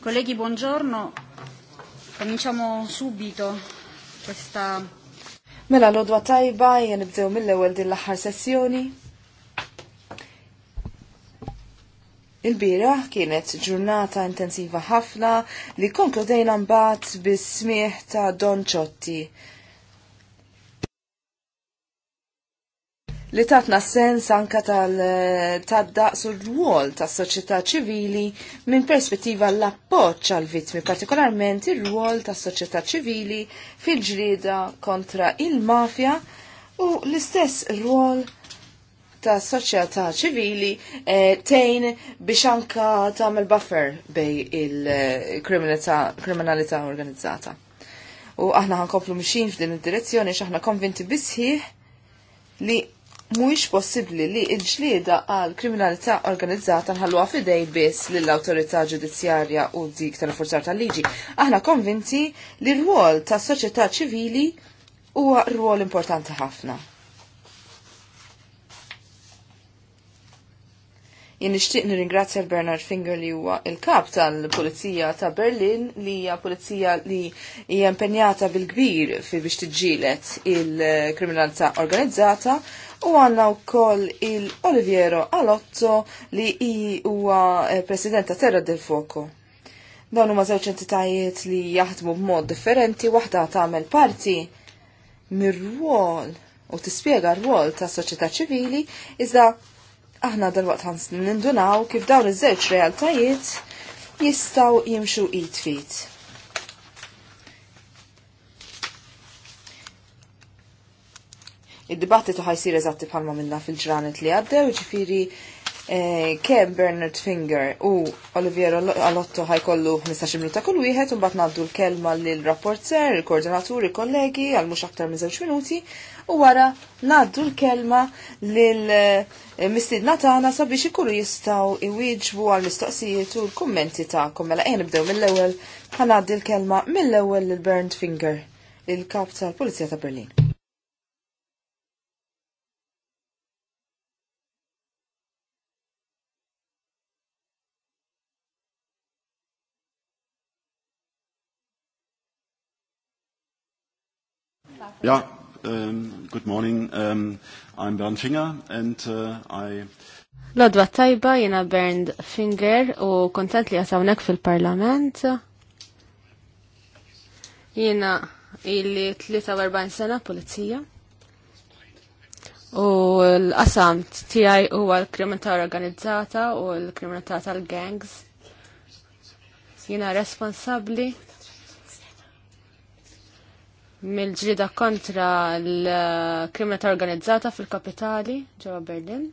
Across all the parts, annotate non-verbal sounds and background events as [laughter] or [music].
Colleghi, buongiorno. Cominciamo subito questa... Mela l-odwa tajba, jen nibdew mill-ewel din l-axar sessjoni. Il-bira kienet ġurnata intensiva ħafna li konkludejna mbagħad bis-smieħ ta' Don Ciotti li tatna sens anka tal-daqs eh, u r wol tas soċjetà ċivili minn perspettiva l-appoċ għal vittmi partikolarment ir-rwol tas soċjetà ċivili fil-ġrida kontra il-mafja u l-istess rwol tas soċjetà ċivili eh, tejn biex anka tagħmel buffer bej il-kriminalità organizzata. U aħna ħankomplu mxin f'din id-direzzjoni x'aħna konvinti bisħiħ li mhuwiex possibbli li l-ġlieda għal kriminalità organizzata nħalluha fidej biss lill awtorità ġudizzjarja u dik tal-forzar tal-liġi. Aħna konvinti li r-rwol tas soċjetà ċivili huwa rwol importanti ħafna. Jien nixtieq nirringrazzja l-Bernard Finger li huwa il-kap tal-Pulizija ta' Berlin li hija pulizija li hija impenjata bil-kbir fi biex tiġġielet il-kriminalità organizzata u għanna u koll il-Oliviero Alotto li huwa eh, president ta' Terra del Foco. Dawn huma żewġ entitajiet li jaħdmu b'mod differenti, waħda tagħmel parti mir-rwol u tispjega r-rwol ta' soċjetà ċivili, iżda aħna dal-waqt ħans nindunaw kif dawn iż-żewġ realtajiet jistaw jimxu id fit. Id-dibattitu ħajsir eżatti bħalma minna fil-ġranet li għaddew, ġifiri Eh, Kem Bernard Finger u Olivier Alotto ħajkollu 15 minuta kull wieħed u mbagħad ngħaddu l-kelma lil rapporter, il-koordinatur, il-kollegi għal mhux aktar minn żewġ minuti u wara ngħaddu l-kelma lil eh, mistiedna tagħna sabiex ikunu jistgħu iwieġbu għal mistoqsijiet u l-kummenti tagħkom mela qiegħ nibdew mill-ewwel ħanaddi l-kelma mill-ewwel lil Bernard Finger, il-kap tal-Pulizija ta' Berlin. Yeah, um, good morning. Um, I'm Bernd Finger and uh, I... Lodwa tajba jena Bernd Finger u kontent li jasawnek fil-parlament. Jena illi 43 sena pulizija. U l-qasam tijaj u l-kriminalità organizzata u l-kriminalità tal-gangs. Jena responsabli mill-ġlida kontra l-kriminalità organizzata fil-kapitali ġewwa Berlin.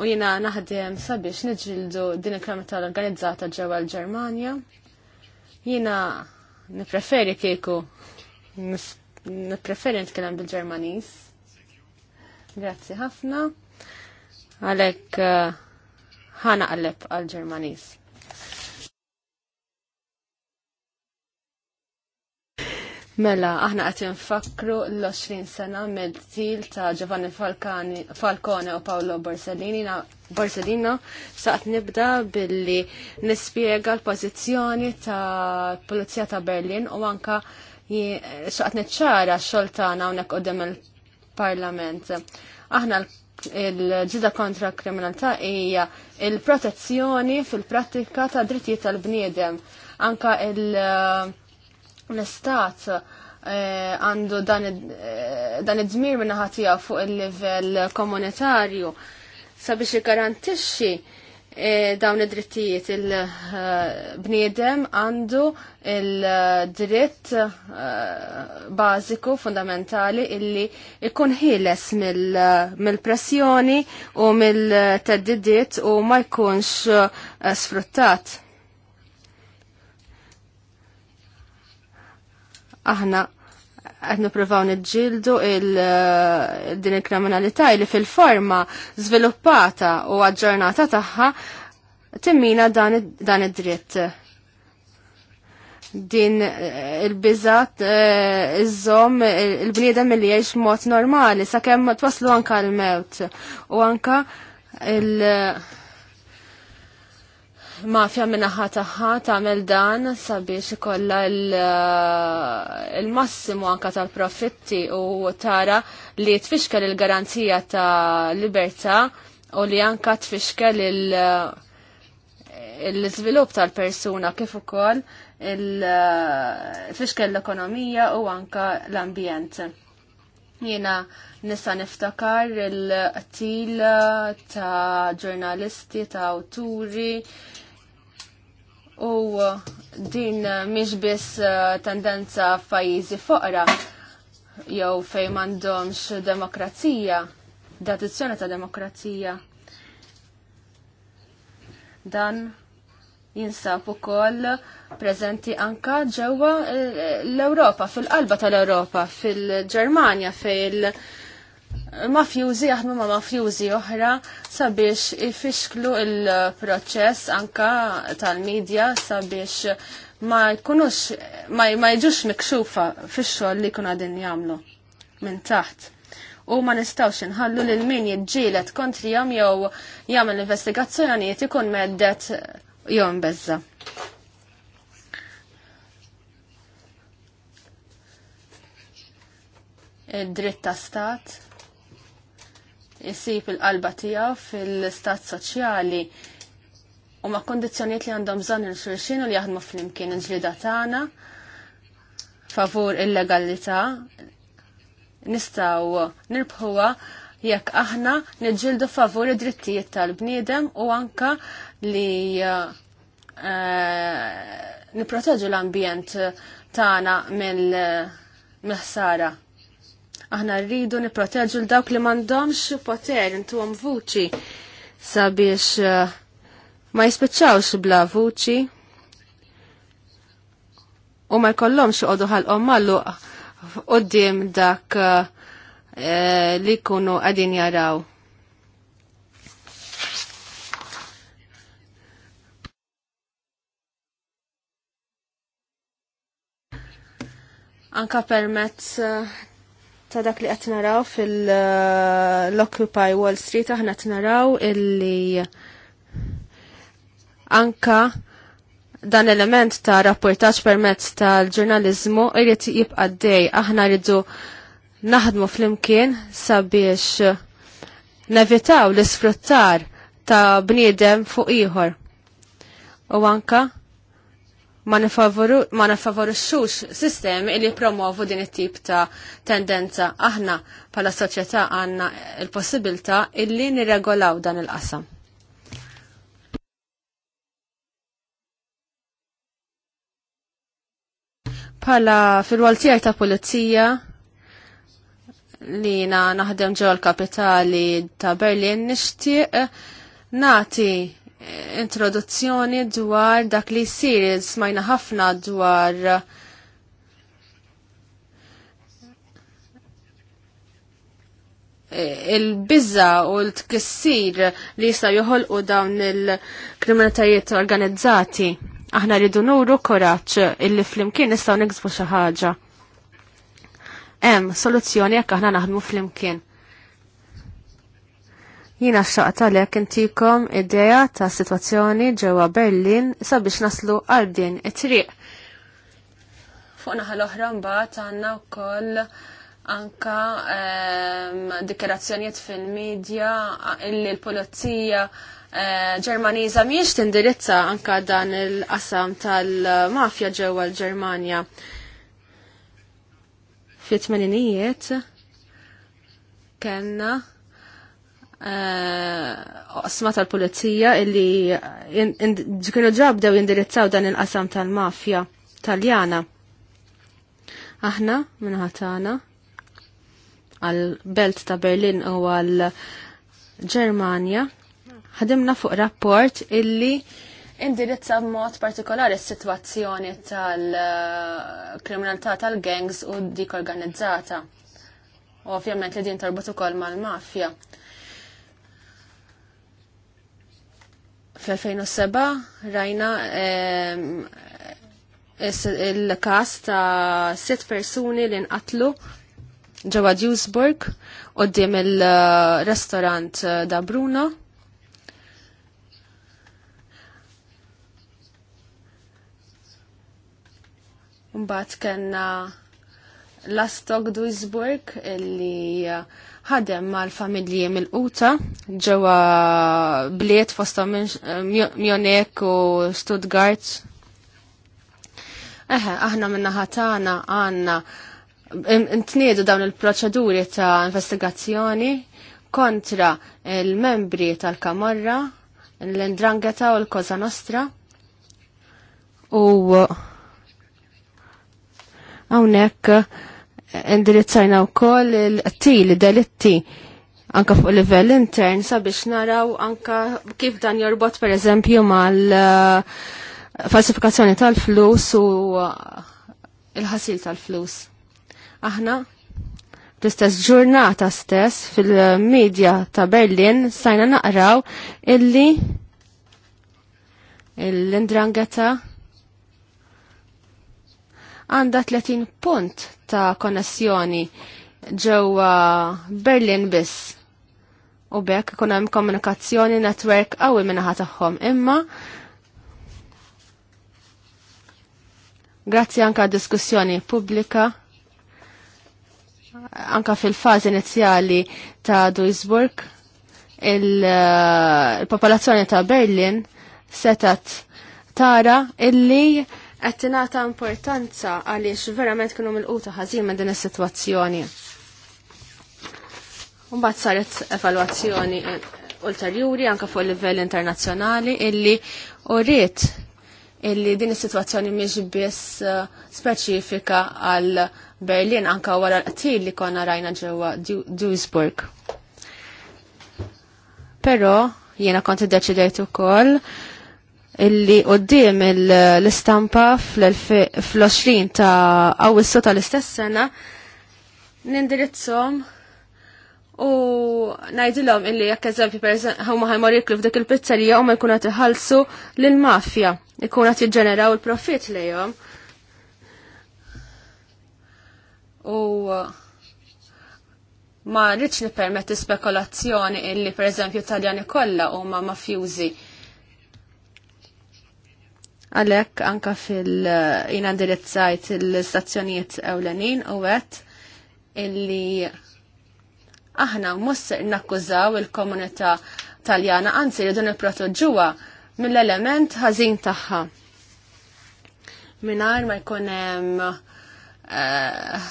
U jina naħdem sabiex niġildu din il-kriminalità organizzata ġewwa l-Ġermanja. Jina nipreferi kieku preferent kellem bil-Ġermanis. Grazzi ħafna. Għalek eh, ħana għalleb għal-Ġermanis. Mela, aħna qed nfakru l-20 sena mill-til ta' Giovanni Falcani, Falcone u Paolo Borsellino. Borsellino saqt nibda billi nispjega l-pożizzjoni ta' Pulizija ta' Berlin u anka xaqt neċċara xoltana unek qodem il-parlament. Aħna il-ġida kontra kriminalità hija il-protezzjoni fil-prattika ta' drittijiet tal-bniedem. Anka eh, l-istat eh, għandu dan eh, id-dmir minna ħatija fuq il level komunitarju sabiex jgarantixxi E, dawn id-drittijiet il-bniedem għandu il-dritt e, bażiku fundamentali illi ikun ħieles mill-pressjoni u mill-teddidiet u ma jkunx e, sfruttat. Aħna għed niprofaw nġildu il-din eh, il-kriminalità li fil-forma sviluppata u għadġornata taħħa timmina dan id-dritt. Din eh, il-bizat eh, iż-żom il-bniedem li jgħix mod normali sakemm twaslu anka l-mewt u anka il- mafja minnaħa taħħa tagħmel dan sabiex kolla eh, l-massimu anka tal-profitti u tara li tfixkel il-garanzija ta' libertà u li anka tfixkel il svilup eh, tal-persuna kif ukoll il-fixkel eh, l-ekonomija u anka l-ambjent. Jiena nista' niftakar il-qtil ta' ġurnalisti, ta' awturi, U uh, din uh, miex biss uh, tendenza f'pajjiżi foqra jew fejn m'għandhomx demokrazija, tradizzjoni ta' demokrazija. Dan jinsab ukoll preżenti anka ġewwa eh, l-Ewropa, fil-qalba tal-Ewropa, fil-Ġermanja, fil-, -Europa, fil mafjużi jaħdmu ma' mafjużi oħra sabiex ifixklu il-proċess anka tal-medja sabiex ma jkunux ma, ma jġux mikxufa fix-xogħol li kun għadin jagħmlu minn taħt. U ma nistawx li l min jiġġielet kontrihom jew jagħmel investigazzjonijiet ikun meddet jew mbeżza. Dritt ta' stat jisib il-qalba tiegħu fil-istat soċjali u ma' kondizjoniet li għandhom bżonn il-xulxin u li jaħdmu fl-imkien il-ġlida tagħna favur il-legalità nistaw nirbħuha jekk aħna niġġieldu favur id-drittijiet tal-bniedem u anka li uh, niproteġu l-ambjent tagħna mill-ħsara. Aħna rridu niproteġu l-dawk li mandomx poter intuhom vuċi sabiex eh, ma jispiċċawx bla vuċi u ma jkollhomx għal ħalqhom mallu dim dak eh, li jkunu qegħdin jaraw. anka permezz eh, ta' dak li qed naraw fil-Occupy Wall Street aħna qed naraw illi anka dan element ta' rapportaġġ permezz tal-ġurnaliżmu irid jibqa' dej aħna rridu naħdmu flimkien sabiex nevitaw l-isfruttar ta' bniedem fuq ieħor. U anka ma nifavorixxux sistemi li promovu din it-tip ta' tendenza. Aħna pala soċjetà għandna l-possibilità il illi nirregolaw dan il-qasam. Pala fil waltijaj ta' pulizija li na naħdem ġol kapitali ta' Berlin nixtieq nati introduzzjoni dwar dak li jsir smajna ħafna dwar il-bizza u l-tkissir li jista joħolqu dawn il-kriminalitajiet organizzati. Aħna rridu nuru koraċ illi flimkien nistgħu niksbu xi ħaġa. Hemm soluzzjoni jekk aħna naħdmu flimkien. Jina xaqta li intikom ideja ta' situazzjoni ġewa Berlin sabiex naslu għal din it-triq. Fuq naħa l-oħra mbagħad għandna wkoll anka ehm, dikerazzjonijiet fil-medja illi l-pulizija eh, Ġermaniża miex tindirizza anka dan il-qasam tal-mafja ġewwa l-Ġermanja. Fit-tmeninijiet kellna qasma eh, tal-pulizija illi kienu ġabdew jindirizzaw dan il-qasam tal-mafja taljana. Aħna minnħatana għal-belt ta' Berlin u għal-Ġermanja ħadimna fuq rapport illi indirizza b'mod partikolari s-sitwazzjoni tal-kriminalità tal-gangs u dik organizzata. Ovvjament li din tarbutu ukoll mal-mafja. F-2007 rajna ehm, il-kas ta' set persuni li nqatlu ġewwa Duisburg qudiem il-restorant da Bruna. Mbagħad kellna Lastok Duisburg illi uh, ħadem mal-familji mill-Uta ġewwa bliet fosta Mjonek u Stuttgart. Eħe, aħna minna ħatana għanna intniedu dawn il-proċeduri ta' investigazzjoni kontra il-membri tal-Kamorra, l-Ndrangheta u l-Koza Nostra. U uh, hawnhekk indirizzajna wkoll il-qtil, delitti anka fuq livell intern sabiex naraw anka kif dan jorbot per eżempju mal eh, falsifikazzjoni tal-flus u eh, il-ħasil tal-flus. Aħna l-istess ġurnata stess fil-medja ta' Berlin sajna naqraw illi l-indrangeta għanda 30 punt ta' konnessjoni ġewwa Berlin biss. U bekk ikun hemm komunikazzjoni netwerk qawwi minaħa tagħhom. Imma grazzi anka diskussjoni pubblika anka fil-fażi inizjali ta' Duisburg eh, il-popolazzjoni ta' Berlin setat tara illi għattinata importanza għaliex verament kienu mil-quta ħazin minn din is-sitwazzjoni. Mbagħad saret evalwazzjoni ulterjuri anke fuq livell internazzjonali illi uriet illi din is-sitwazzjoni mhix biss uh, speċifika għal Berlin anke wara l-qtil li konna rajna ġewwa Duisburg. Però jiena konti deċidejt ukoll illi qoddim l-istampa fl-20 ta' awissu tal-istess sena nindirizzom u najdilom illi jekk eżempju per huma ħajmor f'dik il-pizzerija u ma jkun qed iħallsu lill-mafja, jkun qed jiġġeneraw il-profitt lejhom. U ma rridx nippermetti spekulazzjoni illi per eżempju Taljani kollha huma mafjużi. Ma Għalek anka fil inandirizzajt ndirizzajt il ewlenin u għet illi aħna mus nakkużaw il-komunità taljana għanzi li dun il-protoġuwa mill-element ħażin tagħha. Minar ma jkun hemm eh,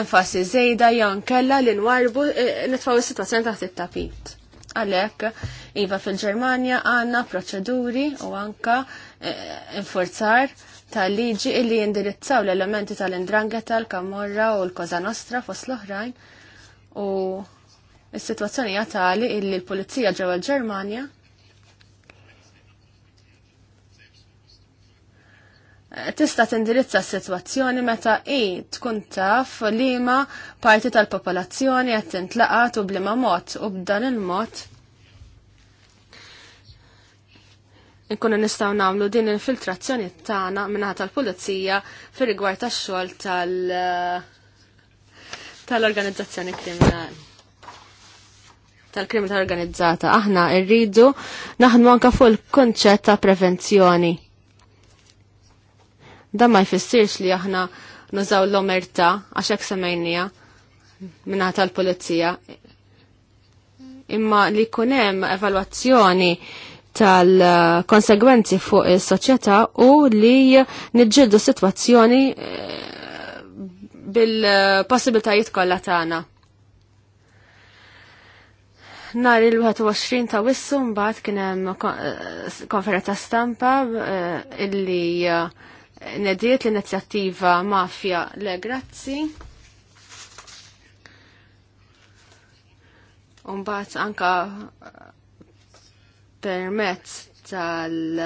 enfasi zejda jew nkella li nwarbu eh, nitfaw is situazzjoni taħt it-tapit. Għalhekk Iva fil-Ġermanja għanna proċeduri u anka infurzar eh, tal-liġi illi jindirizzaw l-elementi tal-indrangeta, l-kamorra u l-koza nostra fost l-oħrajn u s-situazzjoni għatali illi l-polizija ġewa l-Ġermanja tista' tindirizza s-sitwazzjoni meta i tkun taf liema parti tal-popolazzjoni qed tintlaqat u bliema mod u b'dan il-mod nkunu nistgħu nagħmlu din il-filtrazzjoni tagħna minnaħa tal-pulizija fir-rigward tax-xogħol tal- eh, tal-organizzazzjoni kriminali tal tal organizzata. Aħna rridu naħdmu anka fuq il-konċett ta' prevenzjoni. Dan ma jfissirx li aħna nużaw l-omerta għax hekk semejnija minna tal-pulizija. Imma li jkun hemm evalwazzjoni tal-konsegwenzi fuq is-soċjetà u li niġġieldu sitwazzjoni eh, bil-possibilitajiet kollha tagħna. Nar il-21 ta' wissu mbagħad kien hemm eh, konferenza stampa eh, illi nediet l-inizjattiva Mafja Le Grazzi. Umbat anka permezz tal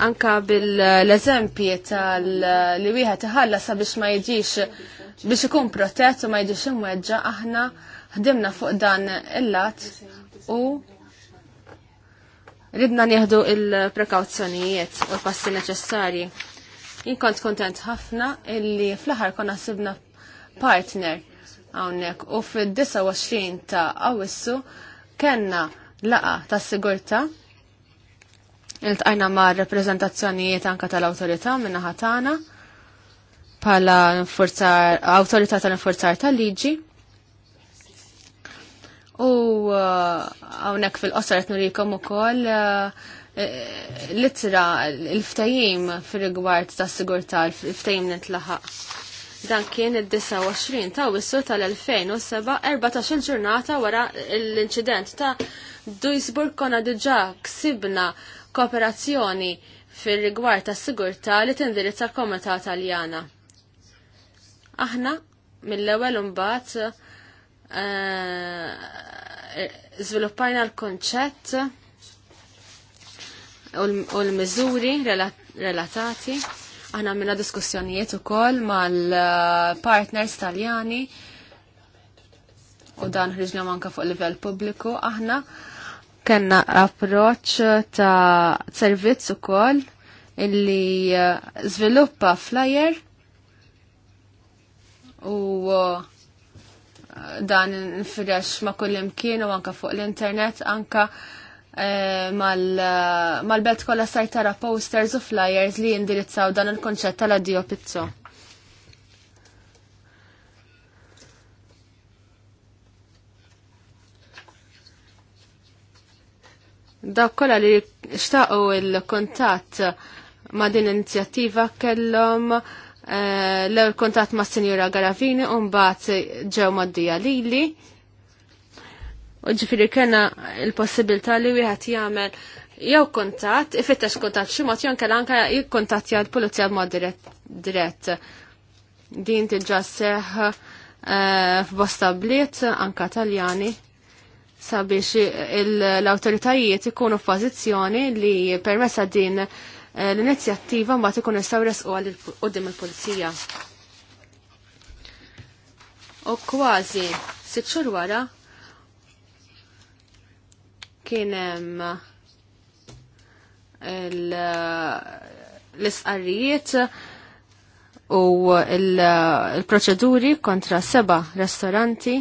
Anka bil-eżempji tal-li wieħed iħalla sabiex ma jiġix biex ikun protett u ma jiġix imweġġa aħna ħdimna fuq dan il-lat u ridna nieħdu il-prekawzjonijiet u l-passi neċessarji. Jien kont kontent ħafna illi fl-aħħar konna sibna partner għawnek u fil-29 ta' għawissu kena laqa ta' sigurta il-tqajna ma' reprezentazzjonijiet anka tal-autorita minna ħatana pala autorita tal-infurzar tal-liġi u għawnek uh, fil-qosar nurikom u koll uh, litra il-ftajim fil-rigward ta' sigurta il-ftajim nintlaħaq Dan kien id-29 ta' wissu tal-2007, 14 ġurnata wara l-inċident ta' Duisburg kona diġa ksibna kooperazzjoni fil-rigward ta' sigurta li tindirizza komunità taljana. Aħna mill-ewwel imbagħad eh, żviluppajna l-konċett u l-miżuri relatati Aħna għamilna diskussjonijiet ukoll mal-partners Taljani u dan ħriġna manka fuq livell pubbliku aħna kenna approċ ta' servizz ukoll illi eh, żviluppa flyer u eh, dan nfirex ma' kullimkien u anka fuq l-internet anka Eh, eh, mal-belt kolla sajtara posters u flyers li jindirizzaw dan il-konċett tal-addio pizzo. Dak kolla li xtaqu il-kontat ma din l-inizjattiva kellhom eh, l-kontat ma' Sinjura Garavini un bat ġew maddija Lili ġifiri kena il-possibilità li wieħed jagħmel jew kuntatt, ifittex kuntatt xi mod jew kella anke jikkontattja l-pulizija b'mod dirett. Din diġà seħ eh, f'bosta bliet anka Taljani sabiex l-awtoritajiet ikunu f'pożizzjoni li permessa din eh, l-inizjattiva mbagħad ikun jistgħu resqu għal qudiem il-pulizija. U kważi sitt xhur wara kienem l-isqarrijiet u l-proċeduri kontra seba ristoranti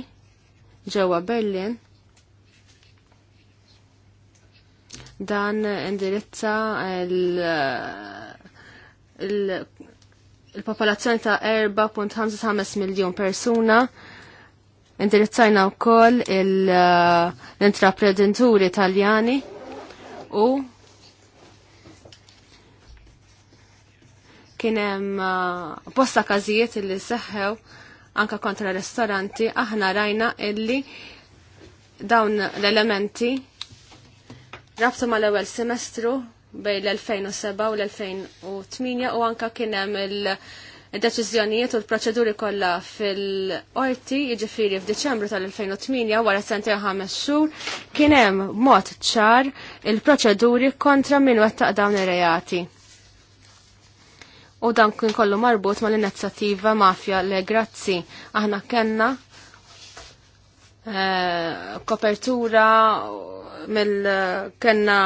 ġewwa Berlin. Dan indirizza il-popolazzjoni ta' 4.55 miljon persuna Indirizzajna wkoll eh, l-intraprenditori Italjani u kien hemm eh, bosta każijiet illi seħħew anka kontra ristoranti aħna rajna illi dawn l-elementi rabtu mal-ewwel semestru bejn l-2007 u l-2008 u anka kien hemm il- id-deċiżjonijiet u l-proċeduri kollha fil-qorti, jiġifieri f'Diċembru tal-2008 wara sentej ħames xhur, kien hemm mod ċar il-proċeduri kontra min wettaq dawn ir-reati u dan kien kollu marbut mal-inizjattiva Mafja le Grazzi. Aħna kenna eh, kopertura mill kenna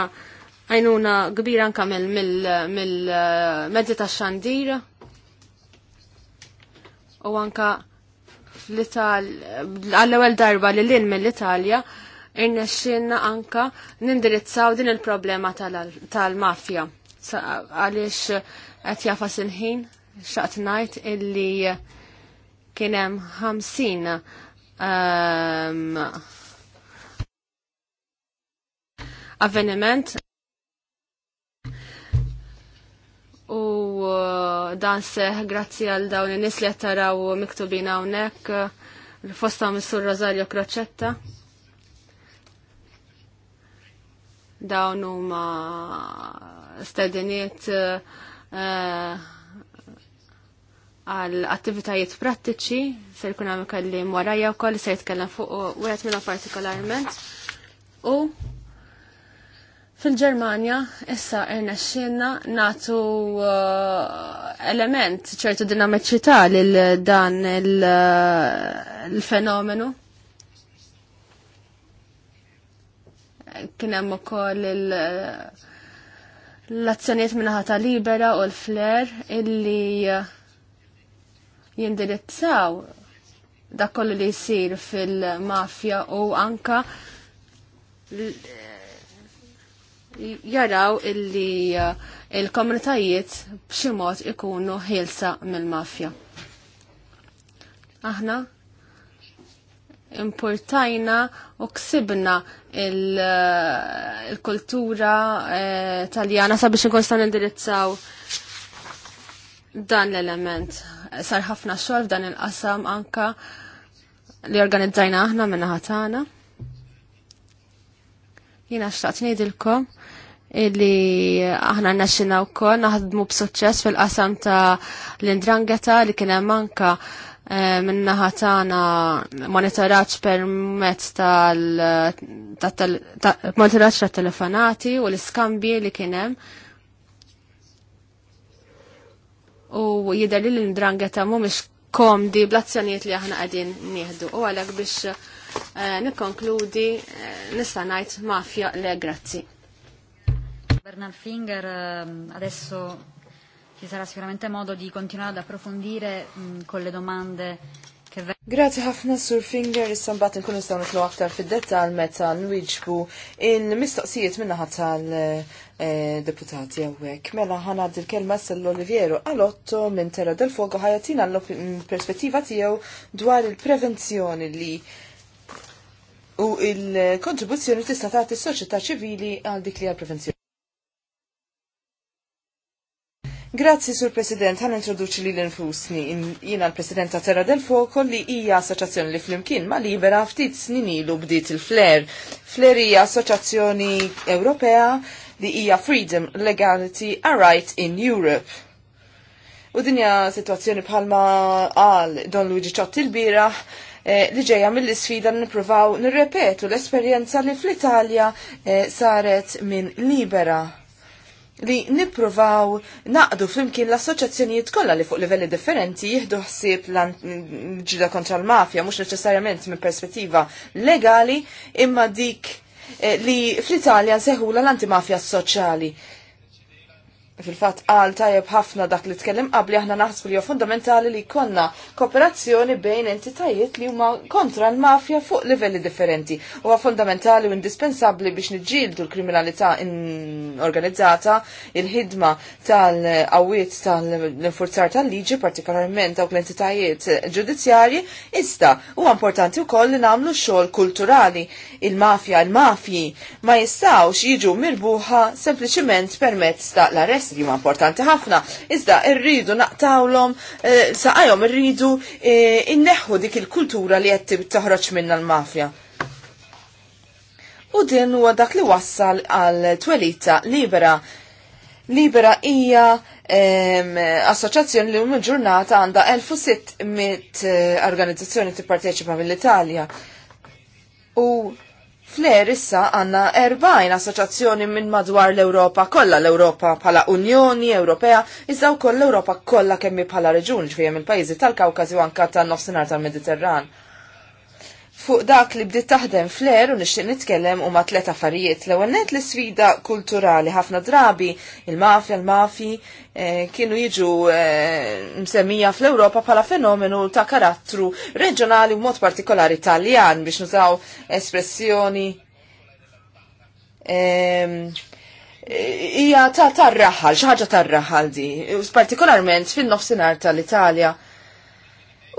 għajnuna kbira anka mill-mezzi mil, mil, ta' xandira u anka għall-ewwel darba li lin mill-Italja irnexxinna anka nindirizzaw din il-problema tal-mafja. Għaliex qed jafa il-ħin xaqt ngħid illi kien hemm ħamsin ehm, avveniment U uh, dan seħ grazzi għal dawn in-nies li qed taraw miktubin hawnhekk uh, fosta Missur Rosario Croċetta. Dawn huma stediniet uh, għal uh, attivitajiet prattiċi, se jkun hemm kellim warajja wkoll se jitkellem fuq wieħed minnhom partikolarment. U Fil-Germania, issa irnexxinna natu uh, element ċertu dinamiċità lil dan uh, il-fenomenu. Kien hemm ukoll uh, l-azzjonijiet minnaħa ta' libera u l-fler illi jindirizzaw dak kollu li jsir fil-mafja u anka jaraw illi uh, il-komunitajiet b'xi mod ikunu ħilsa mill-mafja. Aħna importajna u ksibna uh, il-kultura il uh, taljana sabiex nkun stan indirizzaw dan l-element. Sar ħafna xogħol f'dan il-qasam anka li organizzajna aħna minna ħatana. Jina xtaqt ngħidilkom illi aħna naxxina wkoll naħdmu b'suċċess fil-qasam ta' l-indrangeta li kien hemm anka eh, ħatana tagħna per permezz tal-monitoraġġ tat-telefonati u l-iskambji li kien hemm. U jidher li l-indrangeta mhumiex komdi blazzjoniet li aħna qegħdin nieħdu u għalhekk biex Eh, nikkonkludi eh, nista' ngħid mafja le grazzi. Bernard Finger eh, adesso ci sarà sicuramente modo di continuare ad approfondire mm, con le domande che Grazie ħafna Sur Finger, issa mbagħad inkunu nistgħu nitlu aktar fid-dettall meta nwieġbu in-mistoqsijiet minna tal-deputati hawnhekk. Mela ħanad l kelma sell-Oliviero għalotto minn Terra del Fogo ħajatina l-perspettiva tiegħu dwar il-prevenzjoni li u il-kontribuzzjoni tista' tagħti s-soċjetà ċivili għal dik li għal prevenzjoni. Grazzi, Sur President, għan introduċi li l-infusni. Jina l-President ta' Terra del Fuoco li hija assoċazzjoni li flimkien ma' libera ftit snin ilu bdiet il-Fler. Fler hija assoċazzjoni Ewropea li hija Freedom, Legality and Right in Europe. U dinja situazzjoni bħalma għal Don Luigi Ciotti il bira li eh, ġejja mill-isfida nippruvaw nirrepetu l-esperjenza li fl-Italja eh, saret minn Libera li nippruvaw naqdu flimkien l-assoċazzjonijiet kollha li fuq livelli differenti jieħdu ħsieb l-ġida kontra l-mafja mhux neċessarjament minn perspettiva legali imma dik eh, li fl-Italja seħula l-antimafja soċjali fil-fat għal tajjeb ħafna dak li tkellem qabli aħna naħsbu li fundamentali li konna kooperazzjoni bejn entitajiet li huma kontra l-mafja fuq livelli differenti. Huwa fundamentali u indispensabbli biex niġġieldu l-kriminalità organizzata, il-ħidma tal-qawwiet tal-infurzar tal-liġi, partikolarment dawk l-entitajiet ġudizzjarji, ista huwa importanti wkoll li nagħmlu xogħol kulturali. Il-mafja, il-mafji ma jistgħux jiġu mirbuħa sempliċiment permezz ta' l-arrest stess jima huma importanti ħafna, iżda rridu naqtawlhom eh, saqajhom irridu eh, inneħħu dik il-kultura li qed toħroġ minna l-mafja. U din huwa dak li wassal għal twelita libera. Libera hija assoċjazzjoni li l ġurnata għandha 1600 eh, organizzazzjoni tipparteċipa mill-Italja. U Fler issa għanna 40 assoċazzjoni minn madwar l-Europa kollha l-Europa bħala Unjoni Ewropea, iżda wkoll l-Europa kollha kemm bħala reġun ġvijem il-pajjiżi tal-Kawkażi u anka tan-nofsinhar tal-Mediterran. Fuq dak li bdiet taħdem fler u nixtieq nitkellem huma tlet affarijiet. L-ewwel net l-isfida kulturali ħafna drabi il-mafja l-mafi eh, kienu jiġu eh, msemmija fl-Ewropa bħala fenomenu ta' karattru reġjonali u mod partikolari Taljan biex nużaw espressjoni ehm, hija ta' tar-raħal, xi ħaġa tar-raħal di, partikolarment fin-nofsinhar tal-Italja.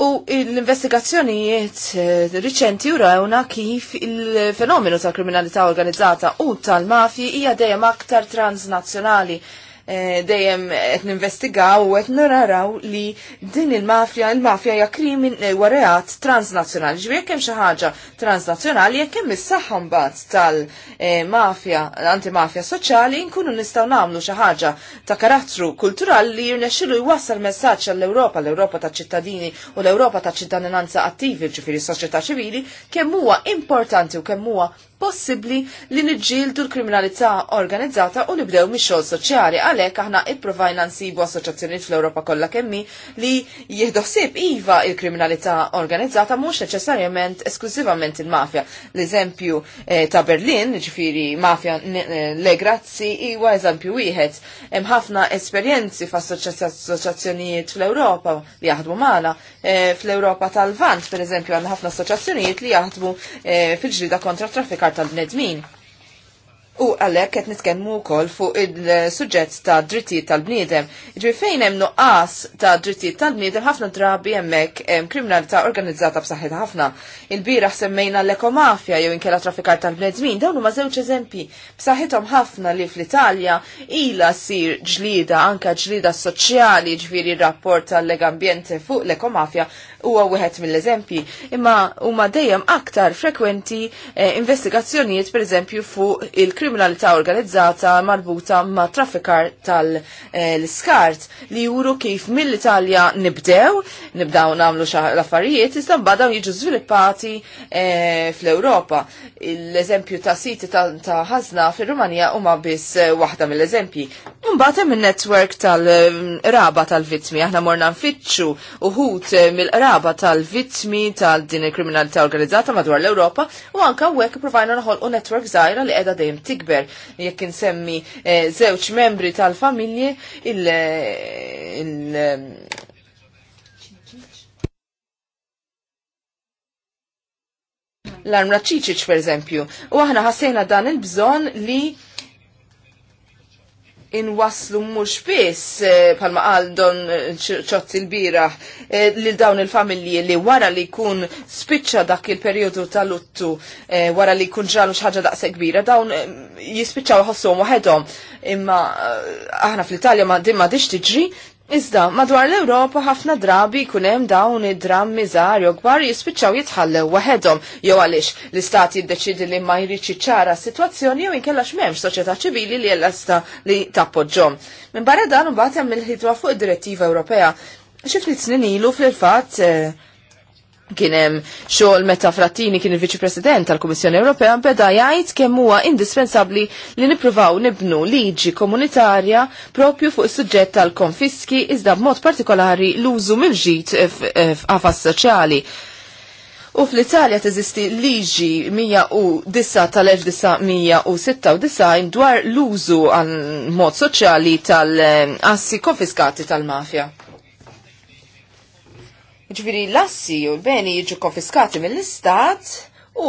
U l-investigazzjonijiet eh, riċenti urawna kif il-fenomenu tal kriminalità organizzata u tal-mafji hija dejjem aktar transnazzjonali Eh, dejjem qed ninvestigaw u qed nararaw li din il-mafja, il-mafja hija krimin eh, wareat transnazzjonali. ġiri jekk hemm xi ħaġa transnazzjonali jekk hemm is-saħħa mbagħad tal-mafja eh, antimafja soċjali nkunu nistgħu nagħmlu xi ħaġa ta' karattru kulturali li jirnexxilu jwassal messaġġ għall-Ewropa, l-Ewropa taċ ċittadini u l-Ewropa taċ ċittadinanza attivi ġifieri s-soċjetà ċivili kemm huwa importanti u kemm huwa possibbli li niġġieldu l-kriminalità organizzata u nibdew mix-xogħol soċjali. Għalhekk aħna ippruvajna nsibu assoċjazzjonijiet fl-Ewropa kollha kemmi li jieħdoħsib iva il-kriminalità organizzata mhux neċessarjament esklużivament il-mafja. L-eżempju eh, ta' Berlin, ġifiri mafja eh, legrazzi iwa eżempju wieħed. Hemm ħafna esperjenzi f'assoċjazzjonijiet fl-Ewropa li jaħdmu mala, eh, fl-Ewropa tal-Vant, per eżempju, għandna ħafna assoċjazzjonijiet li jaħdmu fil-ġrida kontra traffikar tal-bnedmin. U għalhekk qed nitkellmu wkoll fuq il-suġġett ta' drittijiet tal-bniedem. Ġifieri fejn hemm nuqqas ta' drittijiet tal-bniedem ħafna drabi hemmhekk hemm kriminalità organizzata b'saħħet ħafna. il bira semmejna l-ekomafja jew inkella traffikar tal-bnedmin dawn huma żewġ eżempji b'saħħithom ħafna li fl-Italja ilha ssir ġlida anke ġlida soċjali ġifieri rapport tal-legambjente fuq l-ekomafja huwa wieħed mill-eżempji, imma huma dejjem aktar frekwenti eh, investigazzjonijiet pereżempju fuq il-kriminalità organizzata marbuta ma' traffikar tal-skart eh, li juru kif mill-Italja nibdew, nibdew nagħmlu xi affarijiet iżda mbagħad jiġu żviluppati eh, fl-Ewropa. L-eżempju ta' siti ta' ħazna fir-Rumanija huma biss eh, waħda mill-eżempji. Mbagħad hemm in-netwerk tal-raba eh, tal-vittmi aħna morna nfittxu uħut eh, mill-raba il tal-vittmi tal-din il-kriminalità organizzata madwar l-Europa u anka għek provajna noħolqu network zaħira li edha dejjem tikber jekk insemmi zewċ eh, membri tal-familji il-, l-armra ċiċiċ per eżempju. U aħna ħassejna dan il-bżon li inwaslu mhux biss eh, palma għal don ċott eh, il-bira eh, lil dawn il-familji li wara li jkun spiċċa dak il periodu tal-luttu wara li jkun ġralu xi ħaġa daqse kbira dawn jispiċċaw ħossuhom waħedhom imma aħna fl-Italja ma dimma dix tiġri Iżda, madwar l-Ewropa ħafna drabi jkun hemm dawn id-drammi żgħar jew kbar jispiċċaw jitħallew waħedhom jew għaliex l-istat jiddeċidi li ma jridx ċara s-sitwazzjoni jew inkella m'hemmx soċjetà ċivili li jellasta li tappoġġhom. Minbarra barra dan imbagħad hemm il-ħidwa fuq id-Direttiva Ewropea. Xi t snin ilu fil-fatt eh, kienem xogħol meta Frattini kien il-Viċi President tal-Kummissjoni Ewropea beda jgħid kemm huwa indispensabbli li nippruvaw nibnu liġi komunitarja propju fuq is-suġġett tal-konfiski iżda b'mod partikolari l-użu mill-ġid f'qafas soċjali. U fl-Italja teżisti liġi 109 tal-1996 dwar l-użu għal mod soċjali tal-assi eh, konfiskati tal-mafja. Ġviri l-assi u l-beni jiġu konfiskati mill-istat U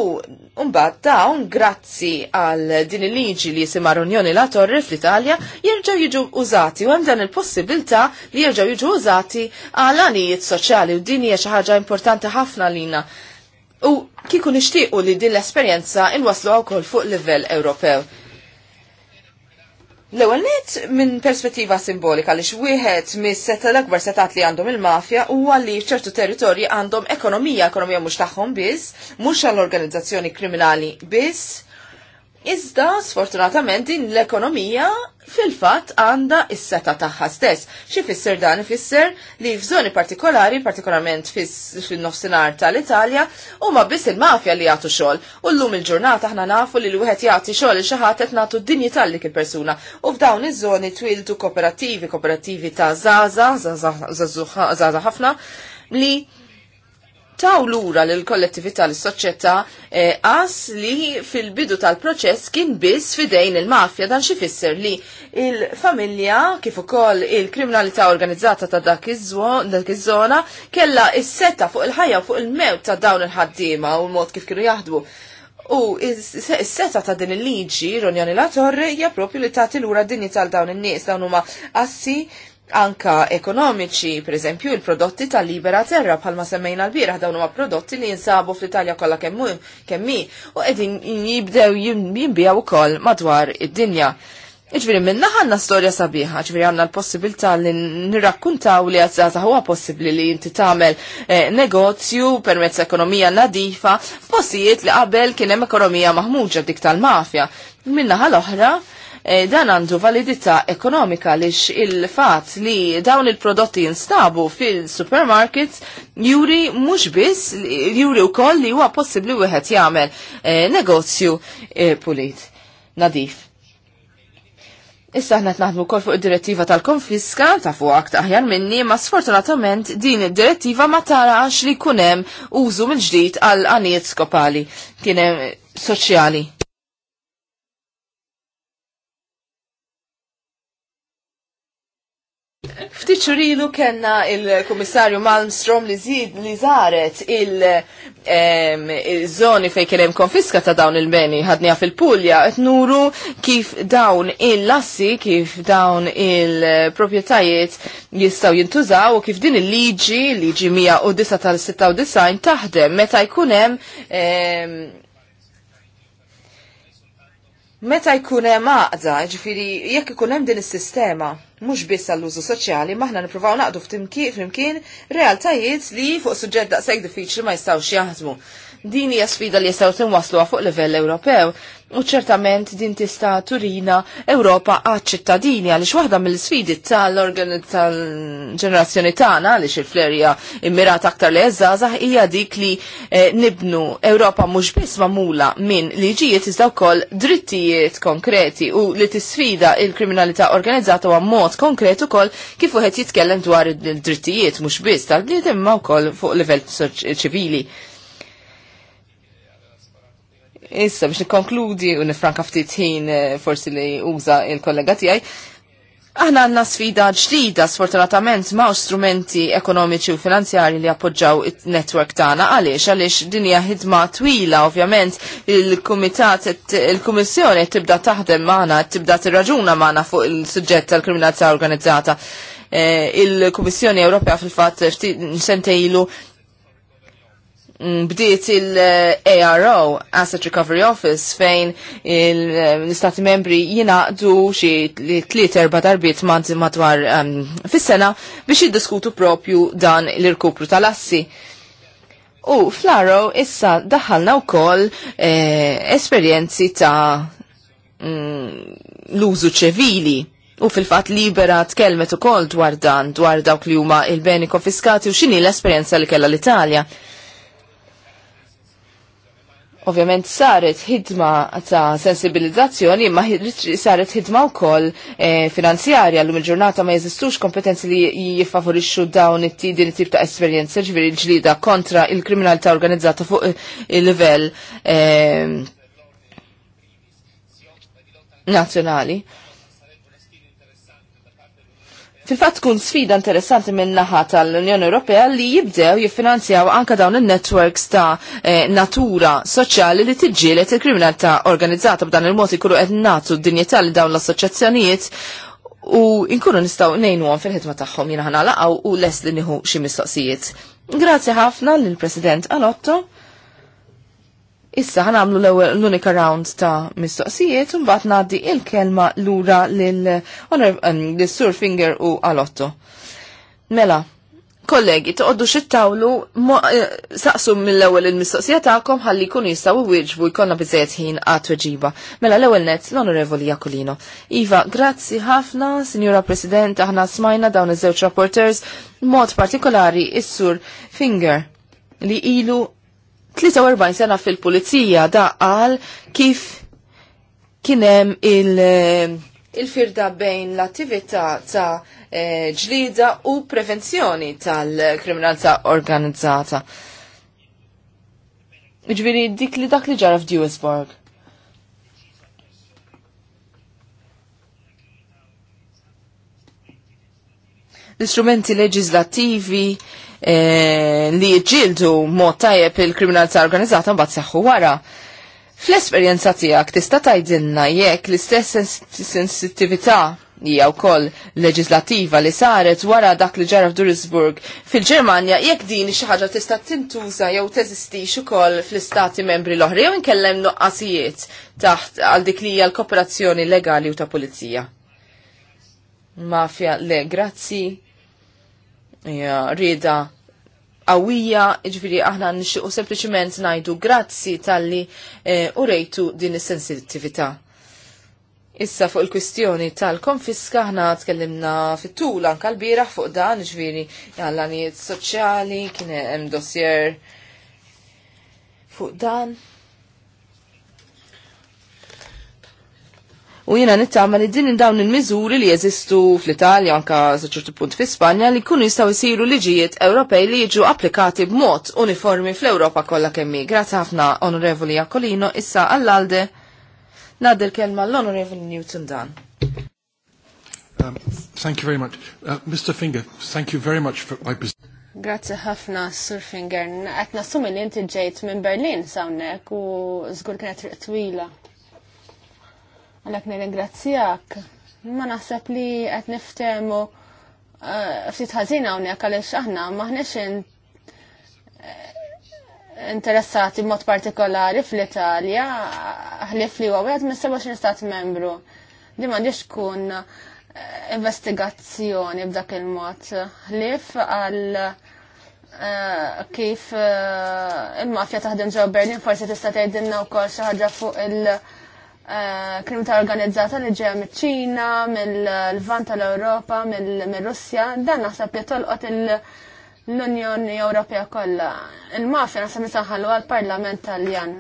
mbagħad dawn grazzi għal din il-liġi li jisimar Unjoni la Torri fl-Italja jerġgħu jiġu użati u hemm dan il-possibilità li jerġgħu jiġu użati għal anijiet soċjali u din hija xi ħaġa importanti ħafna lina. U kieku nixtiequ li din l-esperjenza inwaslu wkoll fuq livell Ewropew. L-ewwel net minn perspettiva simbolika li wieħed mis-seta l-akbar setat li għandhom il-mafja huwa li f'ċertu territorji għandhom ekonomija, ekonomija mhux tagħhom biss, mhux għall-organizzazzjoni kriminali biss, Iżda, sfortunatament, din l-ekonomija fil-fat għanda is-seta tagħha stess. Xi fisser dan ifisser li f'żoni partikolari, partikolarment fin-nofsinhar tal-Italja, huma biss il-mafja li jagħtu xogħol. U llum il-ġurnata aħna nafu li l-wieħed jagħti xogħol il xi ħadd qed nagħtu d-dinjità lik il-persuna. U f'dawn iż-żoni twildu kooperattivi, kooperattivi ta' żaża, żaża ħafna, li taw lura l kollettività l soċjetà għas eh, li fil-bidu tal-proċess kien biss fidejn il-mafja dan xifisser li il-familja kif ukoll il-kriminalità organizzata ta' dak iż-żona kella s setta fuq il-ħajja fuq il-mewt ta' dawn il-ħaddiema u l-mod kif kienu jaħdbu. U s-seta ta' din il-liġi, Ronjani La Torre, hija propju li tagħti lura dinji tal dawn in-nies dawn huma assi anka ekonomiċi, per eżempju, il-prodotti tal libera terra bħalma semmejna l-bira dawn huma prodotti li jinsabu fl-Italja kollha kemm kemmi u qegħdin jibdew jimbijaw kol madwar id-dinja. Iġviri, minna ħanna storja sabiħa, iġviri għanna l-possibilta li nirrakkuntaw li għazzata huwa possibli li inti tamel eh, negozju permezz ekonomija nadifa, possijiet li qabel kienem ekonomija maħmuġa dik tal-mafja. Minna ħal-oħra, Eh, dan għandu validità ekonomika lix il-fat li dawn il-prodotti jinstabu fil-supermarkets juri mux biss juri u koll li huwa possibli wieħed jagħmel jgħamil eh, negozju eh, pulit. Nadif. Issa ħnet naħdmu kol fuq id-direttiva tal-konfiska, ta' fuq aktar aħjar minni, ma sfortunatament din id-direttiva ma tarax li kunem użu mill-ġdid għal għaniet skopali, kienem soċjali. Ftiċurilu kena il-Komissarju Malmstrom li zid li zaret il-żoni fej kien hemm konfiska ta' dawn il-beni ħadnija fil-Pulja qed nuru kif dawn il-lassi, kif dawn il-proprjetajiet jistgħu jintużaw u kif din il-liġi, liġi 109 tal-96 taħdem meta jkun hemm Meta jkun hemm għaqda, ġifieri jekk ikun hemm din is-sistema, mhux biss għall-użu soċjali, maħna nippruvaw naqdu f'timkien flimkien realtajiet li fuq suġġett daqshekk diffiċli ma jistgħux jaħdmu. Din hija sfida li jistgħu tinwaslu fuq livell Ewropew u ċertament din tista' turina Ewropa għaċ-ċittadini għaliex waħda mill-sfidi tal-organ tal-ġenerazzjoni tagħna għaliex il-flerja immirat aktar li eżgħażagħ hija dik li eh, nibnu Ewropa mhux biss magħmula minn liġijiet iżda wkoll drittijiet konkreti u li tisfida il-kriminalità organizzata huwa mod konkret ukoll kif wieħed jitkellem dwar id-drittijiet mhux biss tal-bliet imma wkoll fuq livell ċivili. Issa biex nikkonkludi u nifranka ftit ħin eh, forsi li uża il-kollega tiegħi. Aħna għandna sfida ġdida sfortunatament ma' strumenti ekonomiċi u finanzjari li appoġġaw it-network tagħna għaliex għaliex din hija ħidma twila ovvjament il-kumitat il-kummissjoni tibda taħdem magħna tibda tirraġuna magħna fuq il-suġġett tal-kriminalità organizzata. Eh, il-Kummissjoni Ewropea fil-fatt sentejlu bdiet il-ARO, Asset Recovery Office, fejn l-istati membri jinaqdu xie tliet erba darbiet madwar fissena um, fis-sena biex jiddiskutu propju dan l-irkupru tal-assi. U flaro issa daħalna wkoll eh, esperjenzi ta' mm, l-użu ċevili. U fil-fat libera tkelmet ukoll dwar dan, dwar dawk li huma il-beni konfiskati u x'inhi l-esperjenza li kellha l-Italja. Ovvjament saret hidma ta' sensibilizzazzjoni, ma saret u wkoll e, finanzjarja l-lum il-ġurnata ma jeżistux kompetenzi li jiffavorixxu dawn it-din it-tip ta' esperjenza ġviri ġlida kontra il-kriminalità organizzata fuq il-livell e, nazzjonali fil fat tkun sfida interessanti minn naħa tal-Unjoni Ewropea li jibdew jiffinanzjaw anka dawn il-networks ta' eh, natura soċjali li tiġġielet il-kriminalità organizzata b'dan il-mod ikunu qed nagħtu d dinjità li dawn l-assoċjazzjonijiet u inkunu nistgħu ngħinuhom fil-ħidma tagħhom jina ħana u les li nieħu xi mistoqsijiet. Grazzi ħafna lill president Alotto. Issa għamlu l-unika round ta' mistoqsijiet un bat naddi il-kelma lura l-Sur um, Finger u Alotto. Mela, kollegi, toqoddu xittawlu eh, saqsu mill-ewel il-mistoqsija ta'kom ħalli kun jistaw wieġbu jkollna bizzejet ħin għat ġiba. Mela l-ewel net l-onorevoli Jakulino. Iva, grazzi ħafna, Signora President, aħna smajna dawn iż-żewġ rapporters, mod partikolari is-Sur Finger li ilu 43 sena fil-pulizija daqqal kif kienem il- eh, il-firda bejn l-attività ta' eh, ġlida u prevenzjoni tal-kriminalità organizzata. Ġviri, dik li dak li ġara f'Duisburg. L-istrumenti leġislativi Eh, li jġildu mod tajjeb il-kriminalità organizzata mbagħad seħħu wara. Fl-esperjenza tiegħek tista' tgħidilna jekk l-istess sensittività hija wkoll leġislattiva li saret wara dak li ġara f'Durisburg fil-Ġermanja jekk din xi ħaġa tista' tintuża jew teżistix ukoll fl-istati membri l-oħra jew inkellem noqqasijiet taħt għal dik li hija l-kooperazzjoni legali u ta' pulizija. Mafja, le, grazzi. Ja, rida qawwija, ġifieri aħna nixtiequ sempliciment ngħidu grazzi talli li eh, u rejtu din is-sensittività. Issa fuq il-kwistjoni tal-konfiska ħna tkellimna fit-tul anka l-bira fuq dan ġviri għallanijiet soċjali, kien hemm dossier fuq dan. U jina nittama li din dawn il-mizuri li jeżistu fl-Italja anka ċertu punt fi Spanja li kunu jistaw jisiru liġijiet Ewropej li jiġu applikati b'mod uniformi fl-Ewropa kollha kemmi. Grazzi ħafna Onorevoli Jakolino, issa għall-alde nadder kelma l-Onorevoli Newton Dan. Um, thank you very much. Uh, Mr. Finger, thank you very much for my business. Grazzi ħafna, Sur Finger. Għetna nasum li inti ġejt minn Berlin sawnek u zgur kena triq twila. Għalhekk nirringrazzjak. Ma naħseb li qed niftehmu eh, ftit ħażin hawnhekk għaliex aħna maħniex interessati mod partikolari fl-Italja, ħlif li huwa wieħed minn 27 stat membru. Di m'għandix kun eh, investigazzjoni b'dak il-mod. Ħlif għal eh, kif il-mafja taħdem ġo Berlin forsi tista' tgħidilna wkoll xi ħaġa fuq il- Eh, ta' organizzata li ġeja mill-ċina, mill-Lvant tal-Ewropa, mill-Russja, dan naħseb jitolqot l-Unjoni Ewropea kollha. Il-mafja naħseb nisanħallu għal-Parlament Taljan.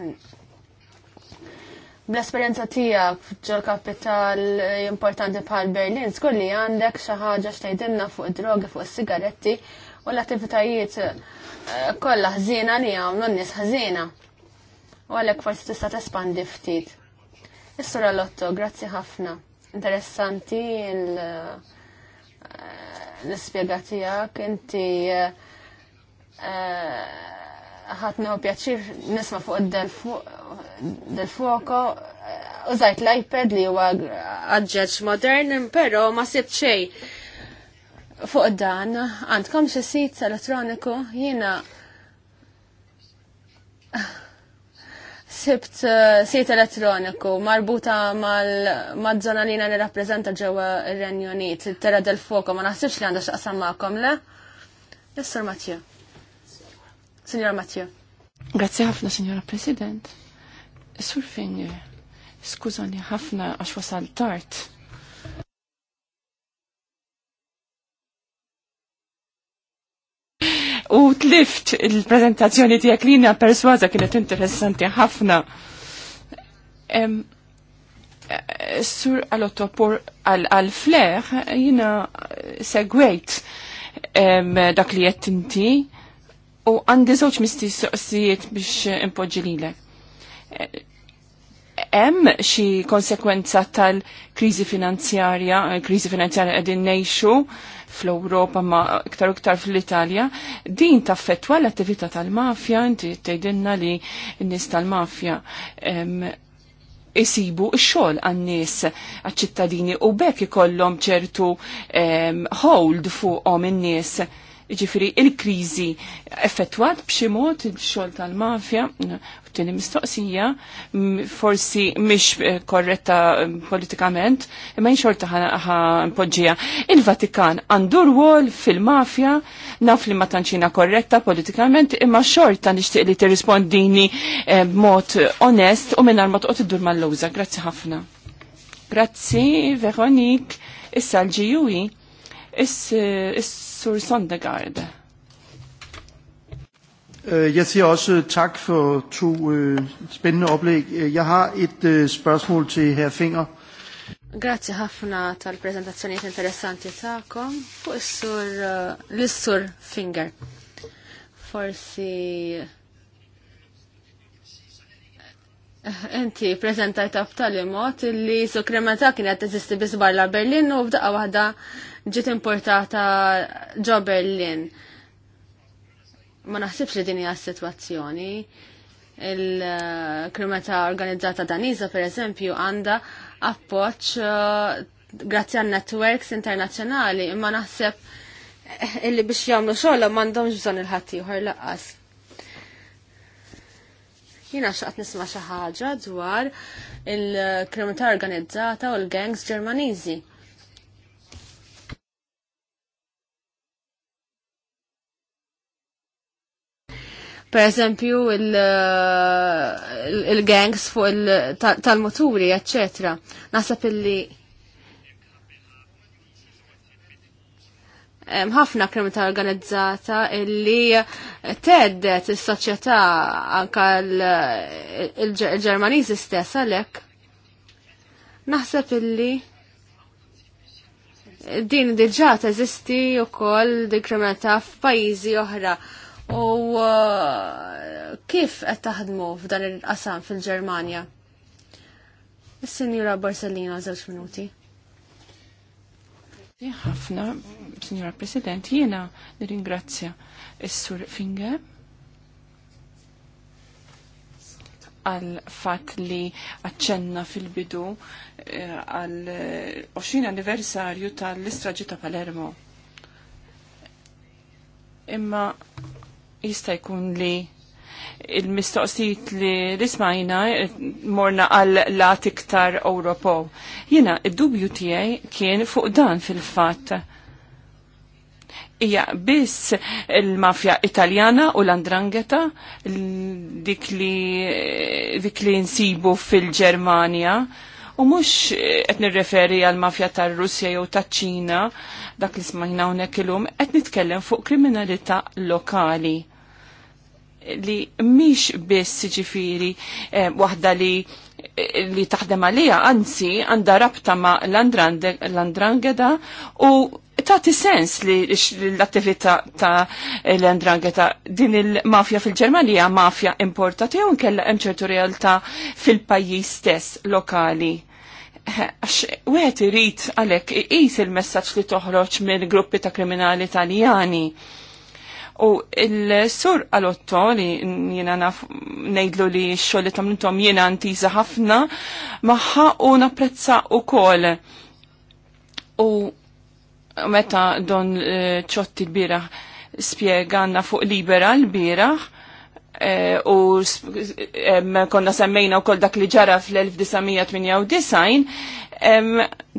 Bl-esperjenza tiegħek ġol kapital importanti bħal Berlin, skur li għandek xi ħaġa xtejdilna fuq id-drogi, fuq is-sigaretti u l-attivitajiet eh, kollha ħżiena li għamlu n-nies ħżiena. U għalhekk forsi tista' tespandi ftit. Is-sura Lotto, grazzi ħafna. Interessanti eh, l-ispjega tiegħek inti eh, eh, ħatna u pjaċir nisma fuq del-fuoco użajt l-iPad li huwa għadġeġ modern, pero ma sibċej. xej. Fuq dan, għandkom xi sit elettroniku jiena sibt eh, sit elettroniku marbuta mal-mazzona li nani nirrapprezenta ġewa il-Renju Unit, il-Terra del Fuoco, ma naħsibx li għandax xaqsam maqom le? Jessar Matthew. Signor Matthew. Grazie ħafna, Signora President. Sur Finger, skużani ħafna għax wasal tard u tlift il-prezentazzjoni tiegħek li jina persważa kienet interessanti ħafna. Sur għal-ottopor għal-fleħ jiena segwejt dak li jettinti inti u għandi żewġ mistiqsijiet biex impoġilile hemm xi konsekwenza tal-kriżi finanzjarja, eh, kriżi finanzjarja qegħdin ngħixu fl-Ewropa ma iktar iktar fl-Italja, din taffettwa l-attività tal-mafja, inti tgħidilna li n-nies tal-mafja isibu xogħol għan-nies għaċ-ċittadini u bekk ikollhom ċertu hold fuqhom in-nies Iġifiri, il-krizi effettwat b'xi mod il-xogħol tal-mafja, u t-tini mistoqsija, forsi mhix eh, korretta eh, politikament, imma xorta ħa poġġija. Il-Vatikan għandu rwol fil-mafja, naf li ma tantxina korretta politikament, imma xorta nixtieq li tirrispondini eh, b'mod onest u mingħajr ma toqgħod iddur mal-lowża. Grazzi ħafna. Grazzi, Veronik, issa l-ġijuwi. Is-Sur eh, Sondegard. Eh, jeg siger også eh, tak for to øh, spændende oplæg. Jeg har et øh, spørgsmål til hr. Finger. Grazie ħafna tal-prezentazzjoniet interessanti ta'kom fuq is-sur l-sur Finger. Forsi inti prezentajta b'tali mod li sukremata kienet teżisti biżbar la Berlin u b'daqqa waħda ġiet importata ġo Berlin. Ma naħsibx li din hija s-sitwazzjoni. Il-krimeta organizzata Daniża pereżempju għandha appoċ eh, grazzi għal networks internazzjonali, imma naħseb eh, illi biex jagħmlu xogħolhom m'għandhomx bżonn il-ħaddieħor laqqas. Jiena xaqt nisma' xi ħaġa dwar il-kriminalità organizzata u l-gangs Ġermaniżi. Per eżempju il-gangs eh, fuq tal-moturi, etc. Nasab illi ħafna kriminalità organizzata illi teddet is-soċjetà anka l-Ġermaniżi stess għalhekk. Naħseb illi din diġà teżisti wkoll di kriminalità f'pajjiżi oħra u uh, kif qed taħdmu f'dan il-qasam fil-Ġermanja? Is-Sinjura Borsellina żewġ minuti. Ħafna, Sinjura President, jiena nirringrazzja is-Sur Finger għal fat li għacċenna fil-bidu eh, għal 20 anniversarju tal-istraġi ta' Palermo. Imma jista' jkun li il-mistoqsijiet li rismajna eh, morna għal lat iktar Ewropew. Jiena id-dubju tiegħi kien fuq dan fil-fatt. Ija biss il-mafja italjana u l-andrangeta dik li, eh, dik li nsibu fil-Ġermanja u mux eh, qed nirreferi għal mafja tar-Russja jew taċ-Ċina dak li smajna hawnhekk illum qed nitkellem fuq kriminalità lokali li mhix biss ġifiri eh, waħda li eh, li taħdem għalija, anzi, għanda rabta ma l-andrangeda u tati sens li l-attività ta' l-andrangeta din il-mafja fil-Ġermanija mafja importati u nkella hemm ċertu realtà fil-pajjiż stess lokali għax wieħed irid għalhekk iqis il-messaġġ li toħroġ mill-gruppi ta' kriminali Taljani U il-sur għal-otto li jena naf nejdlu li xo li tamlintom jena antiza ħafna maħħa u napprezza u kol. U meta don ċotti eh, l-bira spiegħanna fuq libera l-bira eh, u konna semmejna u kol dak li ġara fl-1998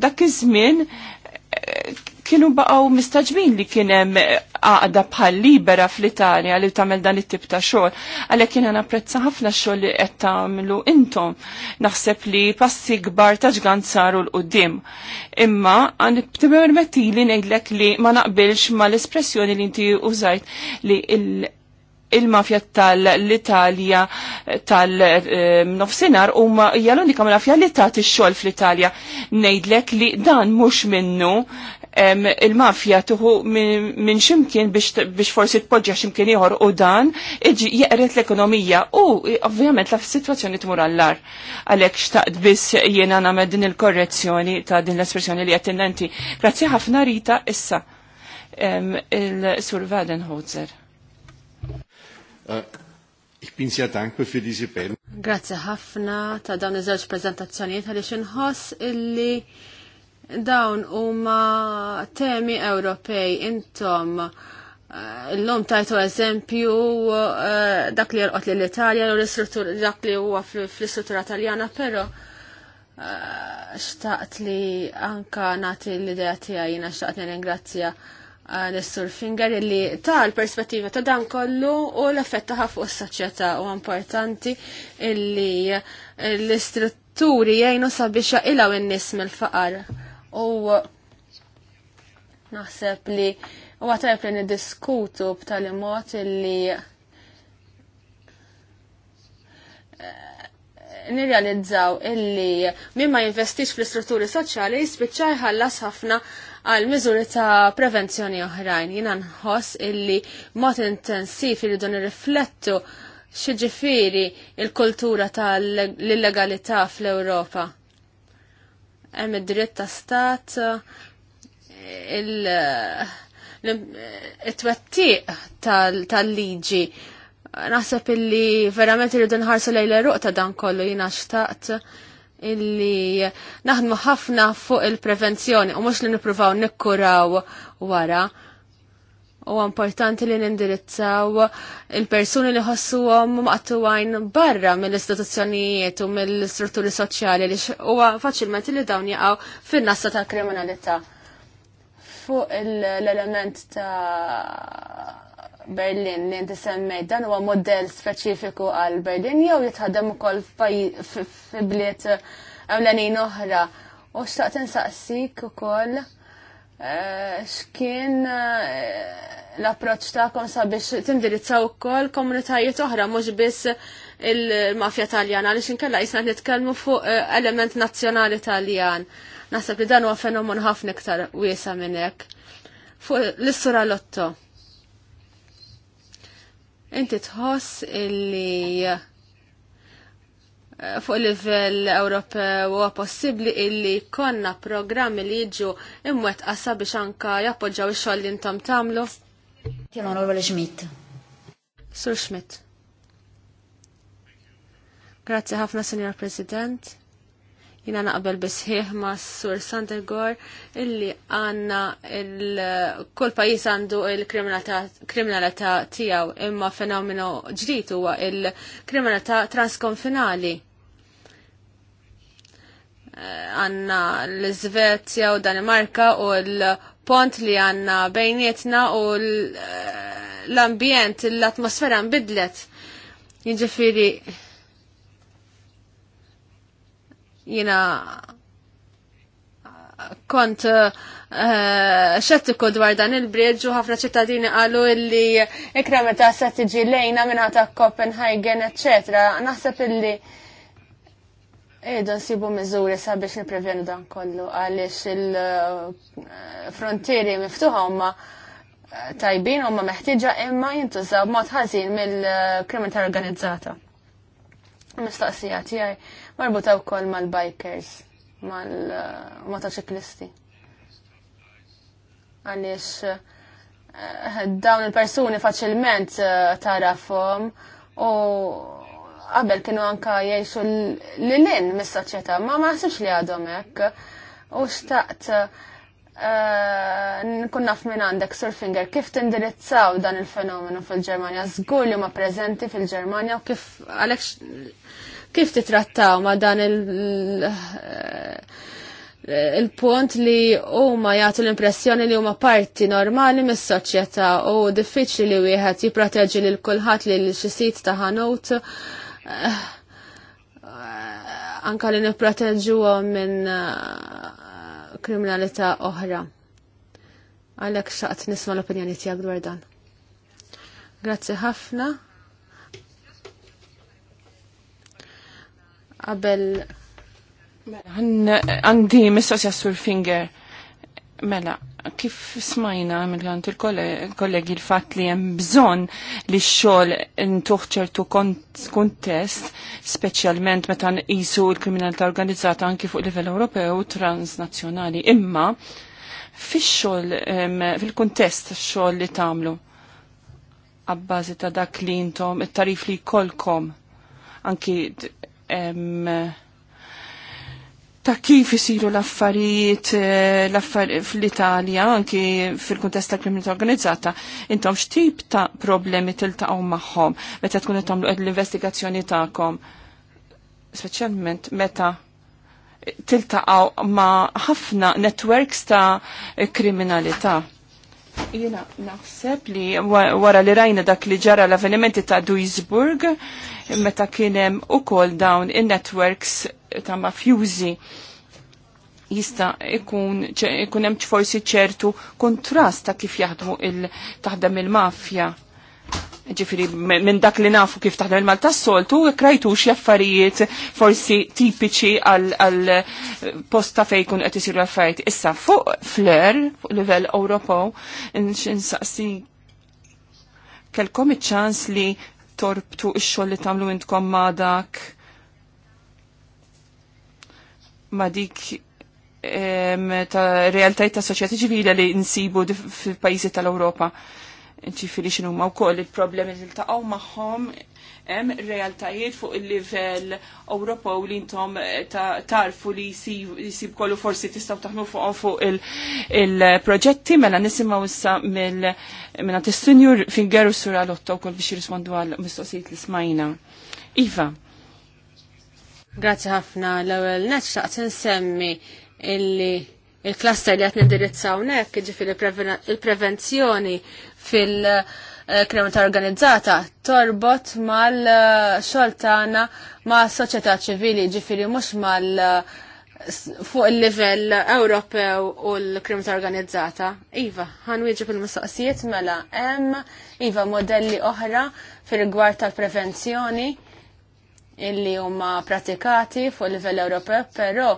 dak iż-żmien kienu baqaw mistaġbin li kienem eh, għada bħal libera fl-Italja li tamel dan it-tip ta' xogħol. Għalhekk kiena napprezza ħafna xogħol li qed tagħmlu intom. Naħseb li passi kbar ta' ġgan saru l qudiem Imma permetti li ngħidlek li ma naqbilx ma l-espressjoni li inti użajt li il- il-mafja tal-Italja tal-nofsinar u hija l-unika mafja li tagħti x-xogħol fl-Italja. Ngħidlek li dan mhux minnu il-mafja tuħu minn ximkien biex forsi tpoġġa ximkien jħor u dan iġi jeqret l-ekonomija u ovvjament la situazzjoni t-mur għallar. Għalhekk xtaqt biss jiena nagħmel din il-korrezzjoni ta' din l-espressjoni li qed inti. Grazzi ħafna Rita issa il-Sur Wadenholzer. Eh, ich bin sehr dankbar für diese beiden. Grazie ħafna ta' dawn iż-żewġ prezentazzjonijiet għaliex inħoss illi Dawn huma temi Ewropej intom eh, l-lum tajtu eżempju eh, dak li jarqot l-Italja u dak li huwa fl-istruttura taljana, pero eh, xtaqt li anka nati l-idea tiegħi jiena xtaqt ringrazzja l istur Finger li ta' l-perspettiva ta' dan kollu u l-effett taħħa fuq is-soċjetà u importanti illi l-istrutturi jgħinu sabiex jaqilaw in-nies mill-faqar u naħseb li u għatajf li nidiskutu b'tali mod li eh, nirrealizzaw illi min ma jinvestix fl-istrutturi soċjali jispiċċaj ħallas ħafna għal miżuri ta' prevenzjoni oħrajn. Jina nħoss illi mod intensiv irridu nirriflettu xieġifiri il-kultura tal-illegalità fl-Europa hemm id-dritt ta' stat il-twettiq tal-liġi. Naħseb illi verament irridu nħarsu lejla ruq ta' dan kollu jina xtaqt illi naħdmu ħafna fuq il-prevenzjoni u mux li nipruvaw nikkuraw wara u importanti li nindirizzaw il-persuni li ħossuhom maqtuwajn barra mill-istituzzjonijiet u mill-strutturi soċjali li huwa faċilment li dawn jaqgħu fin-nassa tal-kriminalità. Fuq l-element ta' Berlin li inti semmej dan huwa modell speċifiku għal Berlin jew jitħaddem ukoll fi bliet ewlenin oħra. U xtaqt insaqsik ukoll Eh, xkien eh, l-approċ ta'kom sabiex tindirizzaw ukoll komunitajiet oħra mhux biss il-mafja Taljana għaliex inkella jisna nitkellmu fuq eh, element nazzjonali Taljan. Naħseb li dan huwa fenomen ħafna iktar wiesa minn hekk. Fuq l-issura Lotto. Inti tħoss illi Eh, fuq livell Ewropew huwa possibbli illi konna programmi li jiġu imwet qasa biex anka jappoġġaw ix-xogħol li intom tagħmlu? Onorevole Schmidt. Sur Schmidt. Grazzi ħafna, Sinjor President. Jina naqbel bisħiħ ma s-sur Sandegor illi għanna il-kull pajis għandu il-kriminalità tijaw imma fenomeno ġdijt huwa il-kriminalità transkonfinali. Għanna l-Svezja u Danimarka u l-pont li għanna bejnietna u l-ambjent, l-atmosfera nbidlet. Jiġifieri Jina kont eh, xettiku dwar dan il-bridge u ħafna ċittadini qalu illi ikra meta se tiġi lejna minna ta' Copenhagen, etc. Naħseb illi Ejdu nsibu miżuri sabiex niprevenu dan kollu għaliex il-frontieri miftuħa huma tajbin huma meħtieġa imma jintużaw b'mod ħażin mill-kriminalità organizzata. Mistaqsija tiegħi marbuta wkoll mal-bikers, mal-motoċiklisti. Għaliex eh, dawn il-persuni faċilment eh, tarafhom u qabel kienu anka jgħixu l-lin mis-soċjetà, ma ma ħsibx li għadhom hekk. U xtaqt eh, nkun naf minn għandek surfinger kif tindirizzaw dan il-fenomenu fil-Ġermanja, żgur li ma preżenti fil-Ġermanja u kif għalhekk Kif titrattaw ma dan il- eh, il-punt li huma jagħtu l-impressjoni li huma parti normali mis-soċjetà u diffiċli li wieħed jipproteġi lil kulħadd li l-xisit ta' ħanut eh, anka li nipproteġuhom minn eh, kriminalità oħra. Għalhekk xaqt nisma' l-opinjoni tiegħek dwar dan. Grazzi ħafna. Qabel għandi mistoqsija sur finger. Mela, kif smajna mill-għant il-kollegi l-fat li jem bżon li xol ntuħ ċertu kontest, specialment meta nqisu il-kriminalità organizzata anki fuq livell Ewropew transnazzjonali. Imma, fix-xol, fil-kontest xol li tamlu, għabbazi ta' dak li intom, it-tarif li kolkom, anki ta' kif isiru l-affarijiet eh, l-affarijiet fl-Italja, anki fil-kuntest tal kriminalità organizzata, intom x'tip ta' problemi tiltaqgħu magħhom meta tkun qed tagħmlu l-investigazzjoni tagħkom. Speċjalment meta tiltaqgħu ma' ħafna networks ta' kriminalità. Jena naħseb li wara li rajna dak li ġara l-avvenimenti ta' Duisburg, meta kienem u kol dawn in-networks ta' mafjużi jista' ikun ikun hemm forsi ċertu kontrast ta' kif jaħdmu il taħdem il-mafja ġifiri minn dak li nafu kif taħdem il-Malta soltu, krajtu xjaffarijiet forsi tipiċi għal eh, posta fejkun qed isiru affarijiet. Issa fuq fler, fuq livell Ewropew, nsaqsi kelkom iċ-ċans li torbtu x-xogħol li tagħmlu intkom ma' dak ma' dik ta' realtajt ta' soċjeti ċivili li nsibu fil-pajjiżi tal-Ewropa ċifiri xinu ma' wkoll il-problemi li taqaw maħħom hemm realtajiet fuq il-livell u li intom eh, tarfu li jisib kollu forsi tistgħu taħmu fuqhom fuq il-proġetti mela nisimgħu issa mill minna tistinjur fingeru sura lotta wkoll biex jirrispondu għal mistoqsijiet li smajna. Iva. Grazzi ħafna l-ewwel neċċaqt insemmi illi il-klaster li għat dirizzaw nek, ġifiri il-prevenzjoni fil-kriminalità organizzata torbot mal-xogħol tagħna ma' soċjetà ċivili ġifieri mhux mal- fuq il-livell Ewropew u l-kriminalità organizzata. Iva, ħan wieġib il-mistoqsijiet mela hemm iva modelli oħra fir-rigward tal-prevenzjoni illi huma pratikati fuq il livell Ewropew, però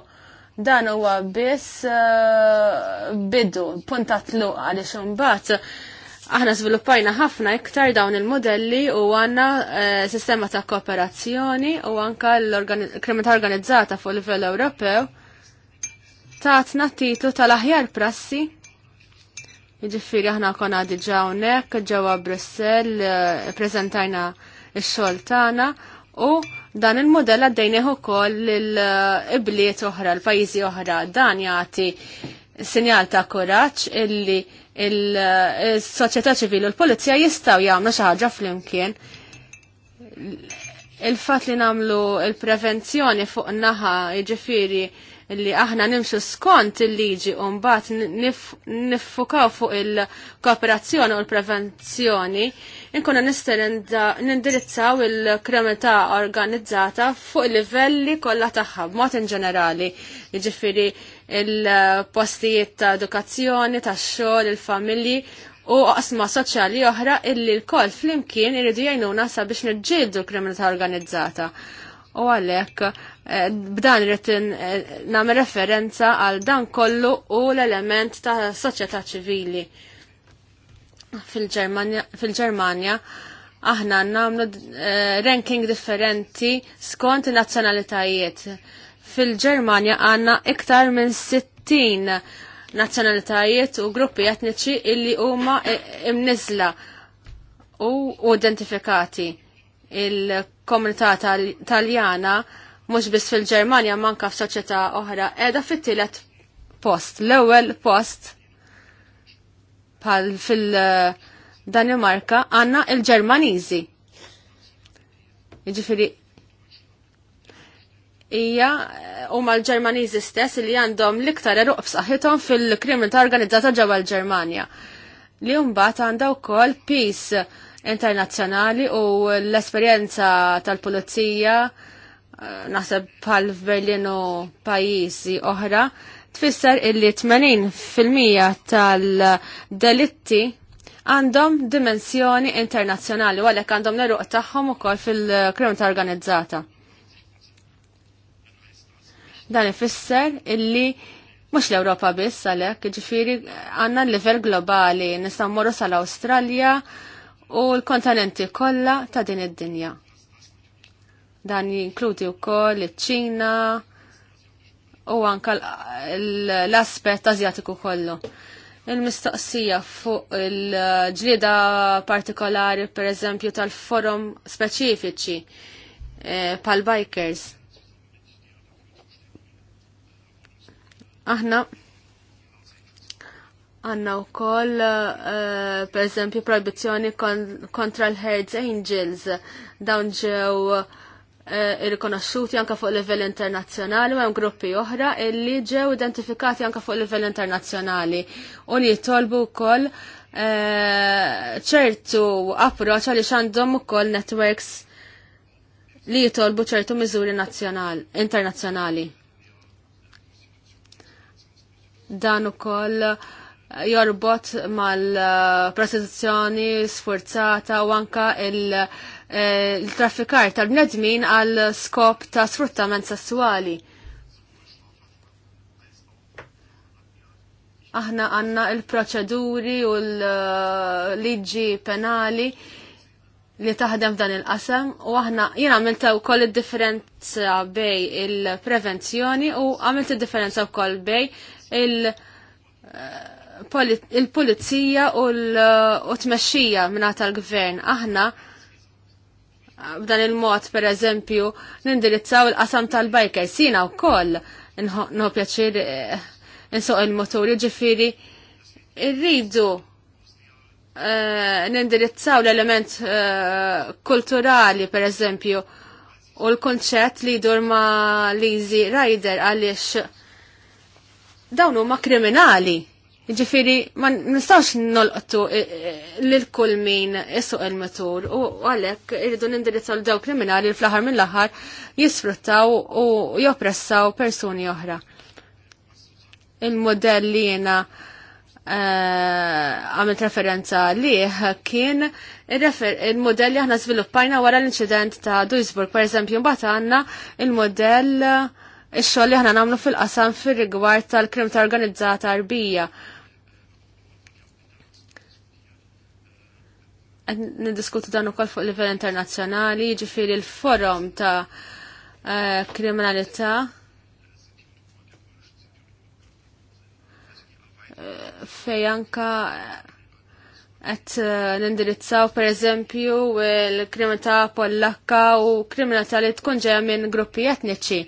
dan huwa biss uh, bidu punta tluq għaliex imbagħad Aħna sviluppajna ħafna iktar dawn il-modelli u għanna eh, sistema ta' kooperazzjoni u anka l krimita organizzata fuq livell Ewropew tatna titlu tal-aħjar prassi. Ġifiri aħna konna diġa unek, ġewa Brussel, eh, prezentajna il xoltana u dan il-modell għaddejniħu kol l-ibliet eh, oħra, l-pajizi oħra, dan jati sinjal ta' kuraċ illi il-soċjetà ċivili u l-polizija jistgħu jagħmlu xi ħaġa flimkien. Il-fatt li nagħmlu il-prevenzjoni fuq naħa jiġifieri li aħna nimxu skont il-liġi u mbagħad niffukaw fuq il-kooperazzjoni u l-prevenzjoni, inkunu nistgħu nindirizzaw il-kriminalità organizzata fuq il-livelli kollha tagħha b'mod in ġenerali. Jiġifieri il-postijiet ta' edukazzjoni, ta' xogħol, il-familji u qasma soċjali oħra illi l-koll flimkien irridu jgħinuna sabiex nġildu l-kriminalità organizzata. U għalek, eh, b'dan irrid eh, nagħmel referenza għal dan kollu u l-element ta' soċjetà ċivili. Fil-Ġermanja aħna nagħmlu eh, ranking differenti skont nazzjonalitajiet fil-Ġermanja għanna iktar minn 60 nazzjonalitajiet u gruppi etniċi illi huma imnizla u identifikati. Il-komunità taljana mhux biss fil-Ġermanja manka f'soċjetà oħra qiegħda fit-tielet post. L-ewwel post pal fil-Danimarka għandna il-Ġermaniżi. Jiġifieri hija huma l-Ġermaniżi stess li għandhom l-iktar eruq b'saħħithom fil ta' organizzata ġewwa l-Ġermanja. Li mbagħad għandha wkoll peace internazzjonali u l-esperjenza tal-pulizija eh, naħseb bħal berlin u pajjiżi oħra tfisser illi 80% tal-delitti għandhom dimensjoni internazzjonali u għalhekk għandhom l-eruq tagħhom ukoll fil ta' organizzata. Dan ifisser illi mhux l-Ewropa biss għalhekk, jiġifieri għandna l-livell globali nista' mmorru sal-Awstralja u l-kontinenti kollha ta' din id-dinja. Dan jinkludi wkoll iċ-Ċina u anka l-aspett Azjatiku kollu il-mistoqsija fuq il-ġlida partikolari, per eżempju, tal-forum speċifiċi eh, pal-bikers. Aħna għanna u koll, uh, per esempio, proibizjoni kon kontra l-Herds Angels, dawn ġew uh, irrikonosciuti anka fuq livell internazzjonali u hemm gruppi oħra illi ġew identifikati anka fuq livell internazzjonali u li jitolbu wkoll eh, ċertu uh, approċċ għaliex għandhom ukoll networks li jitolbu ċertu miżuri internazzjonali dan ukoll jorbot mal-prostituzzjoni sforzata u anka eh, il-traffikar tal-bnedmin għal skop ta' sfruttament sessuali. Aħna għanna il-proċeduri u l-liġi penali li taħdem dan il-qasam u aħna jien u wkoll il differenza bej il-prevenzjoni u għamilt id-differenza wkoll bej Eh, il-pulizija u l-tmexxija minna tal-gvern. Aħna b'dan il-mod per eżempju nindirizzaw il-qasam tal bajka jisina u koll nħu pjaċir eh, nsuq il-motori ġifiri irridu eh, nindirizzaw l-element kulturali per eżempju u l konċet li dur ma Lazy Rider għaliex dawn huma kriminali. Ġifiri, ma nistax nolqtu eh, eh, lil kull min isuq il-matur u għalek irridu nindirizzaw daw kriminali fl minn mill ħar jisfruttaw u joppressaw persuni oħra. Il-modell li jena eh, għamilt referenza liħ kien il-modell li aħna sviluppajna wara l-inċident ta' Duisburg, per eżempju, mbagħad għandna il-modell il modell ix-xogħol li aħna nagħmlu fil-qasam fir-rigward tal-krim ta' organizzata arbija. Nidiskutu dan ukoll fuq livell internazzjonali, jiġifieri l-forum ta' eh, kriminalità eh, fej anka għet eh, nindirizzaw per eżempju il-kriminalità pollakka u kriminalità li tkun ġeja minn gruppi etniċi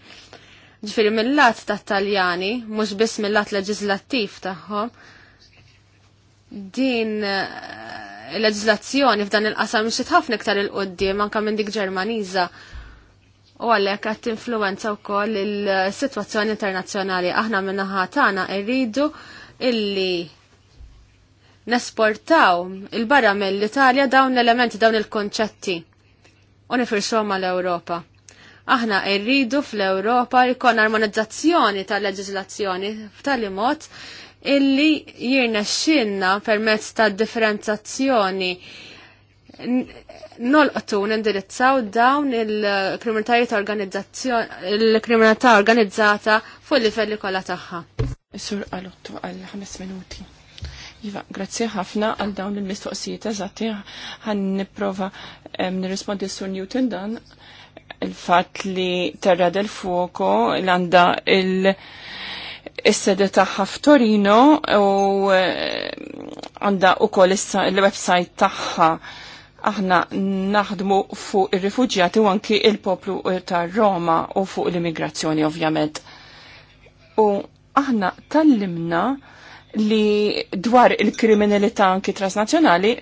ġifiri mill-lat ta' taljani, mux biss mill-lat leġizlattiv taħħom, din eh, il-leġizlazzjoni f'dan il-qasam mxiet ħafna iktar il-qoddim anka minn dik Ġermaniża u għalhekk qed tinfluwenza wkoll il-sitwazzjoni internazzjonali. Aħna minna tagħna irridu illi nesportaw il-barra mill-Italja dawn l-elementi, dawn il-konċetti u nifirxhom mal-Ewropa. Aħna irridu fl-Ewropa jkun armonizzazzjoni tal-leġiżlazzjoni f'tali mod illi jirna xinna permezz ta' differenzazzjoni nolqtu nindirizzaw dawn il-kriminalità organizzazzjoni il-kriminalità organizzata fuq il-livelli kollha tagħha. Sur għalottu għal ħames minuti. Iva, grazzi ħafna għal dawn il-mistoqsijiet eżatti ħan nipprova nirrispondi sur Newton dan il-fat li Terra del Fuoco l-għanda il- is-sede tagħha f'Torino u eh, għandha wkoll issa il-website tagħha aħna naħdmu fuq ir rifugġjati u anki il-poplu tar-Roma u fuq l-immigrazzjoni ovvjament. U aħna tallimna li dwar il-kriminalità anki transnazzjonali,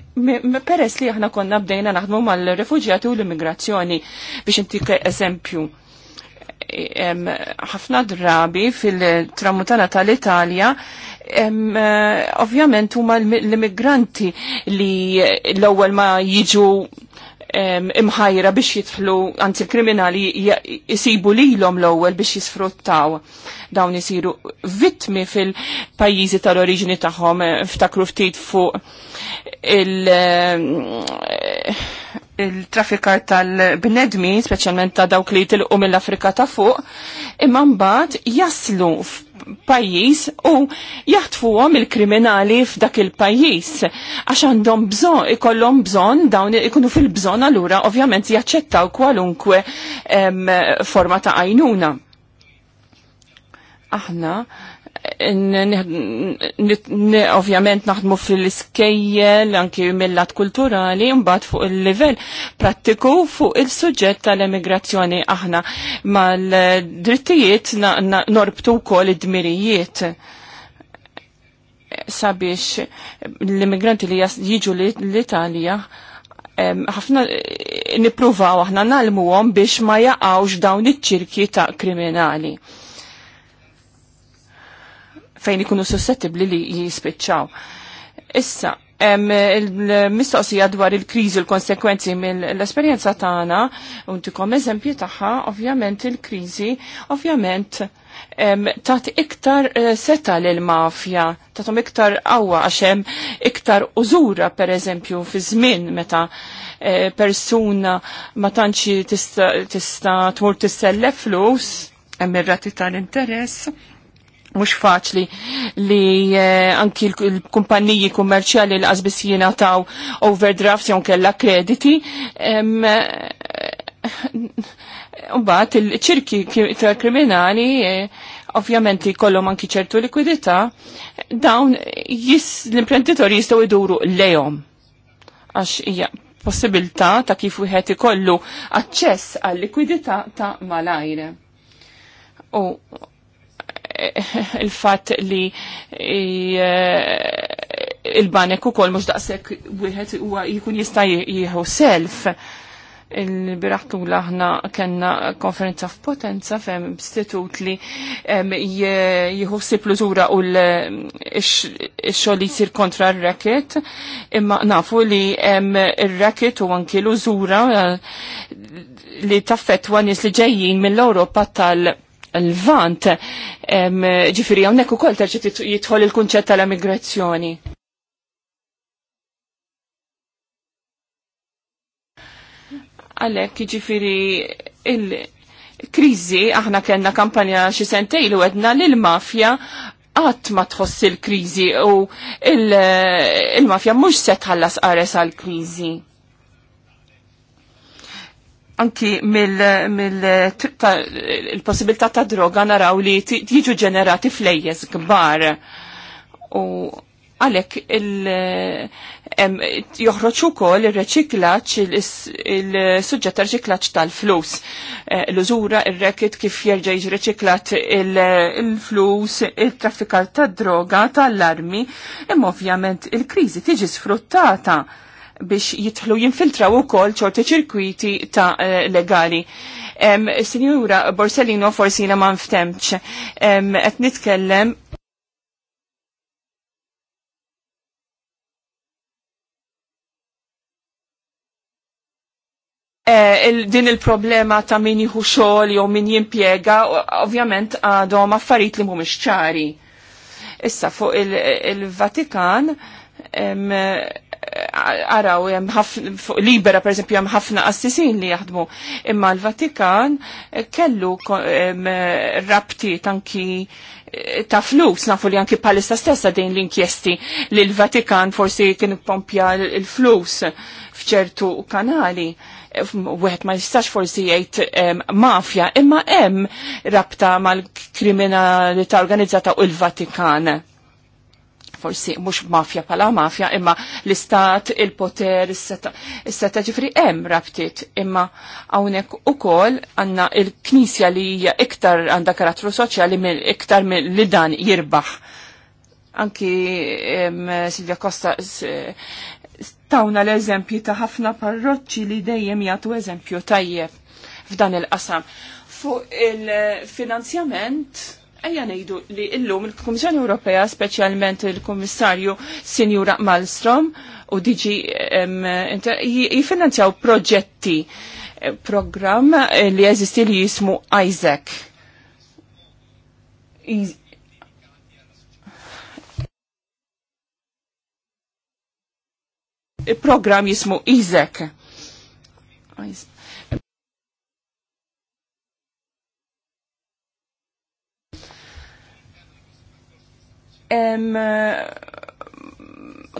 peress li aħna konna bdejna naħdmu mal-refugjati u l-immigrazzjoni biex inti eżempju. ħafna drabi fil-tramutana tal-Italja, eh, ovvjament huma l-immigranti li l-ewwel ma jiġu imħajra biex jitħlu, anzi kriminali jisibu lilhom l-ewwel biex jisfruttaw dawn isiru vittmi fil-pajjiżi tal-oriġini tagħhom ftakru ftit fuq il il-traffikar tal-bnedmi, speċjalment ta' dawk li tilqu mill-Afrika ta' fuq, imma mbagħad jaslu pajjiż u jaħtfuhom il-kriminali f'dak il-pajjiż għax għandhom bżonn ikollhom bżonn dawn ikunu fil-bżonn allura ovvjament jaċċettaw kwalunkwe forma ta' għajnuna. Aħna ovvjament naħdmu fil-iskejjel anki millat kulturali mbagħad fuq il-livell prattiku fuq il-suġġett tal-emigrazzjoni aħna mal-drittijiet norbtu wkoll id-dmirijiet sabiex l-immigranti li jiġu l-Italja ħafna nipruvaw aħna nalmuhom biex ma jaqgħux dawn iċ-ċirki ta' kriminali fejn ikunu suscettibli li jispiċċaw. Issa, il-mistoqsija dwar il-kriżi, il-konsekwenzi mill-esperjenza tagħna, untikom eżempji tagħha, ovvjament il-kriżi, ovvjament tat iktar eh, seta l-mafja, tatom iktar qawwa għaxem iktar użura per eżempju fi żmien meta eh, persuna ma tantx tista' tmur tissellef flus, hemm ir-rati tal-interess mhux faċli li eh, anki l kumpanniji kummerċjali l qasbis taw overdrafts jew kella krediti. Eh, mbagħad il-ċirki kriminali eh, ovvjament li kollhom anki ċertu likwidità, dawn l-imprenditori jistgħu iduru lejom. Għax hija possibilta ta' kif wieħed ikollu aċċess għal likwidità ta' malajre. U [laughs] il-fat li eh, il-banek u kol mux daqsek wieħed huwa jkun jista' jieħu self. Il-biraħtu laħna kena konferenza f'potenza fem istitut li jieħu siplużura u l xoli sir kontra r-raket imma nafu li r-raket u anki l-użura eh, li taffetwa nis li ġejjin mill-Europa tal- l-vant, ġifiri għonek u kol terġet jitħol il-kunċet tal emigrazzjoni Għalek, ġifiri il-krizi, aħna kena kampanja xi sentej li għedna l-mafja għat ma tħoss il-krizi u il-mafja mux se tħallas qares għal-krizi anki mill-possibilità ta' droga naraw li jiġu ġenerati flejjes kbar. U għalek joħroċu kol il-reċiklaċ, il-sujġet ta' reċiklaċ tal-flus. Eh, l-użura, il-rekit kif jerġa reċiklat il-flus, il traffikat ta' droga, tal-armi, imma ovvjament il-krizi tiġi sfruttata biex jitħlu jinfiltraw u kol ċorti ċirkwiti ta' eh, legali. Sinjura Borsellino forsi jina man ftemċ. Qed nitkellem eh, din il-problema ta' min jieħu xogħol jew min jimpjega, ovvjament għadhom affarijiet li mhumiex ċari. Issa fuq il-Vatikan il vatikan araw jem Libera per esempio jem ħafna assisin li jaħdmu imma l-Vatikan kellu rabti tanki eh, ta' flus nafu li anki palista stessa din l-inkjesti li l-Vatikan forsi kien pompja l-flus fċertu kanali wieħed ma jistax forsi jgħid mafja imma hemm rabta mal-kriminalità organizzata u l-Vatikan forsi mhux mafja pala mafja, imma l-istat, il-poter, is-seta ġifri hemm rabtiet, imma hawnhekk ukoll għandna il-Knisja li hija iktar għandha karattru soċjali iktar minn li dan jirbaħ. Anki Silvia Costa tawna l-eżempji ta' ħafna parroċċi li dejjem jagħtu eżempju tajjeb f'dan il-qasam. Fuq il-finanzjament, Ejja nejdu li illum il-Kummissjoni Ewropea, speċjalment il-Kummissarju Sinjura Malmstrom u diġi jifinanzjaw proġetti eh, program eh, li jeżisti li jismu Isaac. program jismu Isaac. Isaac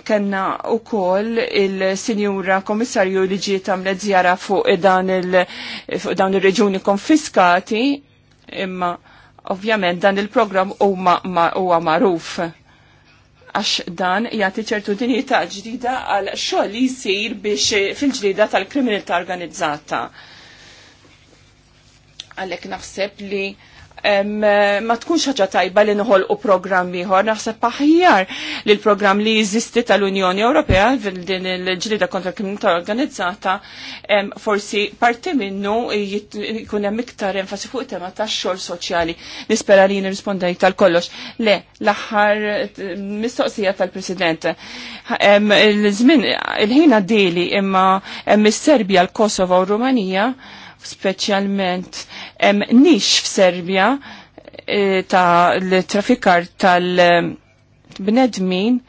kenna u koll il-Sinjura Komissarju li ġiet għamlet zjara fuq dan il-reġuni konfiskati, imma ovvjament dan il-program huwa ma magħruf għax dan jagħti ċertu ta' ġdida għal xogħol li jsir biex fil ġdida tal-kriminalità organizzata. Għalhekk naħseb li Eh, ma tkunx ħaġa tajba li nħol u program ieħor, naħseb aħjar li l-programm li jeżisti tal-Unjoni Ewropea din il-ġlida kontra kriminalità organizzata forsi parti minnu jkun hemm iktar enfasi fuq tema tax-xogħol soċjali. Nispera li nirrispondej tal-kollox. Le, l-aħħar eh, mistoqsija tal-President. Il-żmien il-ħin għaddieli imma mis-Serbja, l-Kosovo u Rumanija specialment nix f'Serbja eh, ta' l-trafikar tal-bnedmin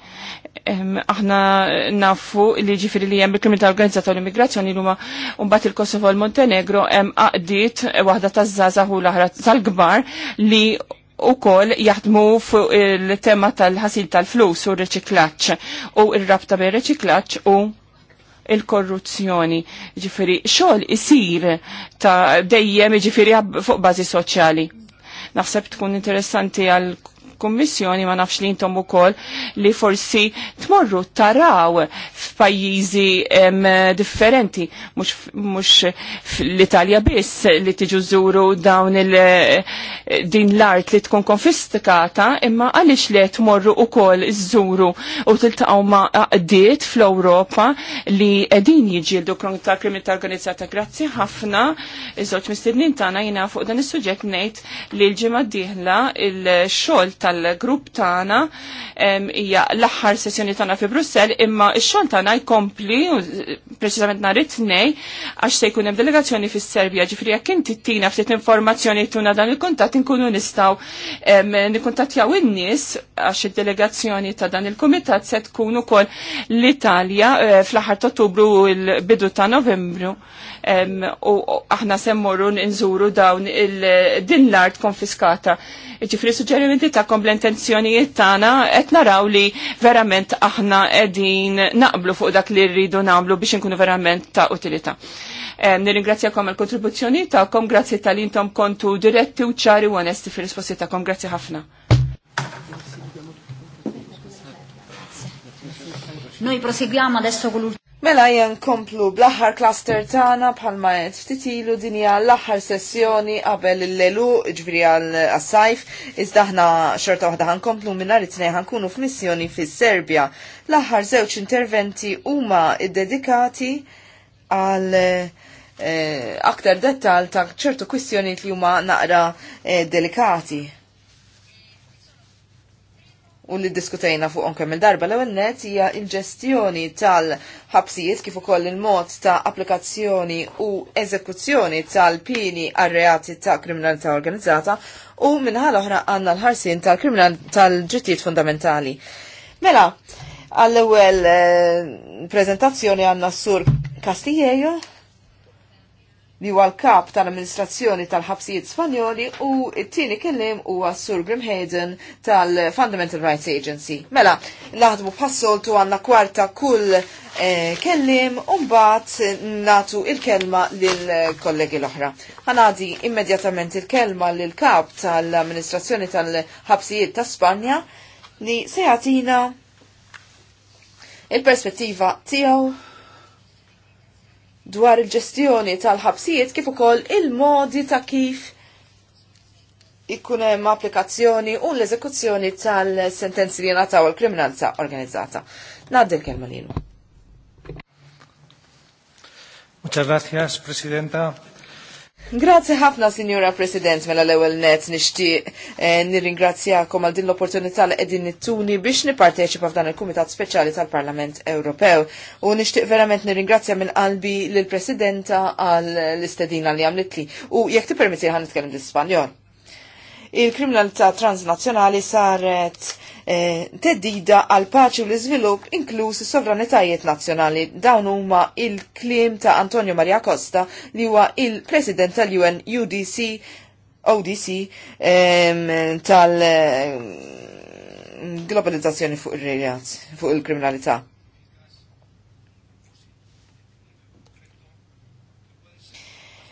aħna nafu li ġifiri li jem bil ta organizzata u l-immigrazzjoni l-huma mbagħad il-Kosovo u l-Montenegro hemm qaqdiet waħda taż zaza u l-aħra tal-kbar li kol jaħdmu fuq il-tema tal-ħasil tal-flus u r u r-rabta bej reċiklaċ u il-korruzzjoni. Ġifiri, xogħol isir ta' dejjem ġifiri fuq bażi soċjali. Naħseb tkun interessanti għal kummissjoni ma nafx li intom ukoll li forsi tmorru taraw f'pajjiżi differenti mhux l-Italja biss li tiġu żuru dawn din l-art li tkun konfiskata imma għaliex li tmorru kol żuru u tiltaqgħu ma' qdiet fl-Ewropa li qegħdin jiġġieldu ta' ta' organizzata. Grazzi ħafna iż-żewġ mistednin tagħna jina fuq dan is-suġġett ngħid li l-ġimgħa d-dieħla il-xogħol ta' tal-grupp tagħna hija l-aħħar sessjoni tagħna fi Brussell, imma x-xogħol tagħna jkompli eh, preċisament nhar it-tnej għax se jkun hemm delegazzjoni fis-Serbja, ġifri jekk inti tina ftit informazzjoni tuna dan il-kuntatt inkunu nistgħu nikkuntattjaw in-nies għax id-delegazzjoni ta' dan il-kumitat se tkun ukoll l-Italja eh, fl-aħħar ta' Ottubru u l-bidu ta' Novembru u aħna semmurru nżuru dawn din l-art konfiskata. Ġifri suġġerimenti ta' komplentenzjonijiet tagħna qed naraw li verament aħna qegħdin naqblu fuq dak li rridu nagħmlu biex inkunu verament ta' utilità. Nirringrazzjakom għal-kontribuzzjoni kom grazzi tal-intom kontu diretti u ċari u onesti fil-risposti kom grazzi ħafna. Noi proseguiamo adesso con l'ultimo. Mela jen komplu bl-axar cluster tana bħalma qed ftitilu dinja l-axar sessjoni qabel il-lelu ġviri għal-sajf, iżda ħna xorta waħda ħankomplu minnar it-tnej f f'missjoni f serbja L-axar żewġ interventi huma id-dedikati għal eh, aktar dettal ta' ċertu kwistjoni li huma naqra eh, delikati u li diskutajna fuq onkem il-darba l ewwel net hija il-ġestjoni tal-ħabsijiet kif ukoll il-mod ta' applikazzjoni u eżekuzzjoni tal-pini arreati reati ta' kriminalità organizzata u minħal oħra għandna l-ħarsin tal-kriminal tal-ġittijiet fundamentali. Mela, għall-ewwel eh, prezentazzjoni għandna s-sur Castillejo li huwa l-kap tal-amministrazzjoni tal-ħabsijiet Spanjoli u t-tieni kellim huwa Sur Hayden tal-Fundamental Rights Agency. Mela, naħdmu passoltu għanna kwarta kull eh, kellim u mbagħad natu il-kelma lill kollegi l-oħra. Ħanadi immedjatament il-kelma lill kap tal-amministrazzjoni tal-ħabsijiet ta' Spanja li se jagħtina il-perspettiva tiegħu dwar il-ġestjoni tal-ħabsijiet kif ukoll il-modi ta' kif ikunem hemm applikazzjoni u l-eżekuzzjoni tal-sentenzi li nataw il-kriminalità organizzata. Naddi l-kelma Muchas gracias, Presidenta. Grazie ħafna, Signora President, mela l-ewel net nishtiq eh, nirringrazzjakom għal din l-opportunità li qegħdin nittuni biex nipparteċipa f'dan il-Kumitat Speċjali tal-Parlament Ewropew. U nixtieq verament nirringrazzja minn qalbi lill presidenta għal l-istedina li għamlitli. U jekk permetti ħan nitkellem l-Ispanjol. Il-kriminalità Transnazjonali saret E, teddida għal paċi u l-iżvilupp inkluż is-sovranitajiet nazzjonali. Dawn huma il-kliem ta' Antonio Maria Costa li huwa il-President tal-UN UDC ODC tal- globalizzazzjoni fuq il-reat, fuq il-kriminalità.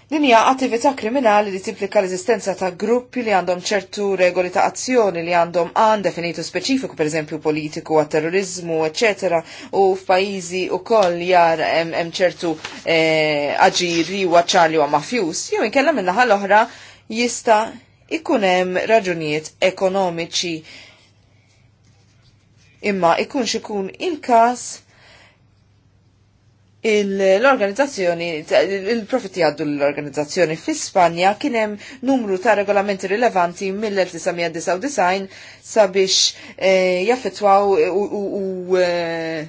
Din hija attività kriminali li tiplika l-eżistenza ta' gruppi li għandhom ċertu regoli ta' azzjoni li għandhom għan definitu speċifiku, per eżempju politiku, għat terrorizmu, eccetera, u f'pajjiżi wkoll jar hemm ċertu eh, aġiri u għacċarli u mafjus, jew inkella minna l-oħra jista' ikun hemm raġunijiet ekonomiċi imma ikunx ikun il-każ L-organizzazzjoni, il-profitti għaddu l-organizzazzjoni fi Spanja kienem numru ta' regolamenti rilevanti mill-1999 sabiex eh, jaffetwaw u, u, eh,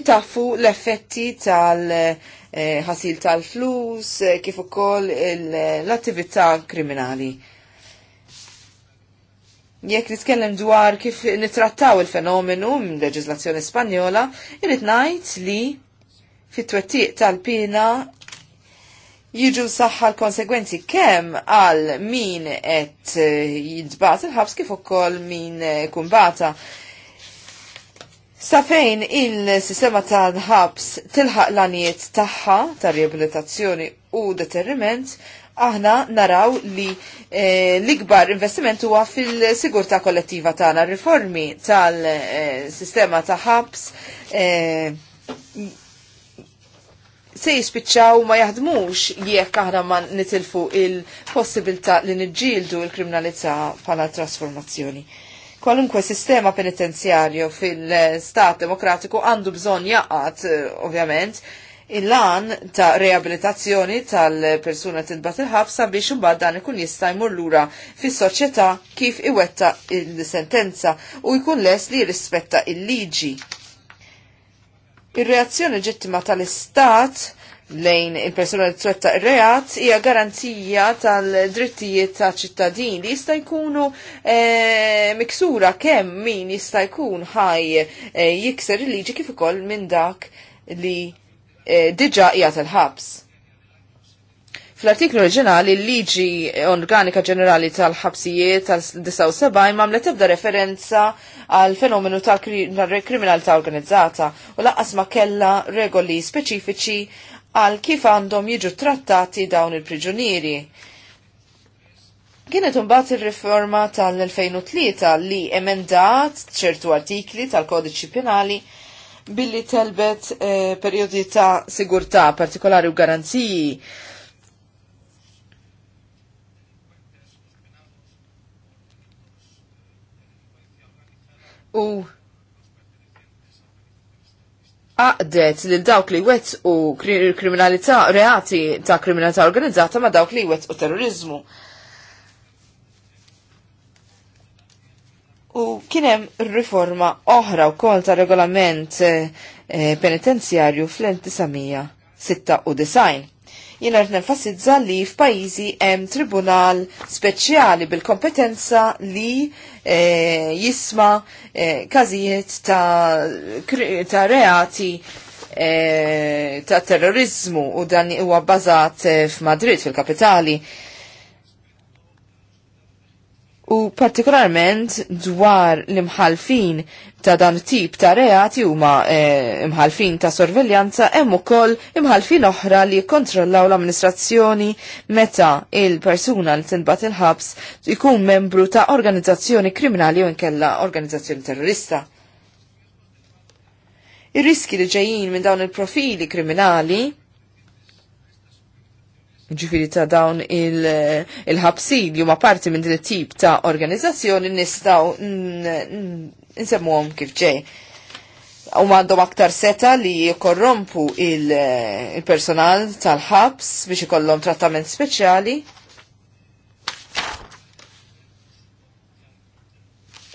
itaffu l-effetti tal-ħasil eh, tal-flus kif ukoll l-attività kriminali. Jekk nitkellem dwar kif nitrattaw il-fenomenu minn leġislazzjoni Spanjola, irrid ngħid li fit-twettiq tal-pina jiġu saħħa l-konsegwenzi kemm għal min qed eh, jitbat il-ħabs kif ukoll min eh, kumbata. Safejn il-sistema tal-ħabs tilħaq l għaniet tagħha ta' riabilitazzjoni u deterriment, aħna naraw li e, l-ikbar investiment huwa fil-sigurta kollettiva tagħna, riformi tal-sistema ta' ħabs e, se jispiċċaw ma jaħdmux jekk aħna ma nitilfu il-possibilità li niġġieldu il-kriminalità bħala trasformazzjoni. Kwalunkwe sistema penitenzjarju fil-Stat Demokratiku għandu bżonn jaqat, eh, ovvjament, il-lan ta' reabilitazzjoni tal-persuna tidbat il-ħabsa biex imbagħad dan ikun jista' jmur lura fis-soċjetà kif iwetta il-sentenza u jkun les li jirrispetta il-liġi. il liġi Ir-reazzjoni ġittima tal-Istat lejn il-persuna li twetta il reat hija garanzija tal-drittijiet ta' ċittadin li jista' jkunu eh, miksura kemm min jista' jkun ħaj eh, jikser il-liġi kif ukoll minn dak li eh, diġà qiegħed il ħabs Fl-artiklu oriġinali, l-liġi organika ġenerali tal-ħabsijiet tal-79 mamlet tibda referenza għal fenomenu tal-kriminalità organizzata u laqqas ma kella regoli speċifiċi għal kif għandhom jiġu trattati dawn il-priġunieri. Kienet unbat il-riforma tal-2003 li emendat ċertu artikli tal-kodiċi penali billi telbet eh, periodi ta' sigurtà partikolari u garanziji u għaqdet li dawk li wet u kriminalità, reati ta' kriminalità organizzata ma' dawk li wet u terrorizmu. U kienem riforma oħra u kol ta' regolament eh, eh, penitenzjarju fl-1996. Jena rrit nenfasizza li f'pajjiżi hemm tribunal speċjali bil-kompetenza li e, jisma e, każijiet ta', ta reati e, ta' terrorizmu u dan huwa bbażat f'Madrid fil-kapitali. U partikolarment dwar l-imħalfin ta' dan tip ta' reati ma' e, eh, imħalfin ta' sorveljanza hemm ukoll imħalfin oħra li jikkontrollaw l-amministrazzjoni meta il-persuna li tinbat il-ħabs ikun membru ta' organizzazzjoni kriminali u nkella organizzazzjoni terrorista. Ir-riski li ġejjin minn dawn il-profili kriminali ġifiri ta' dawn il-ħabsin il li huma parti minn din tip ta' organizzazzjoni nistgħu nsemmuhom kif ġej. U għandhom aktar seta li korrompu il-personal il tal-ħabs biex ikollhom trattament speċjali.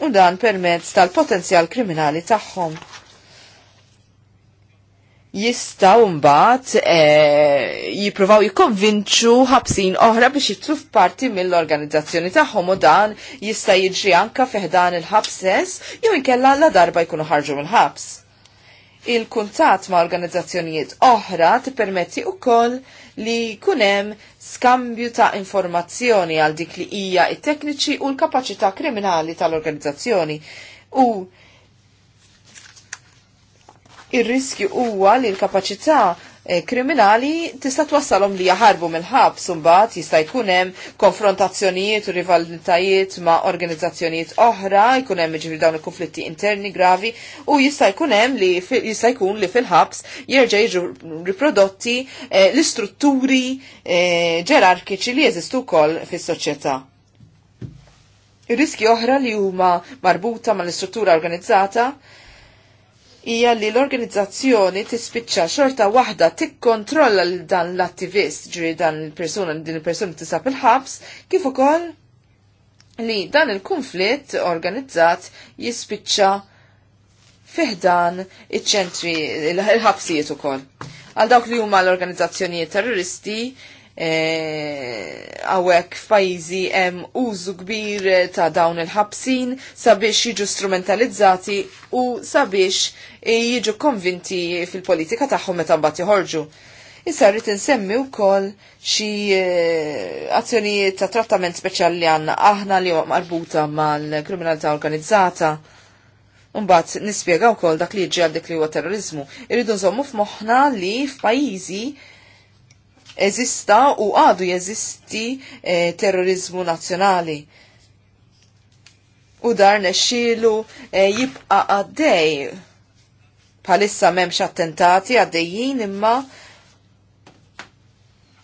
U dan permezz tal-potenzjal kriminali tagħhom jistaw mbagħad e, jippruvaw jikkonvinċu ħabsin oħra biex jitlu f'parti mill-organizzazzjoni tagħhom u dan jista' jiġri anka feħdan il-ħabses jew inkella la darba jkunu ħarġu mill-ħabs. Il-kuntat ma' organizzazzjonijiet oħra tippermetti wkoll li kunem skambju ta' informazzjoni għal dik li hija it-tekniċi u l-kapaċità kriminali tal-organizzazzjoni u ir-riskju huwa li l-kapaċità eh, kriminali tista' twassalhom li jaħarbu mill-ħabs imbagħad jista' jkun hemm konfrontazzjonijiet u rivalitajiet ma' organizzazzjonijiet oħra, jkun hemm jiġifieri dawn il-konflitti interni gravi u jista' jkun hemm li jista' jkun li fil-ħabs jerġa' jiġu riprodotti eh, l-istrutturi eh, ġerarkiċi li jeżistu wkoll fis-soċjetà. Ir-riski oħra li huma marbuta mal-istruttura organizzata hija li l-organizzazzjoni tispiċċa xorta waħda tikkontrolla l dan l-attivist ġri dan il-persuna din il-persuna tisab il-ħabs kif ukoll li dan il-konflitt organizzat jispiċċa fiħdan iċ-ċentri il-ħabsijiet ukoll. Għal dawk li huma l-organizzazzjonijiet terroristi, Eh, għawek f'pajjiżi hemm użu kbir ta' dawn il-ħabsin sabiex jiġu strumentalizzati u sabiex jiġu konvinti fil-politika tagħhom meta mbagħad joħorġu. Issa rrid insemmi wkoll xi eh, azzjoni ta' trattament speċjali għandna aħna li huwa marbuta mal-kriminalità organizzata. nispiega nispjega wkoll dak li ġi għal dik li huwa terrorizmu. Irridu nżommu f'moħħna li f'pajjiżi eżista u għadu jeżisti eh, terrorizmu nazzjonali u dar nexxielu e, jibqa għaddej. Palissa memx attentati għaddejjin imma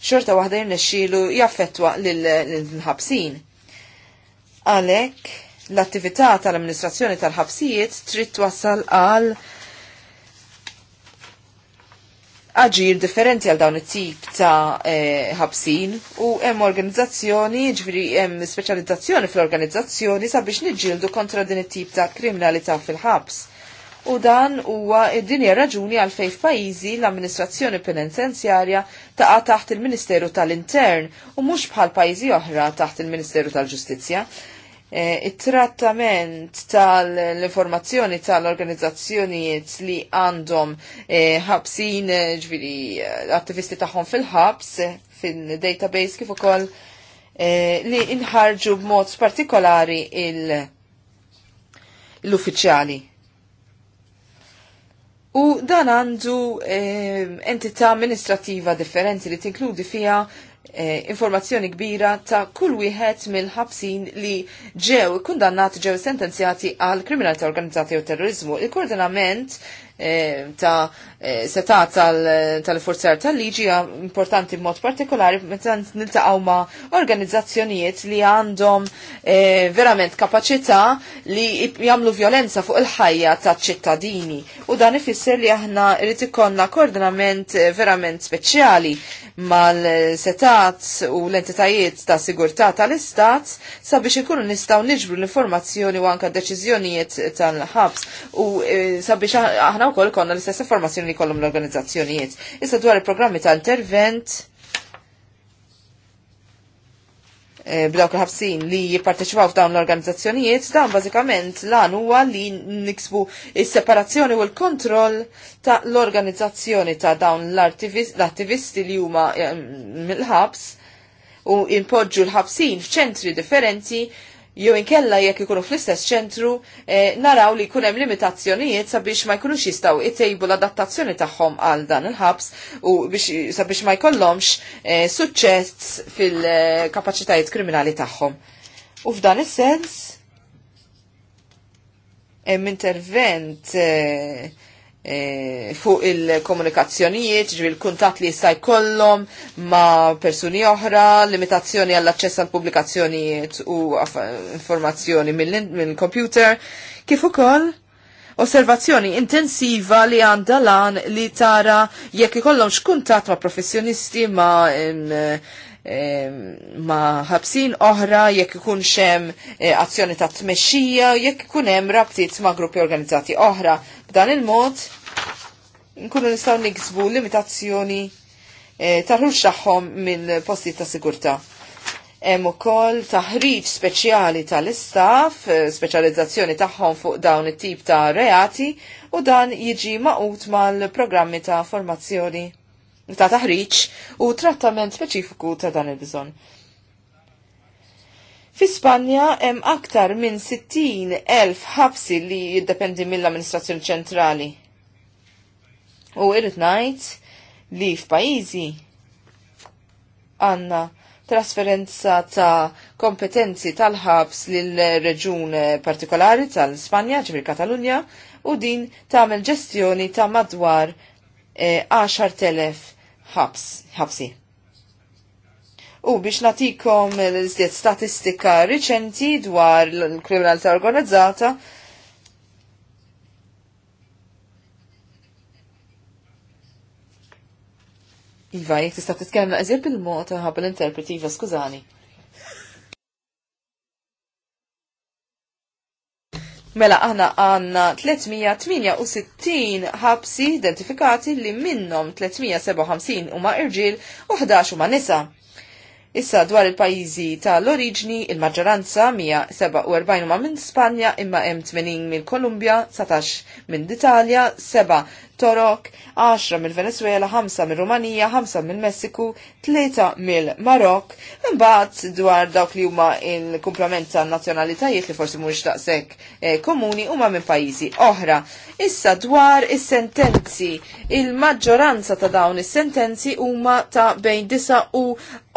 xorta waħda nexxielu jaffetwa l-ħabsin. Għalek, l-attività tal-amministrazzjoni tal-ħabsijiet trid twassal għal aġir differenti għal dawn it-tip ta' e, ħabsin u hemm organizzazzjoni, ġifri hemm speċjalizzazzjoni fl-organizzazzjoni sabiex niġġieldu kontra din it-tip ta' kriminalità fil-ħabs. U dan huwa d-dinja raġuni għal fejf pajizi l-amministrazzjoni penitenzjarja taqa' taħt il-Ministeru tal-Intern u mhux bħal pajjiżi oħra taħt il-Ministeru tal-Ġustizzja. E, it-trattament tal-informazzjoni tal-organizzazzjonijiet li għandhom e, ħabsin e, ġviri attivisti tagħhom fil-ħabs fil-database kif ukoll li inħarġu b'mod partikolari l-uffiċjali. U dan għandu entità amministrativa differenti li tinkludi fija Eh, informazzjoni kbira ta' kull wieħed mill-ħabsin li ġew kundannati ġew sentenzjati għal kriminalità organizzati u terrorizmu. Il-koordinament E, ta' e, seta' tal-forzar tal-liġi importanti b'mod partikolari meta niltaqgħu ma' organizzazzjonijiet li għandhom e, verament kapaċità li jagħmlu violenza fuq il-ħajja taċ-ċittadini u dan ifisser li aħna rrid ikollna koordinament verament speċjali mal-setat u l-entitajiet ta' sigurtà tal-istat sabiex ikunu nistgħu niġbru l-informazzjoni u anka deċiżjonijiet tal-ħabs u sabiex aħna aħna wkoll konna l-istess informazzjoni li kollhom l-organizzazzjonijiet. Issa dwar il-programmi ta' intervent e, b'dawk il-ħabsin li jipparteċipaw f'dawn l-organizzazzjonijiet, dan bażikament lan huwa li niksbu is-separazzjoni u l-kontroll ta' l-organizzazzjoni ta' dawn l-attivisti li huma mill-ħabs u inpoġġu l-ħabsin f'ċentri differenti jew inkella jekk ikunu fl-istess ċentru eh, naraw li jkun hemm limitazzjonijiet sabiex ma jkunux jistgħu itejbu l-adattazzjoni tagħhom għal dan il-ħabs u biex, sabiex ma jkollhomx eh, suċċess fil-kapaċitajiet kriminali tagħhom. U f'dan is-sens hemm intervent eh, E, fuq il-komunikazzjonijiet, ġivi l-kuntat li jista' jkollhom ma' persuni oħra, limitazzjoni għall-aċċess għal pubblikazzjonijiet u informazzjoni mill komputer kif ukoll osservazzjoni intensiva li għandha lan li tara jekk ikollhom x'kuntatt ma' professjonisti ma' in, ma ħabsin oħra jekk ikun xem eh, azzjoni ta' tmexxija jekk ikun hemm rabtiet ma' gruppi organizzati oħra B'dan il-mod nkunu nistgħu niksbu limitazzjoni eh, tarħux tagħhom minn postijiet ta' sigurta. Hemm ukoll taħriġ speċjali tal-istaff, eh, speċjalizzazzjoni tagħhom fuq dawn it-tip ta' reati u dan jiġi maqut mal-programmi ta' formazzjoni ta' taħriġ u trattament speċifiku ta' dan il-bżonn. Fi Spanja hemm aktar minn 60 elf ħabsi li jiddependi mill-amministrazzjoni ċentrali. U irrid ngħid li f'pajjiżi għandna trasferenza ta' kompetenzi tal-ħabs lill-reġun partikolari tal-Spanja, ġifir Katalunja, u din tagħmel ġestjoni ta' madwar 10.000 eh, ħabs, ħabsi. U biex natikom l istiet statistika riċenti dwar l-kriminalità organizzata, Iva, jek tista' titkellem naqsir bil-mod ħabel interpreti, iva skużani. Mela aħna għanna 368 ħabsi identifikati li minnom 357 huma irġiel u 11 huma nisa. Issa dwar il-pajjiżi tal-oriġni il-maġġoranza 147 huma minn Spanja imma hemm 80 minn Kolumbja, 19 minn Italja, torok, 10 mill-Venezuela, 5 mill-Rumanija, 5 mill-Messiku, 3 mill-Marok, imbagħad dwar dawk li huma il-kumplament ta' nazzjonalitajiet li forsi mhumiex daqshekk eh, komuni huma minn pajjiżi oħra. Issa dwar is-sentenzi, il-maġġoranza ta' dawn is-sentenzi huma ta' bejn 9 u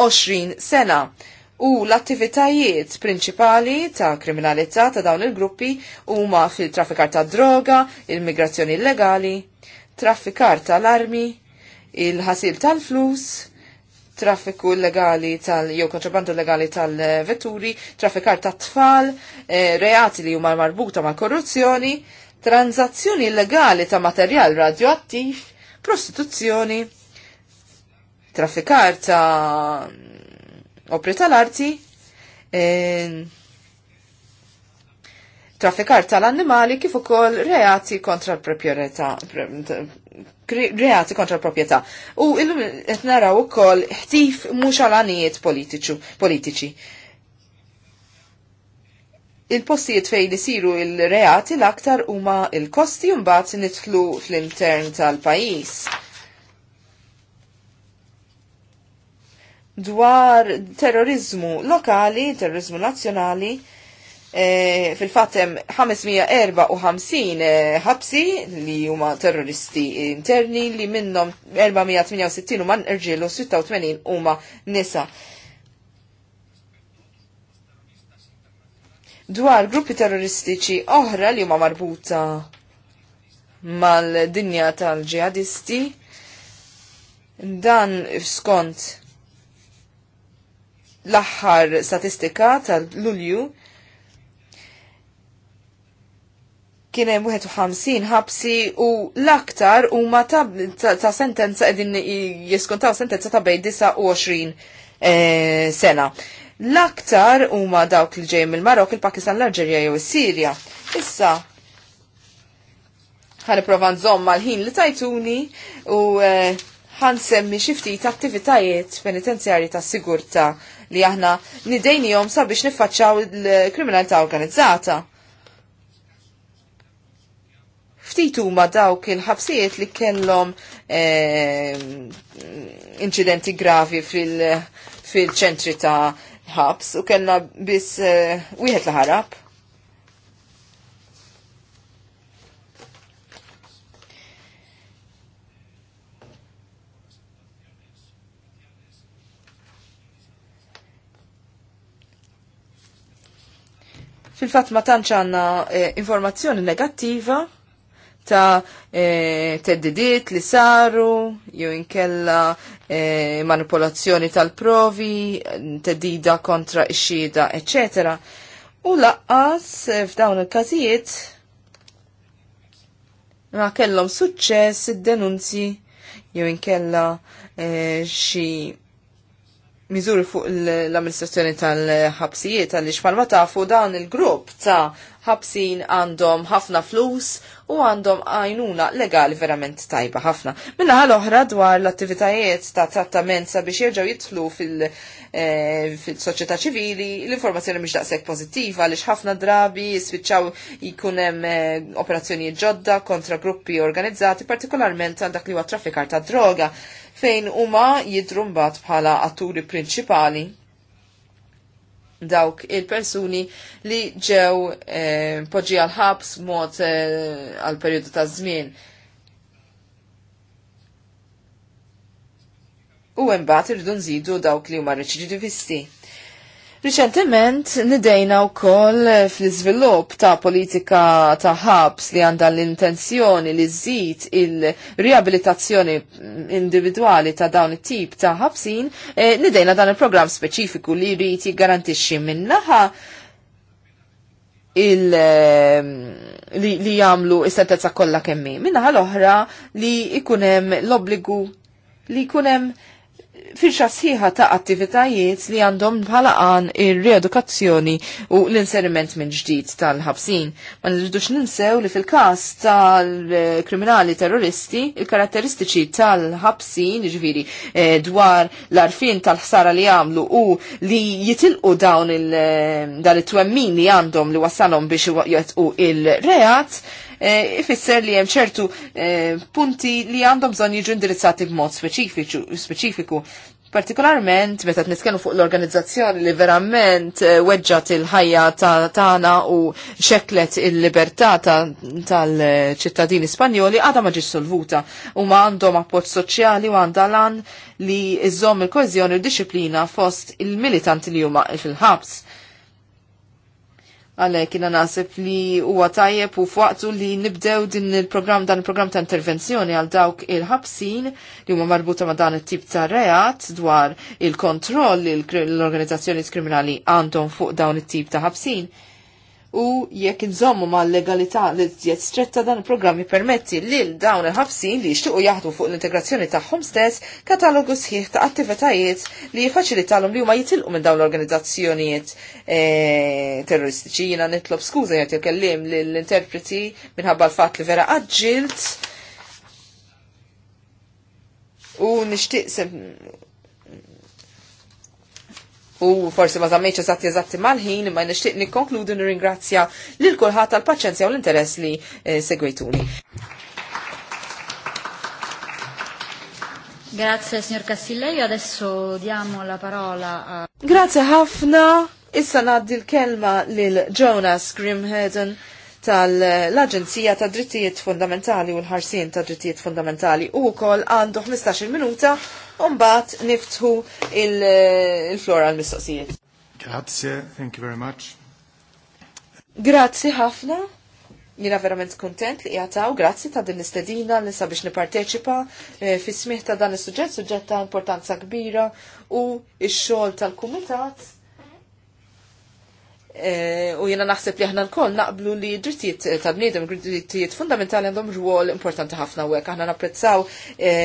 20 sena u l-attivitajiet prinċipali ta' kriminalità ta' dawn il-gruppi huma fil-traffikar ta' droga, il-migrazzjoni illegali traffikar tal-armi, il ħasil tal-flus, traffiku legali tal jew kontrabandu legali tal-vetturi, traffikar tat-tfal, e, eh, reati li huma marbuta mal korruzzjoni, tranzazzjoni illegali ta' materjal radioattiv, prostituzzjoni, traffikar ta' opri tal-arti, e, traffikar tal-annimali kif ukoll reati kontra l-proprjetà reati kontra l-proprjetà. U illum qed naraw ukoll ħtif mhux għalanijiet politiċi. Il-postijiet fej li siru il-reati l-aktar huma il-kosti mbagħad nidħlu fl-intern tal-pajjiż. Dwar terrorizmu lokali, terrorizmu nazzjonali, Eh, fil-fatem 554 eh, ħabsi li huma terroristi interni li minnhom 468 huma irġiel u 86 huma nisa. Dwar gruppi terroristiċi oħra li huma marbuta mal-dinja tal-ġihadisti dan skont l-aħħar statistika tal-Lulju kien hemm 51 ħabsi u l-aktar huma ta, ta, ta' sentenza qegħdin jiskuntaw sentenza ta' bejn 29 eh, sena. L-aktar huma dawk li ġej mill-Marok, il-Pakistan, l-Alġerja jew is-Sirja. Issa provan nżomm mal-ħin li tajtuni u eh, ħansemmi xi ftit attivitajiet penitenzjarji ta' sigurta li aħna nidejnihom sabiex nifacċaw il-kriminalità organizzata ftit huma dawk il-ħabsijiet li kellhom eh, inċidenti gravi fil-ċentri fil ta' ħabs u kellna biss eh, wieħed li ħarab. Fil-fat ma tantx għandna eh, informazzjoni negattiva ta' e, teddidiet li saru, jew inkella eh, manipolazzjoni tal-provi, teddida kontra ix-xhieda, eċetera. U laqqas eh, f'dawn il-każijiet ma kellhom suċċess id-denunzji jew inkella xi miżuri fuq l-amministrazzjoni tal-ħabsijiet għaliex palma tafu dan il-grupp ta' ħabsin għandhom ħafna flus u għandhom għajnuna legali verament tajba ħafna. Minna għal oħra dwar l-attivitajiet ta' trattament sabiex jirġaw jitlu fil-soċjetà eh, ċivili, l-informazzjoni mhix daqshekk pożittiva għaliex ħafna drabi jispiċċaw jkun hemm eh, operazzjonijiet ġodda kontra gruppi organizzati, partikolarment għal dak li huwa traffikar ta' droga fejn huma jidru mbagħad bħala atturi prinċipali dawk il-persuni li ġew eh, poġġi għal-ħabs mod għal eh, periodu ta' żmien. U mbagħad irridu nżidu dawk li huma reċidivisti. Riċentement nidejna u koll fl-izvilup ta' politika ta' ħabs li għanda l-intenzjoni li zid il-riabilitazzjoni individuali ta' dawn it-tip ta' ħabsin, e, nidejna dan il-program speċifiku li jrid jiggarantixxi minnaħa il- e, li, li jamlu is-sentenza kollha kemmi. Minnaħa l-oħra li ikunem l-obbligu li ikunem firxa sħiħa ta' attivitajiet li għandhom bħala għan ir-reedukazzjoni u l-inseriment minn ġdid tal-ħabsin. Ma nirridux ninsew li fil-kas tal-kriminali terroristi, il-karatteristiċi tal-ħabsin, ġviri, eh, dwar l-arfin tal-ħsara li għamlu u li jitilqu dawn il-twemmin eh, li għandhom li wassalhom biex jgħetqu il-reat, Eh, ifisser li hemm ċertu eh, punti li għandhom bżonn jiġu indirizzati b'mod speċifiku partikolarment meta nitkellmu fuq l-organizzazzjoni li verament eh, weġġat il-ħajja tagħna u xeklet il-libertà tal-ċittadini Spanjoli għadha ma ġiex solvuta u ma għandhom appoġġ soċjali u għandha lan li iżomm il-koeżjoni u disciplina fost il-militanti li huma fil-ħabs. Għalek, kina nasib li huwa tajjeb u fwaqtu li nibdew din il-program dan il-program ta' intervenzjoni għal dawk il-ħabsin li huma marbuta ma' dan it-tip ta' reat dwar il-kontroll l-organizzazzjoni kriminali għandhom fuq dawn it-tip ta' ħabsin u jekk inżommu ma' legalità li tjiet stretta dan il-programm permetti lil dawn il-ħabsin li jixtiequ jaħdu fuq l-integrazzjoni tagħhom stess katalogu sħiħ ta' attivitajiet li jfaċilitalhom li huma jitilqu minn dawn l-organizzazzjonijiet eh, terroristiċi. Jiena nitlob skuża jgħid jkellim lill-interpreti minħabba l-fatt li vera għadġilt u nixtieq u forsi ma zammeċ eżatti eżatti mal-ħin, ma nishtiq nikkonkludu nirringrazzja lil kulħadd tal-paċenzja u l-interess li eh, segwituni. Grazie signor Cassillejo, adesso diamo la parola a... Grazie ħafna, issa naddi l-kelma lil Jonas Grimheden tal-Aġenzija ta' Drittijiet Fundamentali u l-ħarsien ta' Drittijiet Fundamentali u kol għandu 15 minuta Umbat niftħu eh, il-flora il flora il mistoqsijiet Grazie, thank you very much. Grazzi ħafna. Jina verament kontent li jgħataw, grazzi ta' din istedina li sabiex niparteċipa e, fi smih ta' dan il-sujġet, suġġet ta' importanza kbira u il-xol tal-kumitat. E, u jina naħseb li aħna l-koll naqblu li drittijiet ta' bniedem, drittijiet fundamentali għandhom rwol importanti ħafna u għek. Aħna napprezzaw e,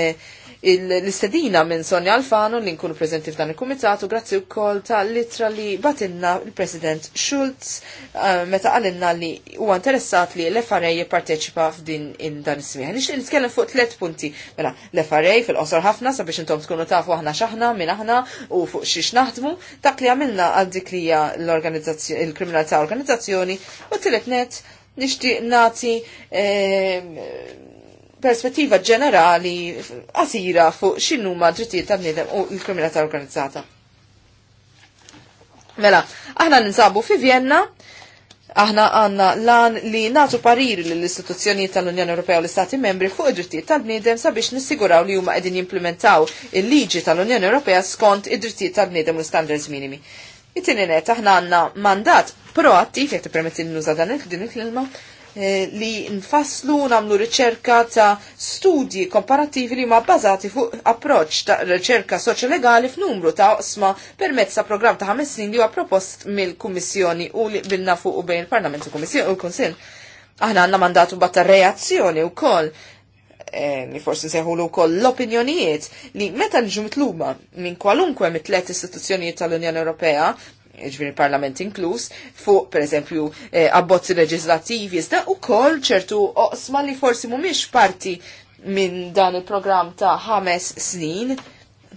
l-istedina minn Sonja Alfano li nkunu prezenti f'dan il-Kumitat u grazzi wkoll litra li batinna il-President Schulz eh, meta għalinna li huwa interessat li l-FRA jipparteċipa f'din in dan is-smieħ. Nixtieq nitkellem fuq tliet punti. Mela, l-FRA fil-qosor ħafna sabiex intom tkunu tafu aħna x'aħna minn aħna u fuq xiex naħdmu dak li għamilna għal dik li l-kriminalità organizzazzjoni u tlet net nixtieq nagħti eh, perspettiva ġenerali għasira fuq x'inhuma drittijiet ta' bniedem u l-kriminalità organizzata. Mela, aħna ninsabu fi Vienna, aħna għanna lan li natu pariri l-istituzzjoni tal-Unjoni Ewropea u l-Istati membri fuq id-drittijiet tal-bniedem sabiex nissiguraw li huma qegħdin jimplementaw il-liġi tal-Unjoni Ewropea skont id-drittijiet tal-bniedem u standards minimi. It-tieni aħna għandna mandat proattiv jekk tippermetti nuża dan din il-kelma Eh, li nfasslu namlu riċerka ta' studji komparativi li ma' bazati fuq approċ ta' riċerka legali f'numru ta' osma permezz ta' programm ta' ħames snin li huwa propost mill-Kummissjoni u li bilna fuq u bejn il-Parlament u Kummissjoni u l-Kunsill. Aħna għandna mandatu batta reazzjoni u koll eh, li forsi nseħulu kol l-opinjonijiet li meta nġu mitluma minn kwalunkwe mit-tlet istituzzjonijiet tal-Unjoni Ewropea ġviri parlament inkluż, fuq per eżempju eh, abbozzi leġislativi, iżda u kol ċertu oqsma li forsi mumiex parti minn dan il-programm ta' ħames snin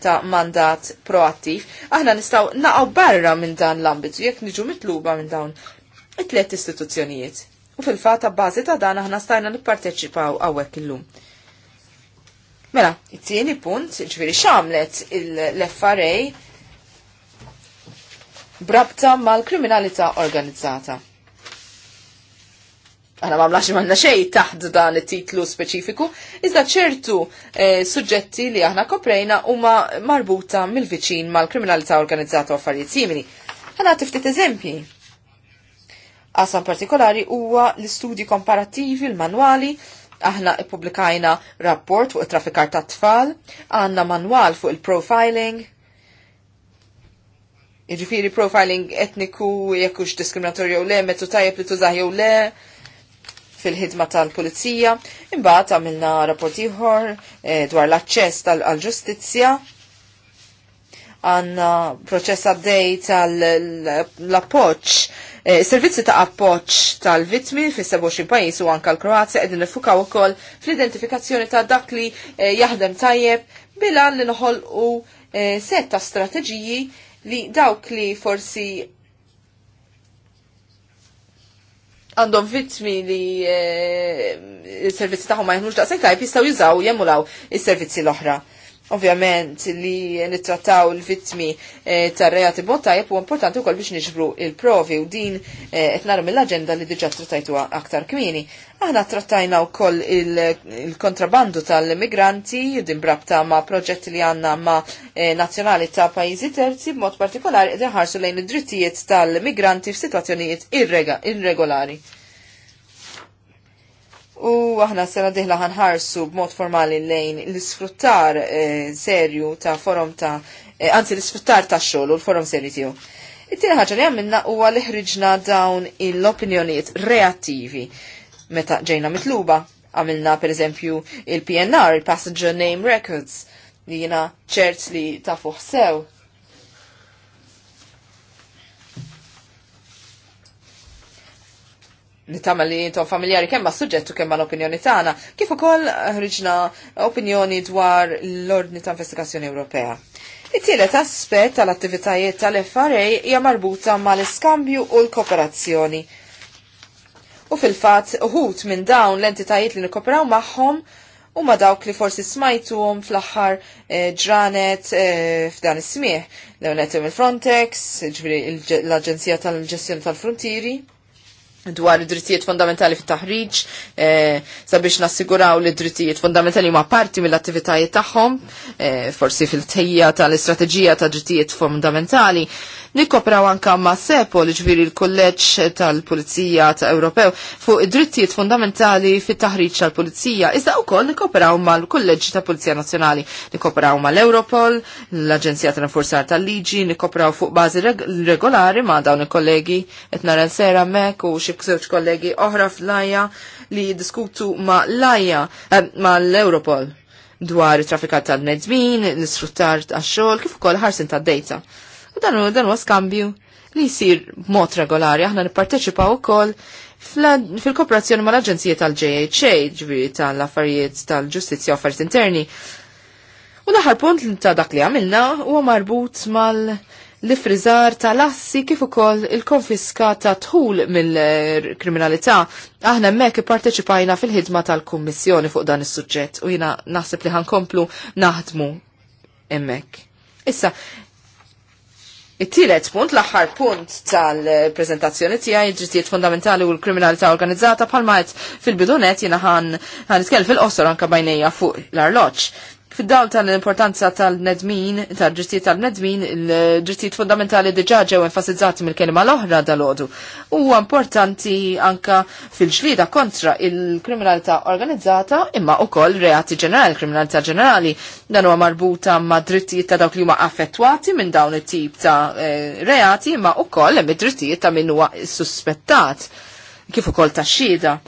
ta' mandat proattiv, aħna nistaw naqaw barra minn dan l-ambitu, jekk nġu mitluba minn dawn it-tlet istituzzjonijiet. U fil-fat ta' bażi ta' dan aħna stajna nipparteċipaw għawek illum. Mela, it-tieni punt, ġviri xamlet l-FRA brabta mal-kriminalità organizzata. Għana ma mlaċi manna xej taħt dan it-titlu speċifiku, iżda ċertu eh, suġġetti li aħna koprejna huma marbuta mill-viċin mal-kriminalità organizzata u affarijiet simili. Għana tiftit eżempji. Qasam partikolari huwa l-istudji komparattivi, l-manwali, aħna publikajna rapport fuq it-traffikar tat-tfal, għanna manwal fuq il-profiling, Ġifiri profiling etniku, jekkux diskriminatorju u le, metu tajjeb li tużaħ jew le fil-ħidma tal-pulizija. Imbagħad għamilna rapport ieħor eh, dwar l-aċċess tal-ġustizzja. Għanna proċess għaddej tal-appoġġ eh, Servizzi ta' appoġġ tal-vitmi fis-27 pajjiż u anka l-Kroazja qegħdin nifukaw ukoll fl-identifikazzjoni ta' dak li eh, jaħdem tajjeb bila li noħolqu set ta' strateġiji li dawk li forsi għandhom vittmi li s-servizzi eh, tagħhom ma jħnux daqsajt għajp jistgħu jużaw jemmulaw is-servizzi l-oħra. Ovvjament li nittrattaw il-vittmi eh, tar reati bot tajjeb u importanti wkoll biex niġbru il-provi u din eh, qed naru mill-aġenda li diġà trattajtu aktar kmini. Aħna trattajna wkoll il-kontrabandu il tal-migranti din brabta ma' proġett li għandna ma' e, nazzjonali ta' pajjiżi terzi b'mod partikolari qed lejn id-drittijiet tal-migranti f'sitwazzjonijiet irregolari. U aħna sena diħla ħanħarsu b'mod formali lejn l-isfruttar eh, serju ta' forum ta' eh, anzi l-isfruttar ta' xogħol u l-forum serju tiegħu. It-tieni ħaġa li għamilna huwa li ħriġna dawn l-opinjonijiet reattivi meta ġejna mitluba. Għamilna per eżempju il-PNR, il-Passenger Name Records, li jina ċert li ta' fuħsew li tamma li jintom familjari kemm ma' suġġettu kemm ma' l-opinjoni tagħna, kif ukoll ħriġna opinjoni dwar l-Ordni ta' Investigazzjoni Ewropea. It-tielet aspett tal-attivitajiet tal-FRA hija marbuta mal-iskambju u l-kooperazzjoni. U fil-fatt uħut minn dawn l-entitajiet li nikkoperaw magħhom u ma dawk li forsi smajtuhom fl-aħħar eh, ġranet eh, f'dan is-smieħ. l il-Frontex, l-Aġenzija tal-Ġestjoni tal-Frontieri, dwar id-drittijiet fundamentali fit-taħriġ eh, sabiex nassiguraw li d-drittijiet fundamentali ma' parti mill-attivitajiet tagħhom, eh, forsi fil-tejja tal-istrateġija ta' drittijiet fundamentali, Nikopraw anka ma' SEPOL ġviri l-Kolleġġ tal-Pulizija ta' Ewropew fuq id-drittijiet fundamentali fit-taħriġ tal-Pulizija. Iżda wkoll ma mal-Kolleġġ ta' Pulizija Nazzjonali, ma mal-Europol, l-Aġenzija tal-Enforzar tal-Liġi, nikkopraw fuq bażi regolari ma' dawn il-kollegi etnara sera mek u xi kollegi oħra fl li jiddiskutu ma' lajja eh, ma' l-Europol dwar traffikat tal-nedmin, l-istruttar tal xogħol kif ukoll ħarsin tad-dejta. U dan dan huwa skambju li jsir b'mod regolari aħna nipparteċipaw ukoll fil-kooperazzjoni mal-Aġenzija tal-JHA, ġviri tal-affarijiet tal-ġustizzja u affarijiet interni. U l-aħħar punt ta' dak li għamilna huwa marbut mal- l-ifrizar tal-assi kif ukoll il-konfiska ta' tħul mill-kriminalità. Aħna hemmhekk ipparteċipajna fil-ħidma tal-Kummissjoni fuq dan is-suġġett u jiena naħseb li ħankomplu naħdmu hemmhekk. Issa, It-tielet punt, l-aħħar punt tal-prezentazzjoni tiegħi id-drittijiet fundamentali u l-kriminalità organizzata bħalma qed fil-bidunet jiena ħan fil-qosor anke bajnejja fuq l-arloġġ. Fid-dawl tal-importanza tal-nedmin, tal-ġittijiet tal-nedmin, il-ġittijiet fundamentali diġa ġew enfasizzati mill-kelma l-oħra dal-ħodu. Huwa importanti anka fil-ġlida kontra il-kriminalità organizzata imma koll reati ġenerali, kriminalità ġenerali. Dan huwa marbuta ma' drittijiet ta' dawk li huma affettwati minn dawn it-tip ta' eh, reati imma ukoll hemm id-drittijiet ta' min huwa suspettat kif ukoll ta' xhieda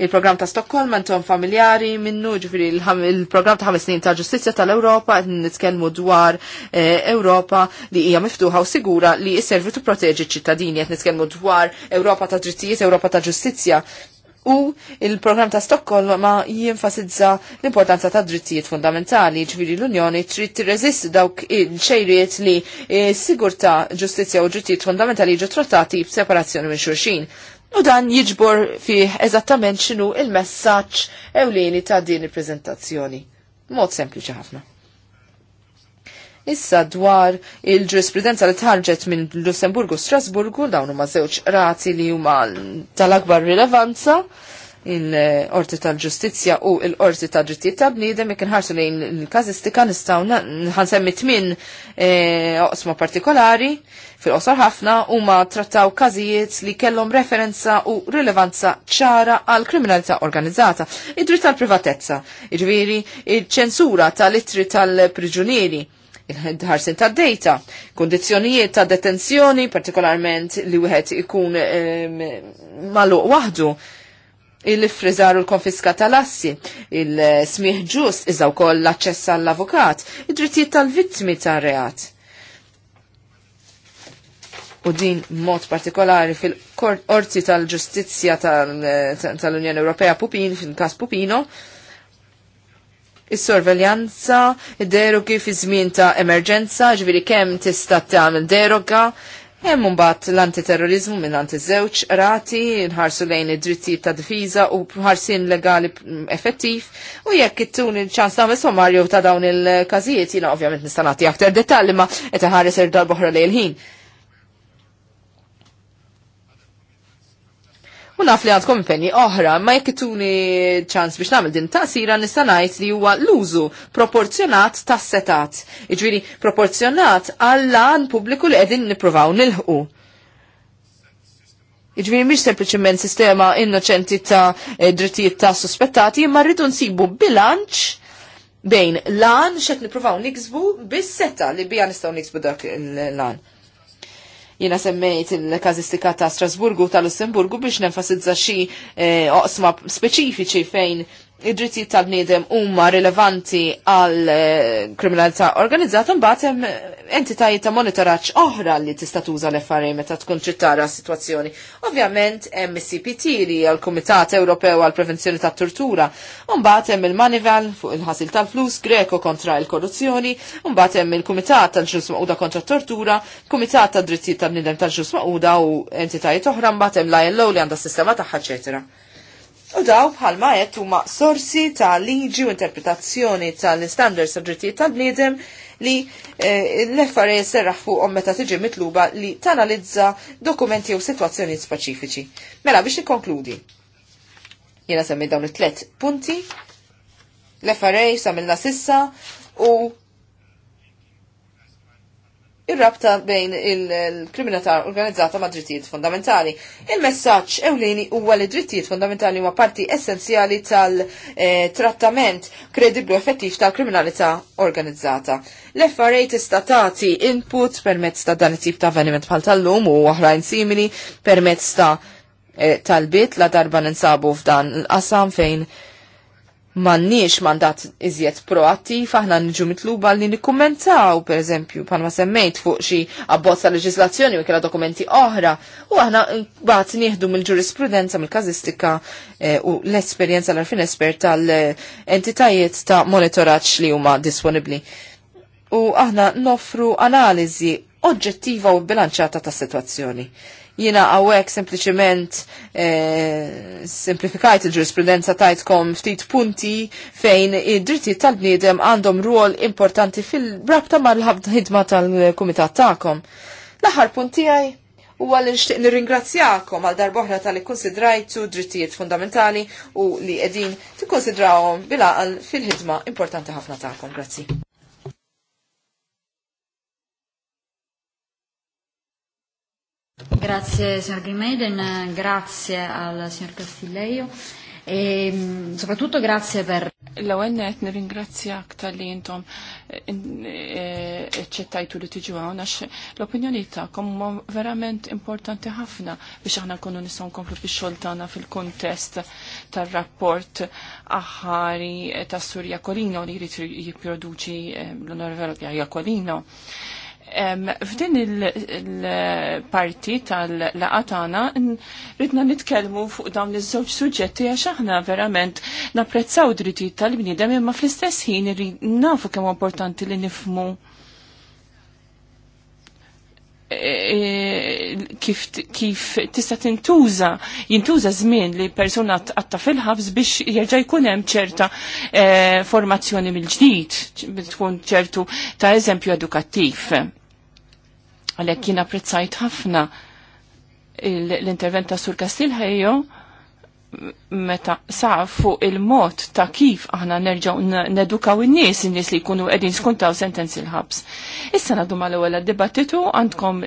il-programm ta' Stockholm intom familjari minnu ġifiri il-programm ta' ħames snin ta' ġustizja tal-Ewropa qed nitkellmu dwar Ewropa eh, li hija miftuħa u sigura li s-servi proteġi ċ-ċittadini qed nitkellmu dwar Ewropa ta' drittijiet, Europa ta' ġustizzja. U il-programm ta' Stockholm ma jinfasizza l-importanza ta' drittijiet fundamentali, ġviri l-Unjoni trid tirreżist dawk il-xejriet li eh, sigurta ġustizzja u drittijiet fundamentali ġu trattati b'separazzjoni minn xulxin. U dan jiġbor fih eżattament xinu il-messaġġ ewlieni ta' din il-preżentazzjoni. Mod sempliċi ħafna. Issa dwar il-ġurisprudenza li tħarġet minn Lussemburgu u Strasburgu, dawn huma żewġ razi li huma tal-akbar rilevanza, il-Orti tal-Ġustizzja u l-Orti tal-Ġittijiet tal-Bniedem jekk inħarsu lejn il-kazistika nistgħu nħansemmi tmien eh, oqsma partikolari fil-qosor ħafna huma trattaw każijiet li kellhom referenza u rilevanza ċara għal kriminalità organizzata, id-dritt tal-privatezza, jiġifieri il-ċensura tal-ittri tal-priġunieri il-ħarsin ta' data, kondizjonijiet ta' detenzjoni, partikolarment li wieħed ikun ehm, malu waħdu, il-frizar u l-konfiska tal-assi, il-smiħ ġust, iżaw wkoll l-aċċess għall-avukat, id-drittijiet tal-vittmi tar-reat. U din mod partikolari fil-orti tal-ġustizzja tal-Unjoni Ewropea Pupin, fil-kas Pupino, is-sorveljanza, id-derogi fi żmien ta' emerġenza, ġviri kemm tista' tagħmel deroga, Hemm mbagħad l-antiterrorizmu minn antiżewġ rati, nħarsu lejn id-drittijiet ta' difiża u ħarsin legali effettiv u jekk ittun il-ċans nagħmel sommarju ta' dawn il-każijiet jiena ovvjament nista' nagħti aktar dettalji ma qed iħares ir darba oħra lejl ħin. U naf li għandkom impenni oħra, ma jekk ituni ċans biex nagħmel din ta' nista' ngħid li huwa l-użu proporzjonat tas-setat. Jiġifieri proporzjonat għall-lan pubbliku li qegħdin nippruvaw nilħqu. Iġviri miex sempliciment sistema innoċenti ta' eh, drittijiet ta' suspettati, imma rridu nsibu bilanċ bejn lan xet niprofaw niksbu bis seta' li bija nistaw niksbu dak il-lan jina semmejt il-kazistika ta' Strasburgu ta' Lussemburgu biex nenfasizza xi eh, oqsma speċifiċi fejn id-drittijiet tal-bniedem huma rilevanti għal eh, kriminalità organizzata mbagħad hemm eh, entitajiet ta' monitoraġġ oħra li tista' tuża l-FRA meta tkun ċittara s-sitwazzjoni. Ovvjament hemm is-CPT li għal Kumitat Ewropew għal Prevenzjoni tat-Tortura, u mbagħad hemm il-Manival fuq il-ħasil tal-flus Greko kontra l-korruzzjoni, u mbagħad hemm il-Kumitat tal-Ġus Maquda kontra t-Tortura, Kumitat tad-Drittijiet tal bnidem tal-Ġus Maquda u entitajiet oħra mbagħad hemm l-ILO li għandha s-sistema tagħha eċetera. U daw bħalma qed huma sorsi ta' liġi u interpretazzjoni tal-standards ta' drittijiet tal-bniedem li eh, l-FRS serraħ fuqhom meta tiġi mitluba li tanalizza dokumenti u sitwazzjonijiet speċifiċi. Mela biex nikkonkludi. Jiena semmi dawn it-tlet punti l-FRA samilna sissa u ir-rabta bejn il kriminata organizzata ma' drittijiet fundamentali. Il-messaġġ ewlieni huwa li drittijiet fundamentali huma parti essenzjali tal-trattament kredibbli effettiv tal-kriminalità organizzata. L-FRA tista' tagħti input permezz ta' dan it-tip ta' avveniment bħal tal-lum u oħrajn simili permezz ta' tal eh, tal-bit la darba ninsabu f'dan l-qasam fejn m'għandniex mandat iżjed proattiv, aħna niġu mitluba li nikkummentaw, pereżempju, bħalma semmejt fuq xi abbozza leġislazzjoni u kera dokumenti oħra, u aħna mbagħad nieħdu mill-ġurisprudenza mill-każistika eh, u l-esperjenza l-arfin espert tal-entitajiet ta' monitoraċ li huma disponibbli. U aħna nofru analiżi oġġettiva u bilanċata ta' situazzjoni. Jina għawek sempliciment eh, simplifikajt il-ġurisprudenza tajtkom ftit punti fejn id-dritti tal-bniedem għandhom ruol importanti fil-rabta mal-ħidma tal-kumitat ta'kom. L-aħħar punti għaj u għal nishtiq nirringrazzjakom għal darboħra tal-li konsidrajtu drittijiet fundamentali u li edin t-konsidrawom bil-għal fil-ħidma importanti ħafna ta'kom. Grazzi. Grazie signor Grimeden, grazie al signor Castillejo e soprattutto grazie per... L-għennet nir-ingrazzjak tal-li jintom eh, eh, ċettajtu li tiġu għawna l-opinjoni ta'kom verament importanti ħafna biex aħna konu nisom komplu biex xoltana fil-kontest tal-rapport aħari ta' Surja Kolino li jrid jipproduċi eh, l-onorevole Jakolino. Kolino F'din il-parti tal-laqatana ridna nitkellmu fuq dawn iż-żewġ suġġetti għax aħna verament napprezzaw drittijiet tal-bniedem imma fl-istess ħin nafu kemm importanti li nifmu kif, kif tista tintuża jintuża żmien li persuna tqatta fil-ħabs biex jerġa' jkun hemm ċerta eh, formazzjoni mill-ġdid tkun ċertu ta' eżempju edukattiv. Għalhekk jien apprezzajt ħafna l-intervent ta' Sur Kastilħejjo meta sa fuq il-mod ta' kif aħna nerġgħu nedukaw in-nies in-nies li jkunu qegħdin skuntaw sentenzi il ħabs Issa nagħdu mal-ewwel dibattitu għandkom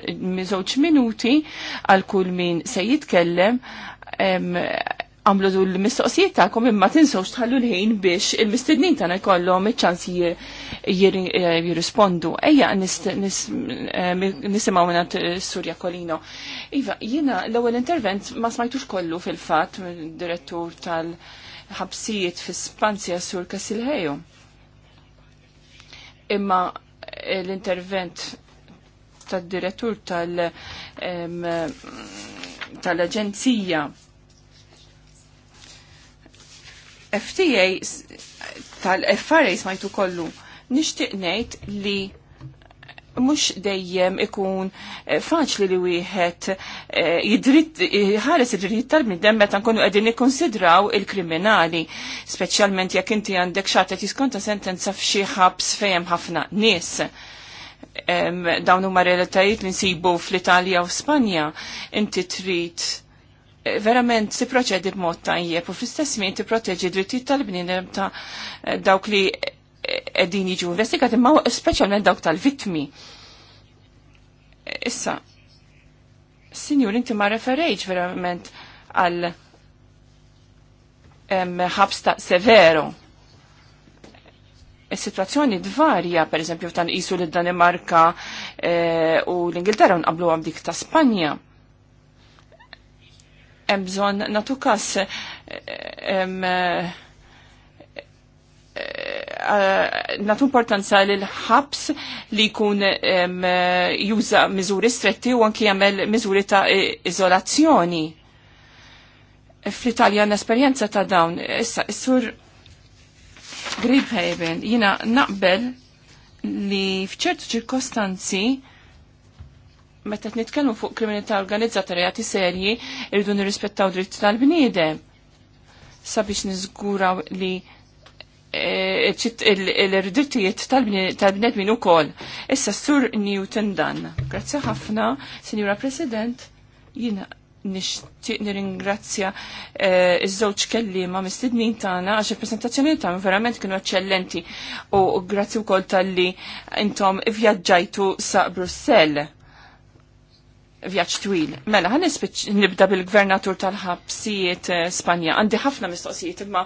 żewġ minuti għal kull min se jitkellem għamlu l-mistoqsijiet tagħkom imma tinsawx tħallu l-ħin biex il-mistednin tagħna jkollhom iċ-ċans eh, jirrispondu. Ejja eh, nisimgħu minn eh, Surja Kolino. Iva, jiena l-ewwel intervent ma smajtux kollu fil-fatt direttur tal-ħabsijiet fis Spanzja Sur Kasilħejo. Imma l-intervent tad-direttur tal- tal-Aġenzija tal FTA tal-FRA smajtu kollu. Nishtiq ngħid li mux dejjem ikun eh, faċli li wieħed eh, jidrit ħares id-dritt tal-bniedem meta nkunu qegħdin nikkonsidraw il-kriminali, speċjalment jekk inti għandek xatet jiskonta sentenza f'xi ħabs fejjem ħafna nies. Dawn huma realtajiet li nsibu fl-Italja u Spanja, inti trid verament si proċedi b'mod tajjeb u fl-istess min proteġi drittijiet tal-bniedem ta' dawk li qegħdin jiġu investigati ma speċjalment dawk tal-vittmi. Issa, sinjur inti ma referejġ verament għal ħabs ta' severo. Is-sitwazzjoni dvarja, per eżempju, tan isu l-Danimarka eh, u l-Ingilterra unqablu għam dik ta' Spanja hemm bżonn natu każ eh, eh, eh, natu importanza li l-ħabs li jkun juża miżuri stretti u anki jagħmel miżuri ta' iżolazzjoni. Fl-Italja n-esperjenza ta' dawn, issa, sur Gribhaven, jina naqbel li fċertu ċirkostanzi meta qed nitkellmu fuq kriminalità organizzata reati serji irridu nirrispettaw dritt tal-bniedem sabiex niżguraw li e, l-erdittijiet tal bnet minn kol. Issa sur Newton dan. Grazzi ħafna, Signora President, jina nishtiq nir-ingrazzja e, iż-żewġ kellima mistednin tagħna għax il-presentazzjoni tagħhom verament kienu eċċellenti u grazzi wkoll tal-li intom vjaġġajtu sa' Brussell vjaċ twil. Mela, għan nibda bil-gvernatur tal-ħabsijiet eh, Spanja. Għandi ħafna mistoqsijiet, imma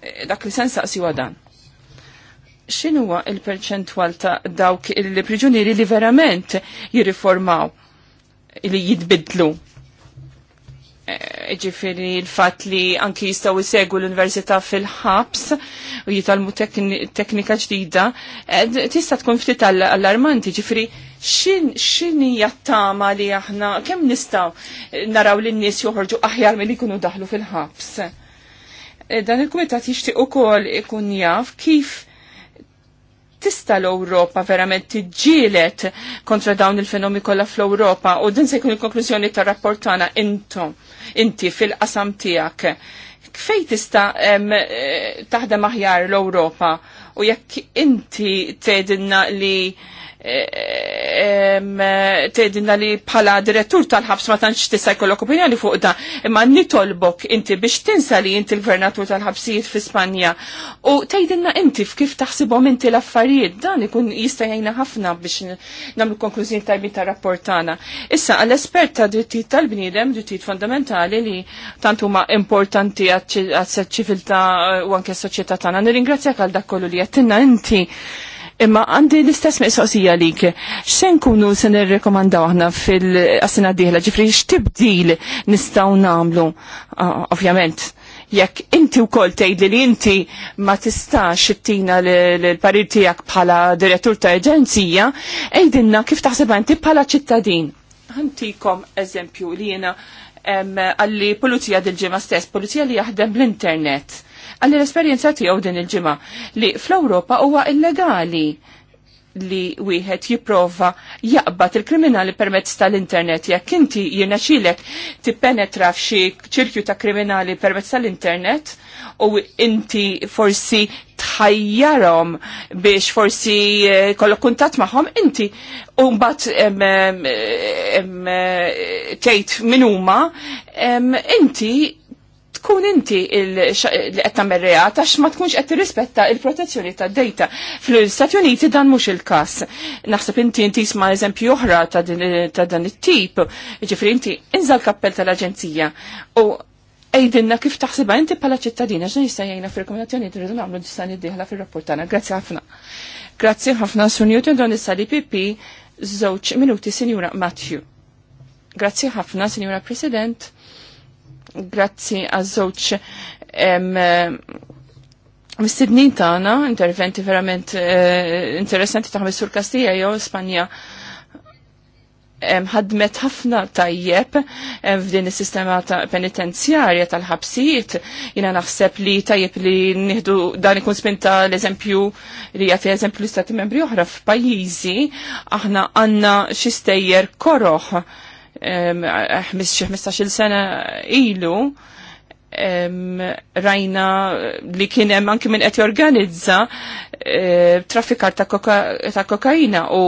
eh, dak li sensa si dan. Xinuwa il-perċentwal ta' dawk il-priġunieri li verament jirriformaw li jitbidlu Eh, ġifiri l-fat li anki jistaw jisegu l-Università fil-ħabs u jitalmu teknika ġdida, eh, tista tkun ftit allarmanti ġifiri xin jattama li aħna, kem nistaw naraw li n-nis joħorġu aħjar mill kunu daħlu fil-ħabs. Eh, dan il-komitat jishtiq u kol ikun jaf kif tista l-Europa verament tiġġielet kontra dawn il-fenomi kollha fl-Europa u din se jkun il-konklużjoni tar rapport tagħna intom inti fil-qasam tiegħek. Kfej tista eh, taħdem aħjar l-Europa u jekk inti tgħidilna li tedinna li bħala direttur tal-ħabs ma tantx tista' jkollok opinjoni fuq da, imma nitolbok inti biex tinsa li inti l-gvernatur tal-ħabsijiet fi Spanja u tgħidilna inti f'kif taħsibhom inti l-affarijiet dan ikun jista' jgħinna ħafna biex nagħmlu konklużin tajbi tar-rapport tagħna. Issa għall-espert ta' drittijiet tal-bniedem, drittijiet fondamentali li tant huma importanti għat ċiviltà u anke s-soċjetà tagħna. Nirringrazzjak għal dak kollu li għattinna inti Imma għandi l-istess mistoqsija lik, xen kunu se nirrekomandaw għahna fil-assena diħla, ġifri x'tibdil nistgħu nagħmlu, ovvjament. Jekk inti wkoll tgħidli li inti ma tistax ittina l-parir tiegħek bħala direttur ta' eġenzija, ejdinna kif taħseb inti bħala ċittadin. Għantikom eżempju li jiena għalli pulizija dil-ġimma stess, pulizija li jaħdem l-internet għalli l-esperjenza tiegħu din il-ġimgħa li fl-Ewropa huwa illegali li wieħed jipprova jaqbad il-kriminali permezz tal-internet jekk inti xilek tippenetra f'xi ċirkju ta' kriminali permezz tal-internet u inti forsi tħajjarhom biex forsi eh, kollok kuntatt magħhom inti u mbagħad tgħid min huma inti tkun inti li qed tagħmel reata ma tkunx qed tirrispetta il-protezzjoni tad-dejta. Fl-Istati Uniti dan mhux il-każ. Naħseb inti inti sma eżempju oħra ta' dan it-tip, ġifri inti inżal kappell tal-Aġenzija u Ejdinna kif taħsibha inti bħala ċittadina x'dan jista' jgħinna fir-rekomendazzjoni rridu nagħmlu ġisani d-dieħla fir-rapport tagħna. Grazzi ħafna. Grazzi ħafna sunjut Newton don issa li PP żewġ minuti Sinjura Matthew. Grazzi ħafna Signora President. Grazzi għazzoċ Mistednin tagħna interventi verament eh, interessanti ta' Sur Kastija jew Spanja ħadmet ħafna tajjeb f'din is-sistema ta' penitenzjarja tal-ħabsijiet. Jina naħseb li tajjeb li nieħdu dan ikun spinta l-eżempju li jagħti eżempju l-istati membri oħra f'pajjiżi aħna għandna xi stejjer koroħ 15 eh, sena ilu rajna li kien hemm anki min qed jorganizza eh, traffikar ta' kokaina u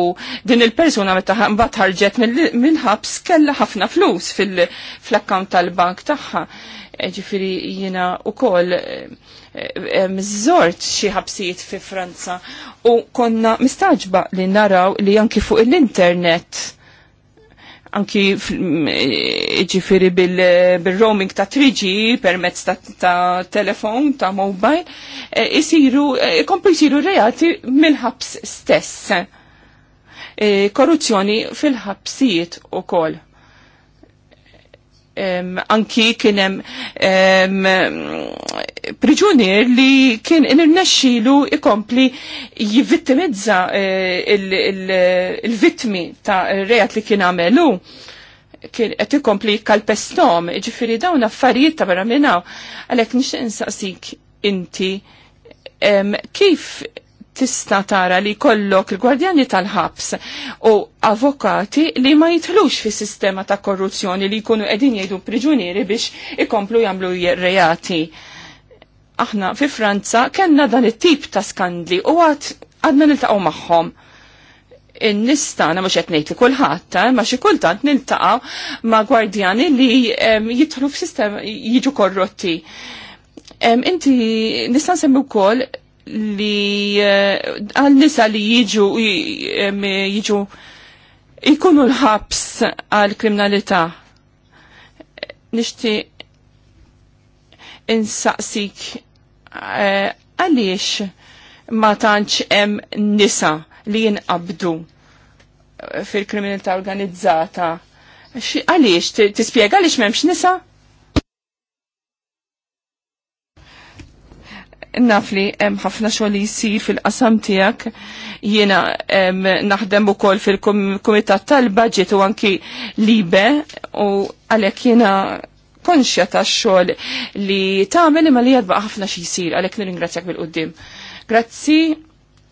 din il-persuna meta mbagħad ħarġet mill-ħabs kellha ħafna flus fl-akkawnt tal-bank tagħha. Eh, Ġifieri jiena wkoll żort xi ħabsijiet fi Franza u konna mistaġba li naraw li anki fuq l-internet anki e- ġifiri bil-roaming ta' 3G permezz ta' telefon, ta' mobile, e- isiru, e- komplu jisiru reati mill-ħabs stess. Korruzzjoni fil-ħabsijiet u kol. Um, anki kienem um, priġunier li kien nirnexxilu ikompli jivittimizza eh, il-vittmi ta' rejat li kien għamelu kien qed ikompli jikkalpestom, ġifieri dawn affarijiet ta' barra minnaw. Għalhekk nixtieq insaqsik inti kif tista tara li kollok il-gwardjani tal-ħabs u avokati li ma jitħlux fi sistema ta' korruzzjoni li jkunu qegħdin jgħidu priġunieri biex ikomplu jamlu reati aħna fi Franza kellna dan it-tip ta' skandli u għad għadna niltaqgħu magħhom. In-nistana mhux qed ngħid li kulħadd, eh, ma xi kultant nil-taqaw ma' gwardjani li f f'sistema jiġu korrotti. Inti nista' nsemmi wkoll li eh, għal nisa li jiġu jiġu ikunu l-ħabs għal kriminalità. Nixtieq insaqsik eh, għaliex ma tantx hemm nisa li jinqabdu fil-kriminalità organizzata. Għaliex, tispjega għaliex m'hemmx nisa? naf li hemm ħafna xogħol jsir fil-qasam tiegħek jiena naħdem ukoll fil-kumitat tal baġit u anki libe u għalhekk jiena konxja ta' xogħol li tagħmel imma li jadbaq ħafna xi jsir għalhekk nirringrazzjak bil-qudiem. Grazzi,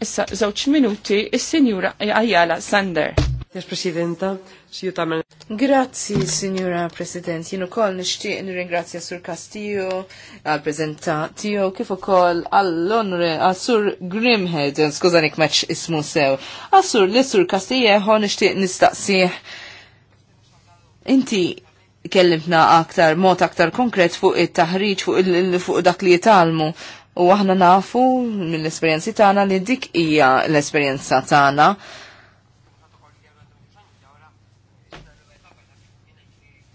issa żewġ minuti is-Sinjura Ajala Sander. Yes, Presidenta, xiju tamen. Grazzi, senjura President. Jien ukoll nixtieq nirringrazzja Sur Castillo għal prezenta tiegħu kif ukoll għall-onre għal Sur Grimhead, skużanik maċ ismu sew. Għal Sur li Sur Castillo nixtieq nistaqsiħ. Inti kellimtna aktar, mod aktar konkret fuq it-taħriġ, fuq, fuq dak li jitalmu. U aħna nafu mill-esperjenzi tagħna li dik hija l-esperjenza tagħna.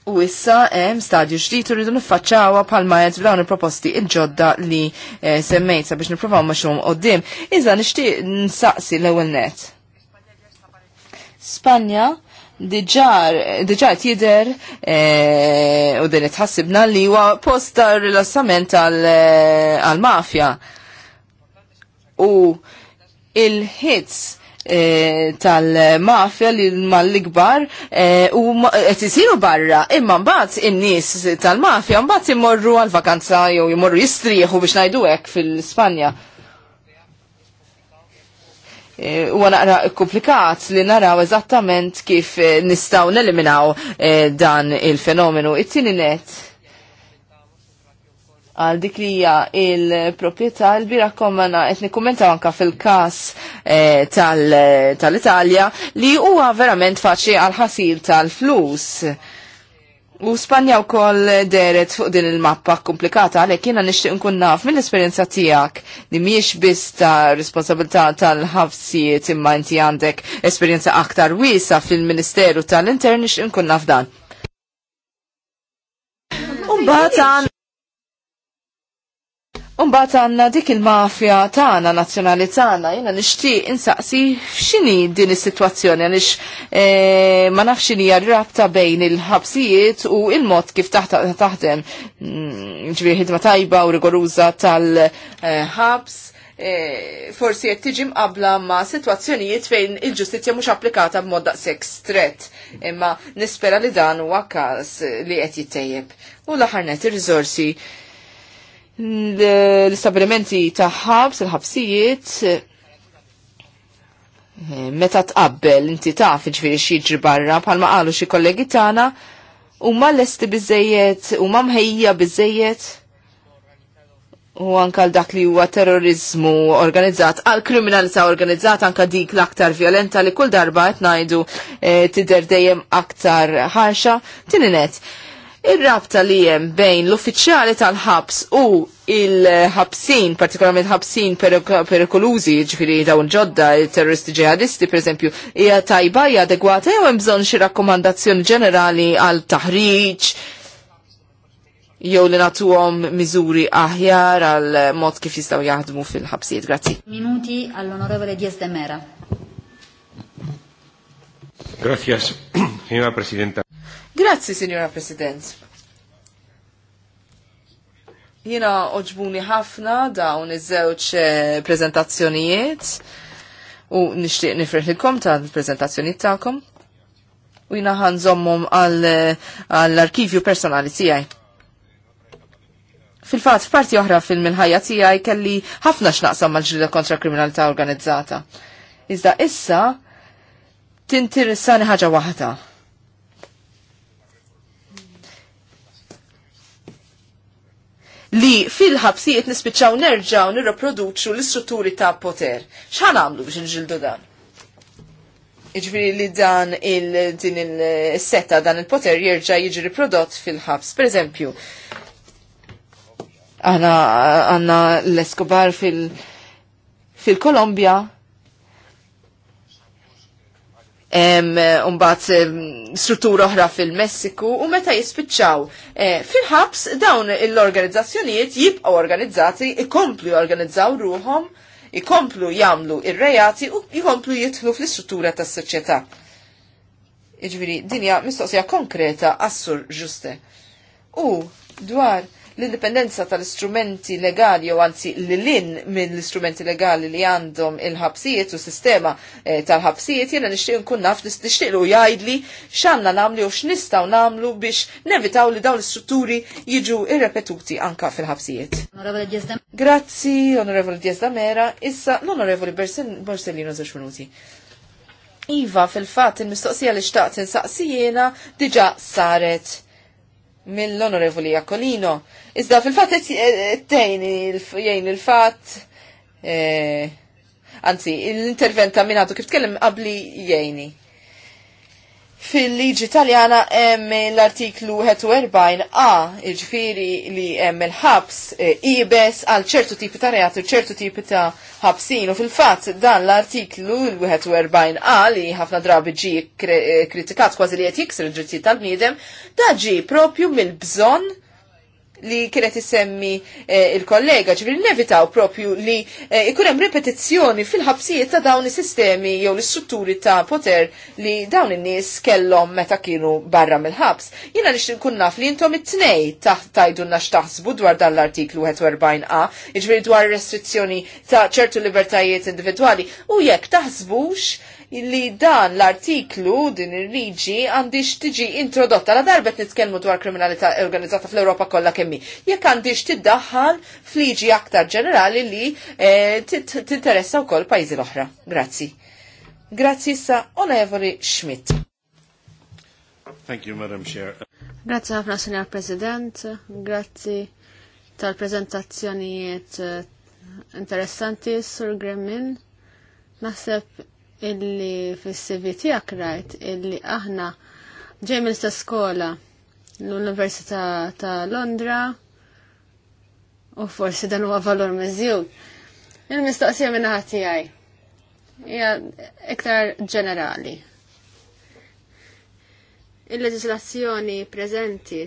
U issa hemm stadju ġdid uridu niffaċċawha bħalma qed f'dawn il-proposti il-ġodda li eh, semmejt sabiex nippruvaw maxhom qudiem. Iżda nixtieq nsaqsi l-ewwel net. Spanja diġar, diġar tider eh, u din itħassibna li huwa post ta' rilassament għal-mafja. Eh, u il-hits eh, tal-mafja li mal-ikbar u qed isiru barra imma mbagħad in-nies tal-mafja mbagħad imorru għal vakanza jew jmorru jistrieħu biex ngħidu hekk fil-Spanja. E, huwa naqra komplikat li naraw eżattament kif e, nistgħu neliminaw e, dan il-fenomenu. It-tieni net għal dik li hija il-proprjetà l-bira kommana qed nikkummentaw anke fil-każ tal-Italja li huwa verament faċli għal ħasil tal-flus. U Spanja wkoll deret fuq din il-mappa komplikata għalhekk jiena nixtieq nkun naf mill-esperjenza tiegħek li mhijiex biss ta' responsabilta tal-ħabsijiet imma inti għandek esperjenza aktar wiesa fil-Ministeru tal-Intern nixtieq nkun naf dan. Mbagħad Umbat għanna dik il-mafja tagħna nazzjonali tagħna jiena nixtieq insaqsi xini din is-sitwazzjoni għaliex e, ma nafx x'inhi rabta bejn il-ħabsijiet u il-mod kif taħdem ta mm, ta tajba u rigoruza tal-ħabs. E, forsi qed tiġi mqabla ma' sitwazzjonijiet fejn il-ġustizzja mhux applikata b'mod daqshekk strett, imma nispera li dan huwa każ li qed jittejjeb. U l-aħħar net ir-riżorsi l-istabilimenti ta' ħabs, il-ħabsijiet, eh, meta tqabbel inti taf ġifieri xi barra bħalma qalu xi kollegi tagħna huma lesti u huma mħejja bizzejiet, u anka l dak li huwa terrorizmu organizzat għal kriminalità organizzat anka dik l-aktar violenta li kull darba qed ngħidu eh, tidher dejjem aktar ħarxa tininet. net Ir-rabta li jem bejn l-uffiċjali tal-ħabs u il-ħabsin, partikolarment ħabsin perikolużi, ġifiri dawn ġodda, terroristi ġihadisti, per eżempju, hija tajba hija adegwata jew hemm bżonn xi rakkomandazzjoni ġenerali għal taħriġ jew li nagħtuhom miżuri aħjar għal mod kif jistgħu jaħdmu fil-ħabsijiet. Grazzi. Minuti għall-Onorevole Diaz de Mera. Gracias, signora presidenta. Grazzi, Signora President. Jina oġbuni ħafna dawn iż-żewġ eh, prezentazzjonijiet u nixtieq nifreħilkom ta' prezentazzjonijiet tagħkom u jina ħanżommum eh, għall-arkivju personali tiegħi. Fil-fatt, f'parti oħra fil-minħajja tiegħi kelli ħafna x'naqsam mal-ġrida kontra kriminalità organizzata. Iżda issa tintirissani ħaġa waħda li fil-ħabsijiet nispiċċaw nerġaw nirreproduċu l-istrutturi ta' poter. X'ħan għamlu biex nġildu dan? Iġviri li dan il-din il-setta dan il-poter jirġa jiġi riprodott fil-ħabs. Per eżempju, għanna l-Escobar fil-Kolombja umbat struttura oħra fil-Messiku u meta jispiċċaw eh, fil-ħabs dawn l-organizzazzjonijiet jibqgħu organizzati, ikomplu jorganizzaw ruhom, ikomplu jagħmlu ir-rejati u jkomplu jidħlu fl-istruttura tas-soċjetà. Iġviri, dinja mistoqsija konkreta assur ġuste. U dwar l-indipendenza tal-istrumenti legali jew anzi l-lin minn l-istrumenti legali li għandhom il-ħabsijiet u sistema eh, tal-ħabsijiet jiena nixtieq nkun naf nixtieq u jgħidli x'għandna nagħmlu u x'nistgħu nagħmlu biex nevitaw li dawn l-istrutturi jiġu irrepetuti anka fil-ħabsijiet. Grazzi, Onorevoli Diaz Damera. Issa, l-Onorevoli Borsellino zax minuti. Iva, fil-fat, il-mistoqsija li xtaqt insaqsijena diġa saret mill-onorevoli Jakolino. Iżda fil-fat tejni jgħin il-fat, eh, anzi, l-intervent ta' minnatu kif tkellem qabli jgħini. Fil-liġi taljana hemm l-artiklu 41a, iġfiri li hemm il-ħabs eh, ibes għal ċertu tipi ta' reati u ċertu tipi ta' ħabsin u fil-fatt dan l-artiklu l-41a li ħafna drabi ġi eh, kritikat kważi li qed jiksir id tal-bniedem da ġi propju mill-bżonn li kienet isemmi eh, il-kollega, ġifri nevitaw propju li eh, ikunem ripetizzjoni fil-ħabsijiet ta' dawn is-sistemi jew l-istrutturi ta' poter li dawn in-nies kellhom meta kienu barra mill-ħabs. Jiena nix nkun naf li intom it-tnej nax x'taħsbu dwar dan l-artiklu 41a, ġifri dwar restrizzjoni ta' ċertu libertajiet individwali u jekk taħsbux li dan l-artiklu din ir-riġi għandix tiġi introdotta la darbet nitkellmu dwar kriminalità organizzata fl-Ewropa kollha kemmi. Jekk għandix tiddaħħal fliġi aktar ġenerali li eh, tinteressa wkoll pajjiżi l-oħra. Grazzi. Grazzi sa Onevoli Schmidt. Thank you, Madam Chair. Grazzi ħafna, Senjor President. Grazzi tal-prezentazzjonijiet eh, interessanti, Sur Gremmin. Naħseb illi fis siviti tiegħek rajt illi aħna ġej sa skola l-Università ta' Londra u forsi dan huwa valur miżjud. Il-mistoqsija minna ħati tiegħi Ija iktar ġenerali. Il-leġislazzjoni preżenti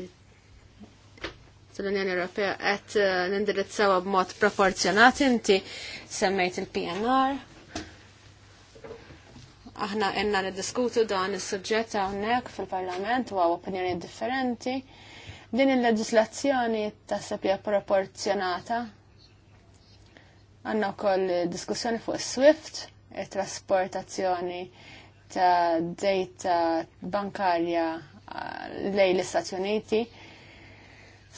tal-Unjoni Ewropea qed nindirizzawha b'mod proporzjonat inti semmejt il-PNR Aħna enna niddiskutu dan is-suġġett hawnhekk fil-Parlament u opinjoni differenti. Din il-leġislazzjoni taħseb hija proporzjonata. Għandna wkoll diskussjoni fuq is-Swift, it-trasportazzjoni ta' data bankarja ah, lej l-Istati Uniti.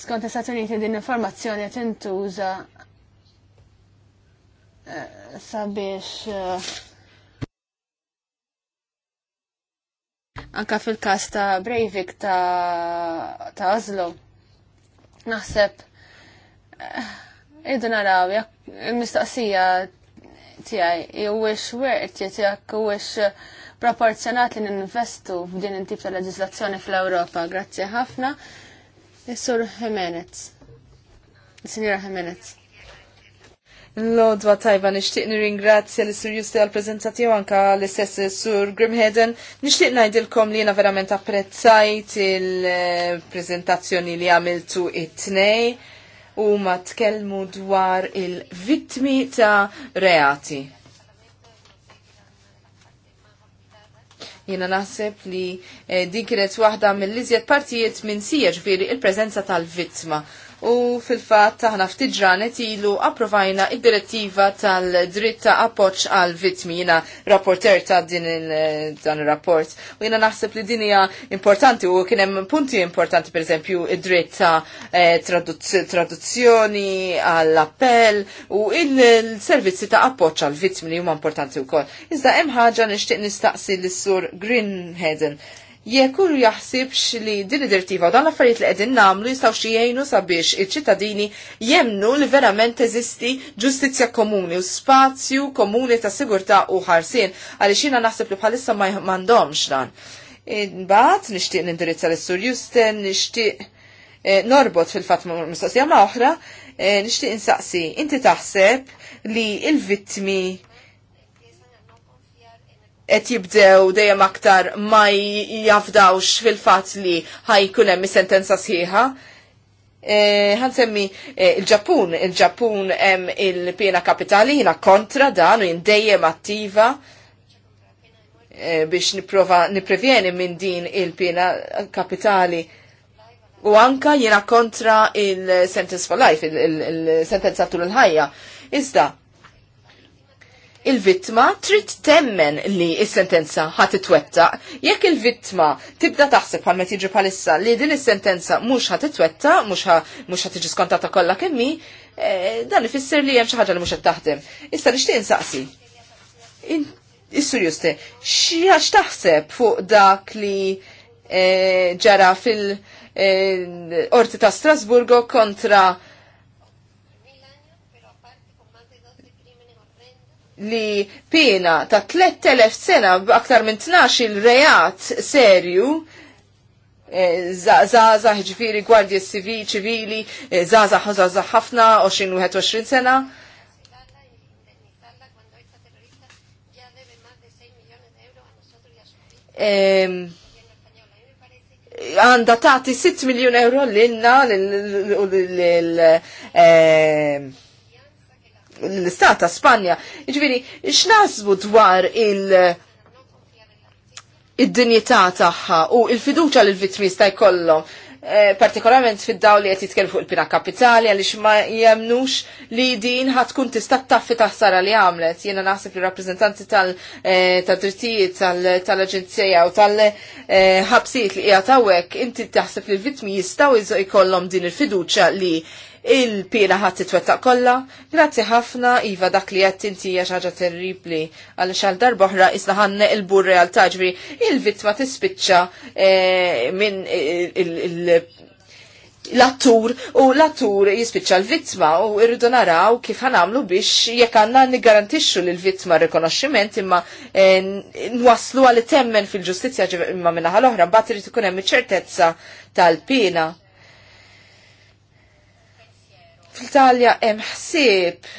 Skont l-Istati Uniti din informazzjoni tintuża intuża eh, sabiex eh, anka fil-kas ta' Breivik ta' ta' Oslo. Naħseb, eh, iddu naraw, jak mistaqsija tijaj, jowix wert, jek jowix proporzjonat li ninvestu f'din intip ta' leġislazzjoni fl-Europa. Grazzi ħafna. is Jimenez. Signora Jimenez. Lodwa tajba nixtieq nirringrazzja l sur Justi għal prezentati u anka l-istess sur Grimheden. Nixtieq ngħidilkom li jiena verament apprezzajt il-prezentazzjoni li għamiltu it-tnej u ma tkellmu dwar il-vittmi ta' reati. jena naħseb li eh, din kienet waħda mill-iżjed partijiet minn sija il-prezenza tal-vittma u fil-fat taħna ftiġran ilu approvajna id-direttiva tal-dritt ta' appoċ għal vitmina rapporter ta' din dan il-rapport. U jina naħseb li dinija importanti u kienem punti importanti per eżempju id-dritt ta' eh, traduzzjoni għall-appell u il-servizzi ta' appoċ għal vitmina huma importanti u kol. Iżda hemm ħaġa nixtieq nistaqsi l-sur Greenheden jekk hu jaħsibx li din id-dirtiva u dan l-affarijiet li qegħdin nagħmlu jistgħu xi jgħinu sabiex iċ-ċittadini jemnu li verament eżisti ġustizzja komuni u spazju komuni ta' sigurtà u ħarsien għaliex jiena naħseb li bħalissa ma m'għandhomx dan. Imbagħad nixtieq nindirizza l-Sur Justen, nixtieq eh, norbot fil-fatt ma' mistoqsija ma' oħra, eh, nixtieq insaqsi, inti taħseb li il-vittmi qed jibdew dejjem aktar ma jafdawx fil-fatt li ħajkun hemm sentenza sħiħa. Għan e, semmi e, il-ġapun, il-ġapun hemm il-pena kapitali, jina kontra dan u jien dejjem attiva e, biex niprofa niprevjeni minn din il-pena kapitali. U anka jina kontra il-sentence for life, il-sentenza tul il-ħajja. Iżda, il-vittma trid temmen li is-sentenza ħat itwetta. Jekk il-vittma tibda taħseb għal meta palissa bħalissa li din is-sentenza mhux ħat itwetta, mhux ħat tiġi skontata kollha kemm eh, dan ifisser li hemm xi ħaġa li mhux qed taħdem. Issa nixtieq insaqsi. Is-sur juste, x'għax taħseb fuq dak li eh, ġara fil-Orti eh, ta' Strasburgo kontra li pena ta' 3000 sena b'aktar minn 12 il-rejat serju zaza eh, ġifiri gwardja ċivili, zaza eh, ħazaza ħafna 20-21 sena. Għanda tati 6 miljon euro l-inna l eh, l-istat ta' Spanja. Iġviri, xnazbu dwar il- id-dinjità tagħha u il-fiduċa li l-vittmi sta jkollhom eh, partikolarment fid-daw li qed jitkellmu fuq il-pina kapitali għaliex ma jemnux li din ħatkun tista' taffi taħsara li għamlet. Jiena naħseb li rappreżentanti tal-drittijiet eh, tal-aġenzija u tal-ħabsijiet eh, li qiegħed hawnhekk inti taħseb li l-vittmi jistgħu jkollhom din il-fiduċja li il-pina ħadd titwettaq kollha. Grazzi ħafna iva dak li qed inti xi ħaġa terribli għal xal darba oħra isna ħanne il-bur realtà ġri il-vittma tispiċċa eh, minn eh, l-attur u l-attur jispiċċa l-vittma u irridu naraw kif ħanamlu biex jekk għandna nigarantixxu lil vittma rikonoxximent imma eh, nwaslu għal temmen fil-ġustizzja imma minnaħa l-oħra mbagħad irid ikun hemm iċ-ċertezza tal-pina fl-Italja hemm ħsieb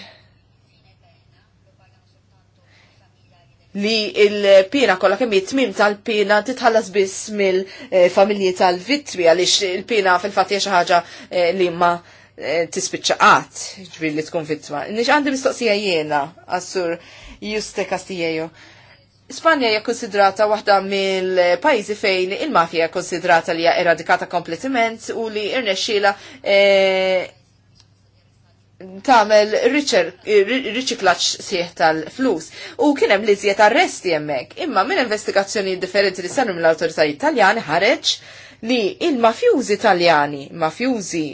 li il-pina kollha kemm jitmim tal-pina titħallas biss mill-familji tal-vittri għaliex il-pina fil-fatt hija xi ħaġa eh, li ma eh, tispiċċaqat ġbir li tkun vittma. Nix għandi mistoqsija jiena għassur Juste Castillejo. Spanja hija konsidrata waħda mill-pajjiżi fejn il-mafja konsidrata li hija eradikata kompletiment u li irnexxiela eh, tamel riċiklaċ sieħ tal-flus. U kienem li zjiet arresti jemmek. Imma minn investigazzjoni differenti li sanu mill-autoritajiet italjani ħareġ li il-mafjużi italjani, mafjużi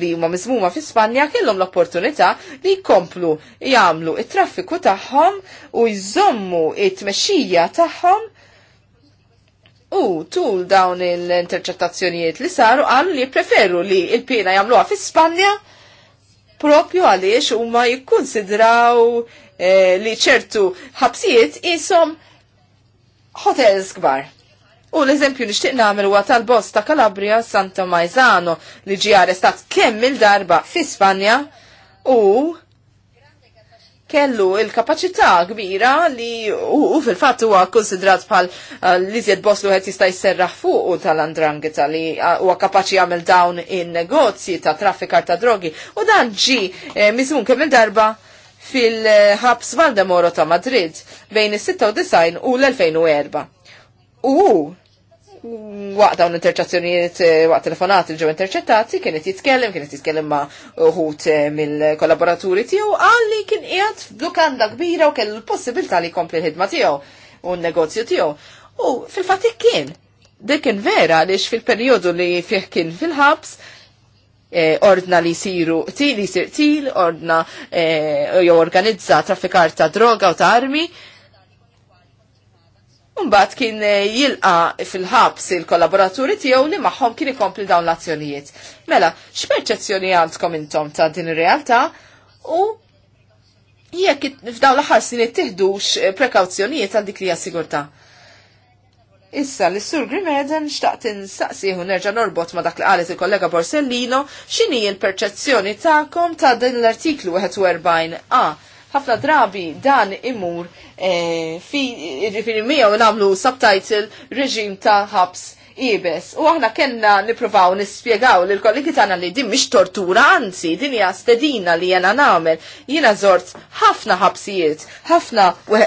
li huma miżmuma fi Spanja kellhom l-opportunità li jkomplu jagħmlu it-traffiku tagħhom u jżommu it-tmexxija tagħhom U tul dawn il-interċettazzjonijiet li saru għallu li preferu li il-pina jagħmluha fi Spanja propju għaliex huma ma jikkonsidraw eh, li ċertu ħabsijiet jisom hotels kbar. U l-eżempju nixtieq nagħmel huwa tal bost ta' Calabria Santa Maizano li ġi arrestat kemm il-darba fi Spanja u kellu il-kapacità kbira li u, fil-fatt huwa konsidrat bħal eh, li zjed boss li jista' jserraħ fuq tal-andrangita li eh, huwa kapaċi jagħmel dawn in-negozji ta' traffikar ta' drogi u dan ġi eh, miżmun kemm il-darba fil-ħabs Valdemoro ta' Madrid bejn is-96 u l-2004. U waqt dawn interċazzjonijiet eh, waqt telefonati il ġew interċettati kienet jitkellem, kienet jitkellem ma' uħut eh, mill-kollaboraturi tiegħu għalli kien qiegħed f'dukanda kbira u kellu l-possibilità li jkompli l-ħidma tiegħu u n-negozju tiegħu. U fil-fatt kien. Dik kien vera li fil-perjodu li fih kien fil-ħabs eh, ordna li siru til, sir til, ordna jew organizza traffikar ta' droga u ta' armi Umbat kien eh, jilqa fil-ħabs il-kollaboraturi tiegħu li magħhom kien ikompli dawn l-azzjonijiet. Mela, x'perċezzjoni għandkom intom ta' din ir-realtà u jekk f'dawn l-aħħar snin ittieħdux eh, prekawzjonijiet għal dik li hija sigurtà. Issa l sur Grimeden xtaqt insaqsih u nerġa' norbot ma' dak li qalet il-kollega Borsellino x'inhi l-perċezzjoni tagħkom ta' din l-artiklu 41 a ħafna drabi dan imur e, fi ġifiri miegħu nagħmlu subtitle reġim ta' ħabs ibes. U aħna kena niprofaw nispiegaw li l-kollegi tagħna li din mish tortura, anzi din hija stedina li jena nagħmel. Jiena żort ħafna ħabsijiet, ħafna e,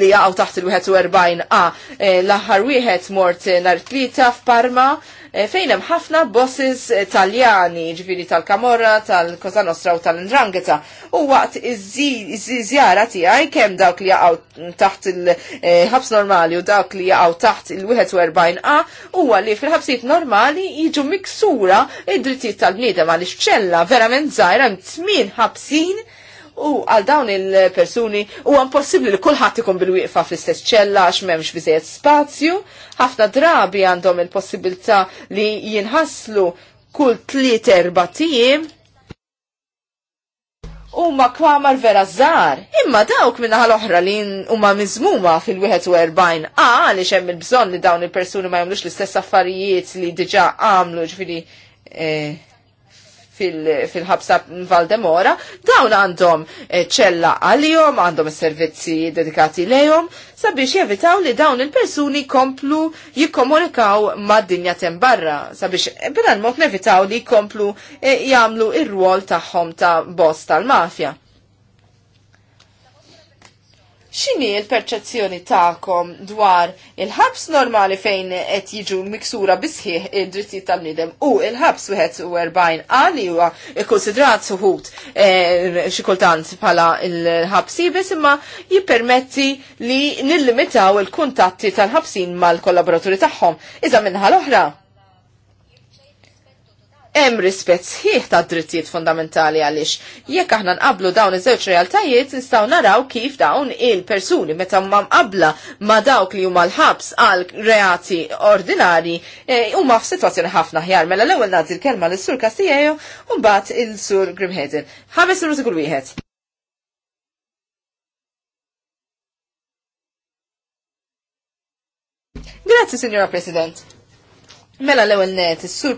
li jaqgħu taħt il-41 a e, l-aħħar wieħed mort nhar tlieta f'Parma Eh, fejn hemm ħafna bosses taljani, ġviri tal-Kamorra, tal-Koza Nostra u tal-Ndrangheta. U waqt iż-żjara tiegħi kemm dawk li jaqgħu taħt il-ħabs eh, normali u dawk li jaqgħu taħt il-41A huwa li fil-ħabsijiet normali jiġu miksura id-drittijiet tal-bniedem għaliex ċella verament żgħira hemm tmien ħabsin U għal dawn il-persuni u għan possibli li kullħat ikun bil-wieqfa fl-istess ċella għax memx biżejjed spazju, ħafna drabi għandhom il-possibilità li jinħaslu kull tliet erba tim. u ma kwamar vera zar, imma dawk minna ħal-oħra li huma mizmuma fil-41 a li xem il-bżon li dawn il-persuni ma jomlux l-istess affarijiet li diġa għamlu ġvili. eh, fil-ħabsa Valdemora, dawn għandhom eh, ċella għalihom, għandhom servizzi dedikati lejhom, sabiex jevitaw li dawn il-persuni komplu jikkomunikaw mad-dinja tembarra, sabiex eh, b'dan mot nevitaw li jkomplu eh, jagħmlu ir-rwol tagħhom ta' boss tal-mafja x'inhi l-perċezzjoni tagħkom dwar il-ħabs normali fejn qed jiġu miksura bisħieħ id-drittijiet tal nidem u il-ħabs wieħed u erbajn għal huwa kkunsidrat suħut eh, xi kultant bħala l-ħabs ibis imma jippermetti li nillimitaw il-kuntatti tal-ħabsin mal-kollaboraturi tagħhom. Iżda minnaħa l-oħra hemm rispett sħiħ ta' drittijiet fundamentali għaliex jekk aħna nqablu dawn iż-żewġ realtajiet nistgħu naraw kif dawn il-persuni meta ma mqabbla ma dawk li huma l-ħabs għal reati ordinari e, huma e, f'sitwazzjoni ħafna ħjar mela l-ewwel nagħti l-kelma lis sur Castillejo u mbagħad il-sur Grimheden. Ħames minuti kull wieħed. Grazzi, Signora President. Mela l-ewwel net, is-sur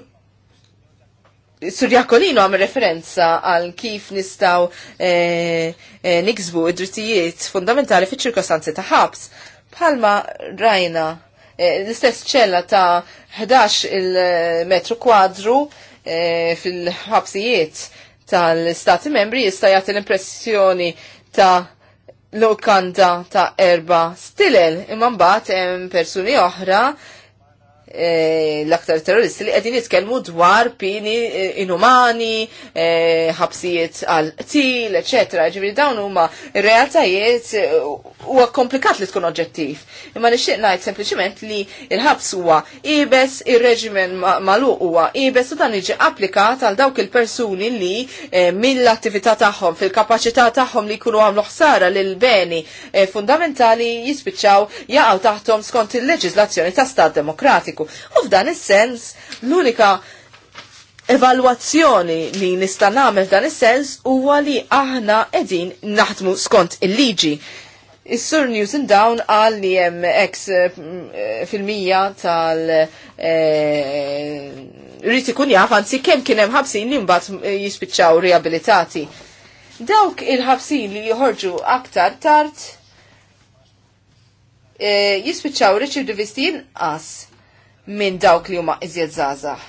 Sur Jakolino għam referenza għal kif nistaw eh, eh, niksbu id-drittijiet fundamentali fi ċirkostanzi ta' ħabs. Palma rajna eh, l-istess ċella ta' 11 il-metru kwadru fil-ħabsijiet tal-stati membri jista' jagħti l-impressjoni ta' lokanda ta' erba stilel imma mbagħad hemm persuni oħra E, l-aktar terroristi li għedin jitkelmu dwar pini e, inumani, e, ħabsijiet għal til, etc. Ġivri dawn huma realtajiet huwa komplikat li tkun oġġettiv. Imma nixtieq ngħid sempliċiment li il-ħabs huwa ibes, ir-reġimen magħluq huwa ibes u dan jiġi applikat għal dawk il-persuni li mill-attività tagħhom, fil-kapaċità tagħhom li jkunu għamlu ħsara lil beni fundamentali jispiċċaw jaqgħu taħtom skont il-leġiżlazzjoni ta' stat demokratiku ekonomiku. U f'dan is-sens l-unika evalwazzjoni li nista' nagħmel f'dan is-sens huwa li aħna qegħdin naħdmu skont il-liġi. Is-Sur News and Down għal li hemm ex eh, eh, filmija tal eh, rrid ikun jaf anzi kemm kien hemm ħabsin li mbagħad jispiċċaw riabilitati. Dawk il-ħabsin li joħorġu aktar tard jispiċċaw reċidivisti għas minn dawk li huma iżjed żgħażagħ.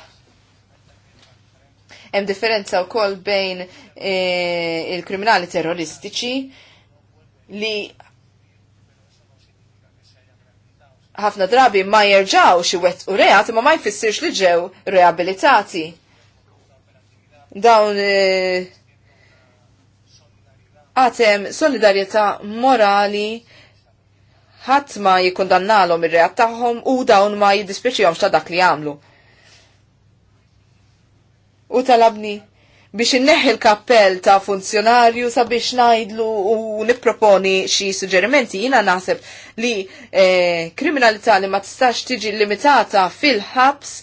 Hemm differenza wkoll bejn e, il-kriminali terroristiċi li ħafna drabi ma xi iwet u reat ma ma jfissirx li ġew reabilitati. Dawn e, għatem e, solidarjetà morali ħadd ma jikkundannalhom ir-reat tagħhom u dawn ma jiddispiċihomx ta' dak li għamlu. U talabni biex inneħi l-kappell ta' funzjonarju sabiex najdlu u nipproponi xi suġġerimenti jiena naħseb li eh, kriminalità li ma tistax tiġi limitata fil-ħabs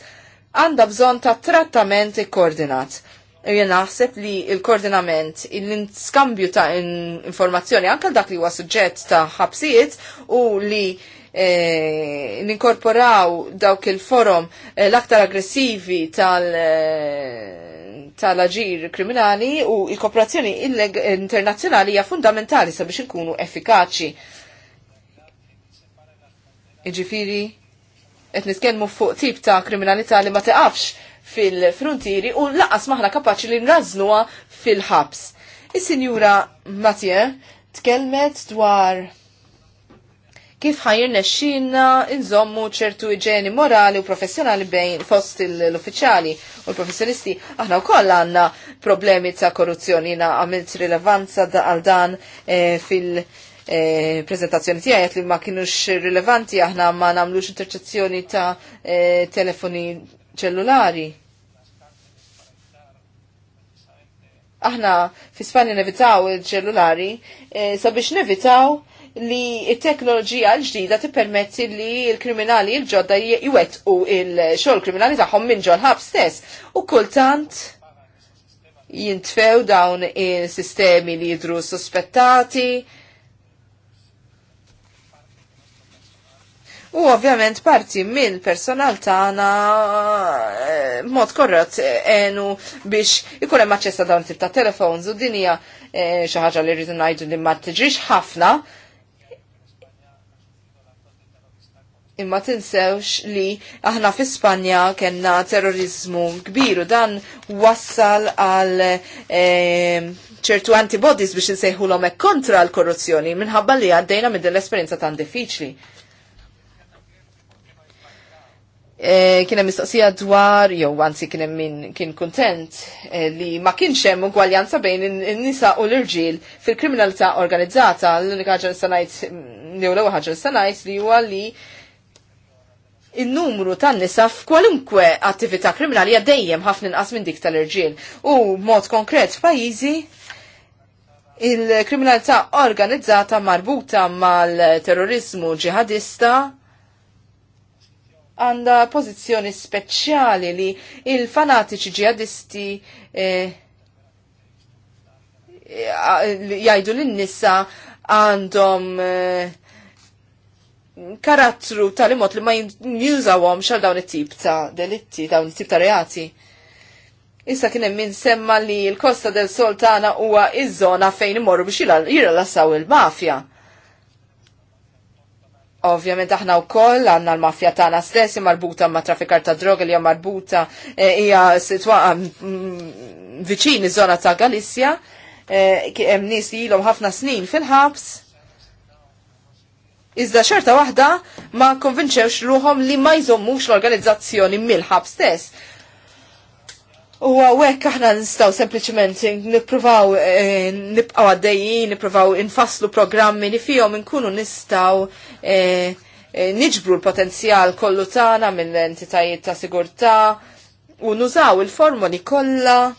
għandha bżonn ta' trattament ikkoordinat. E Jien naħseb li il-koordinament, l-skambju ta' informazzjoni anke dak li huwa suġġett ta' ħabsijiet u li e, ninkorporaw dawk il-forum e, l-aktar aggressivi tal- aġir kriminali u il-kooperazzjoni internazzjonali hija fundamentali sabiex inkunu effikaċi. Iġifiri, qed nitkellmu fuq tip ta' kriminalità li ma tiqafx fil-frontieri u laqas maħna kapaċi li nraznuwa fil-ħabs. Is-Sinjura Matje tkellmet dwar kif ħajr xinna inżommu ċertu iġeni morali u professjonali bejn fost l-uffiċjali u l-professjonisti. Aħna wkoll għandna problemi ta' korruzzjoni na għamilt rilevanza għal dan eh, fil- e, prezentazzjoni tiegħi li ma kinux rilevanti aħna ma nagħmlux interċezzjoni ta' e, telefoni ċellulari. Aħna fi Spanja nevitaw il-ċellulari eh, sabiex nevitaw li il-teknoloġija l-ġdida tippermetti li il-kriminali il-ġodda jwet u il-xol kriminali taħħom minn ġol ħab stess. U kultant jintfew dawn il-sistemi li jidru sospettati, U ovvjament parti mill personal tagħna eh, mod korrot eh, enu biex ikun hemm aċċess dawn tip ta' telefons u din hija eh, xi ħaġa li rridu ngħidu li ma tiġix ħafna. Imma tinsewx li aħna fi Spanja kellna terrorizmu kbiru, dan wassal għal ċertu antibodies biex insejħulhom hekk kontra l-korruzzjoni minħabba li għaddejna minn din l-esperjenza tan diffiċli Eh, kienem mistaqsija dwar, jew għansi kienem min kien kontent eh, li ma kienx hemm ugwaljanza bejn n nisa u l-irġiel fil-kriminalità organizzata. L-unika ħagġa nista' jew l-ewwel ħaġa ngħid li huwa li il-numru tan-nisa f'kwalunkwe attività kriminali hija dejjem ħafna inqas minn dik tal-irġiel. U mod konkret f'pajjiżi il-kriminalità organizzata marbuta mal-terrorizmu ġihadista għanda pozizjoni speċjali li il-fanatiċi ġihadisti eh, eh, jajdu l-nisa għandhom eh, karattru tal-imot li ma jinjużawom xal dawn it-tip ta' delitti, dawn it-tip ta' reati. Issa kien hemm semma li l-Kosta del Soltana huwa iż-żona fejn imorru biex jirallassaw il mafja Ovvjament aħna wkoll għandna l-mafja tagħna stess marbuta ma' traffikar ta' droga li hija marbuta e, hija situa mm, viċin iż-żona ta' Galizja e, hemm nies li ilhom ħafna snin fil-ħabs. Iżda xorta waħda ma konvinċewx ruħom li ma jżommux l-organizzazzjoni mill-ħab stess. U għawek aħna nistaw sempliciment nipruvaw nipqaw eh, nibqaw għaddejjin, nipruvaw infaslu programmi li fihom nkunu nistaw eh, eh, niġbru l-potenzjal kollu tagħna mill-entitajiet ta' sigurtà u nużaw il-formoli kollha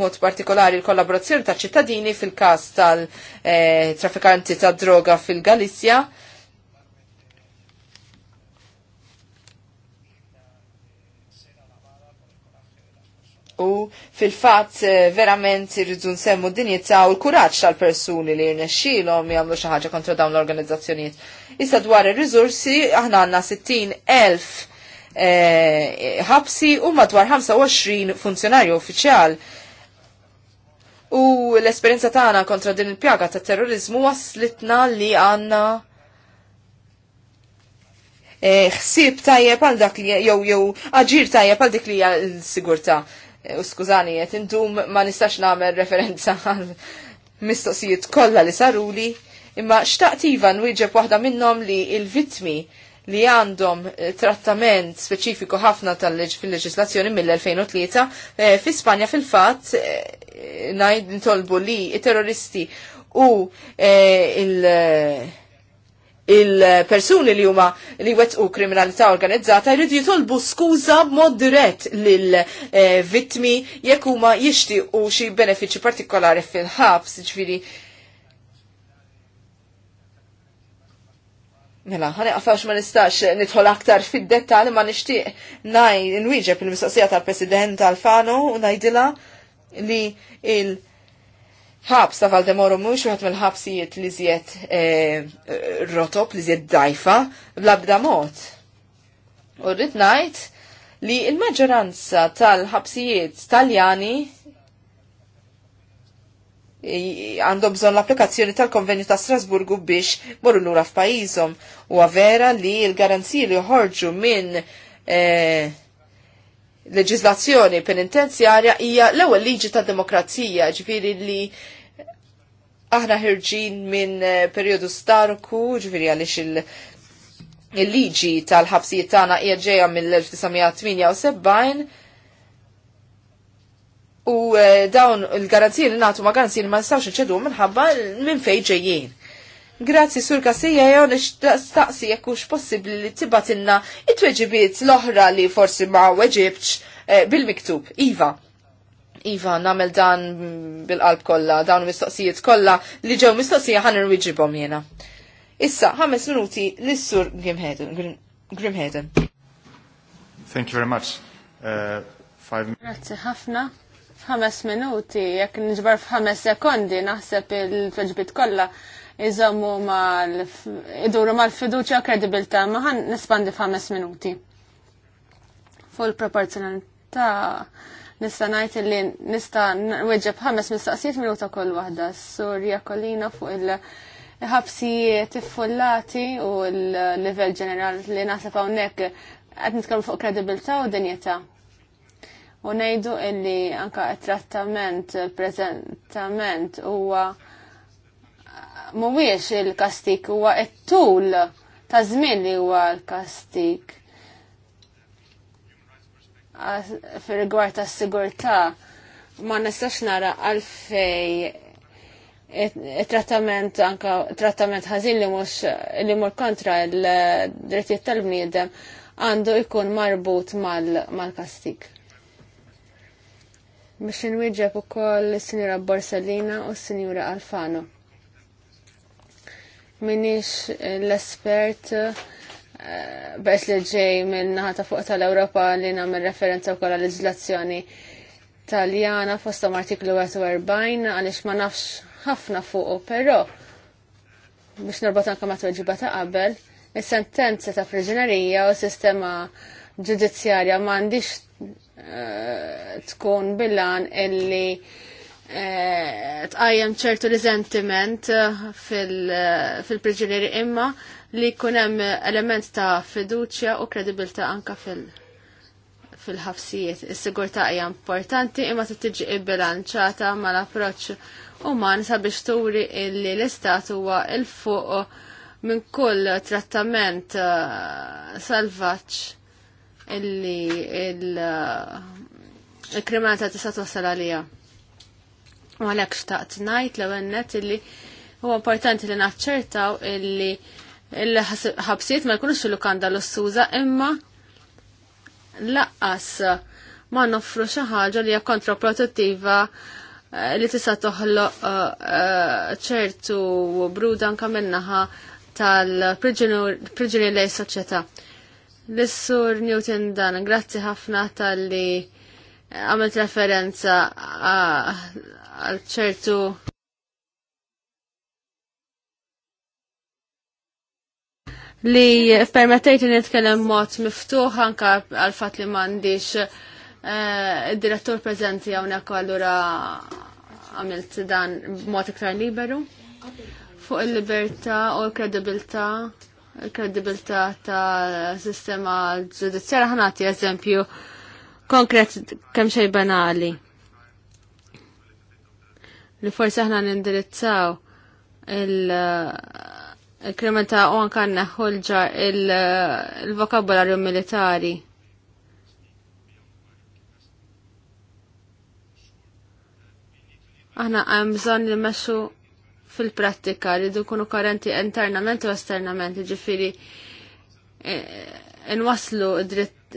mod partikolari l-kollaborazzjoni ta' ċittadini fil-każ tal-trafikanti ta' droga fil-Galizja U fil-fat eh, verament irridu nsemmu dinjità u l-kuraġġ tal-persuni li jirnexxilhom jagħmlu xi ħaġa kontra dawn l-organizzazzjonijiet. Issa dwar ir-riżorsi aħna għandna 60 elf eh, ħabsi u madwar 25 funzjonarju uffiċjal. U l esperjenza tagħna kontra din il-pjaga ta' terrorizmu waslitna li għandna eh, ħsieb tajjeb għal dak li jew jew aġir tajjeb għal dik li hija l-sigurtà u eh, skużani qed intum ma nistax nagħmel referenza [laughs] għal mistoqsijiet kollha li saruli, imma xtaqtiva nwieġeb waħda minnhom li il-vitmi li għandhom eh, trattament speċifiku ħafna tal-leġislazzjoni mill-2003 eh, fi Spanja fil-fat najd nitolbu li i terroristi u il- il-persuni li huma li wetqu kriminalità organizzata jridu jitolbu skuża b'mod dirett lil eh, vittmi jekk huma jixtiequ xi benefiċċji partikolari fil-ħabs, ġifieri Mela, ħani għafax ma nistax nidħol aktar fid-dettal ma nixtieq naj nwieġeb il-mistoqsija tal-President Alfano u najdila li il- ħabs ta' Valdemoro mhux wieħed mill-ħabsijiet li żjed eh, rotop, li żjed dajfa, bl mot. mod. U rrid ngħid li l-maġġoranza tal-ħabsijiet taljani għandhom bżon l-applikazzjoni tal-konvenju ta' Strasburgu biex morru lura f'pajjiżhom. U vera li l-garanziji li ħorġu minn eh, leġizlazzjoni penitenzjarja hija l-ewwel liġi tad-demokrazija, ġifieri li aħna ħirġin minn eh, periodu starku, ġviri għalix il- il-liġi tal-ħabsijiet tagħna hija ġejja mill-1978 u eh, dawn il-garanzija li nagħtu ma' garanzija li ma nistgħux inċedu minħabba minn fejn ġejjin. Grazzi sur kasija jew nistaqsi jekk hux possibbli li tibatilna it-tweġibiet l-oħra li forsi ma weġibx eh, bil-miktub. Iva, Iva, namel dan bil-qalb kolla, dawn mistoqsijiet kolla, li ġew mistoqsija ħan irwiġibom jena. Issa, ħames minuti l-issur Grimheden. Thank you very much. Uh, ħafna. F'ħames minuti, jekk nġbar f'ħames sekondi, naħseb il-tweġbit kolla iżommu mal iduru mal fiduċja kredibilta maħan nispandi f'ħames minuti. Full proporzjonalità nista' ngħid li nista' weġġeb ħames mistaqsijiet minuta kull waħda. Surja kolina fuq il- ħabsijiet iffullati u l-level ġenerali li naħseb hawnhekk qed nitkellmu fuq kredibilità u dinjeta. U ngħidu illi anka trattament, preżentament huwa mhuwiex il-kastik huwa t-tul ta' żmien li huwa l-kastik fil-rigward ta' sigurtà ma nistax nara għalfej trattament anka trattament ħażin li mhux li mur kontra l-drittijiet tal-bniedem għandu jkun marbut mal-kastik. biex inwieġeb ukoll is-Sinjura Borsellina u s-Sinjura Alfano. Minix l-espert bes li ġej minn ta' fuq tal-Europa li namen referenza wkoll għal leġislazzjoni taljana fostom artiklu 41 għaliex ma nafx ħafna fuq, però biex norbot anka ma tweġiba ta' qabel, is-sentenza ta' priġunerija u sistema ġudizzjarja m'għandix eh, tkun bilan illi eh, tqajjem ċertu riżentiment eh, fil-priġunieri imma li jkun hemm element ta' fiduċja u kredibilta anka fil- fil-ħafsijiet. Is-sigurtà hija importanti imma se tiġi bilanċata mal-approċċ uman sabiex turi illi l-istat huwa il fuq minn kull trattament eh, salvaġġ illi eh, il-kriminalità tista' twassal għalija. U għalhekk xtaqt ngħid l-ewwel illi huwa importanti li naċċertaw illi il-ħabsiet ma jkunux il-lukanda l-ossuża imma laqqas ma noffru xi ħaġa li hija protettiva eh, li tista' toħloq eh, ċertu bruda kamennaħa tal-priġuni lej soċjetà. L-Sur Newton dan, grazzi ħafna tal-li għamilt referenza għal ċertu li permettejt li nitkellem mod miftuħ anka għal fatt li m'għandix id-direttur eh, preżenti hawnhekk allura għamilt dan b'mod iktar liberu. Fuq il-libertà u l-kredibilità il-kredibilità ta' sistema ġudizzjara ħanati eżempju konkret kemm xejn banali. Li forsi aħna nindirizzaw il- Il-Krimenta u ankan neħolġa il vokabularju militari. Aħna għem bżon li meċu fil-prattika li kunu korrenti internament u esternament, ġifiri e, nwaslu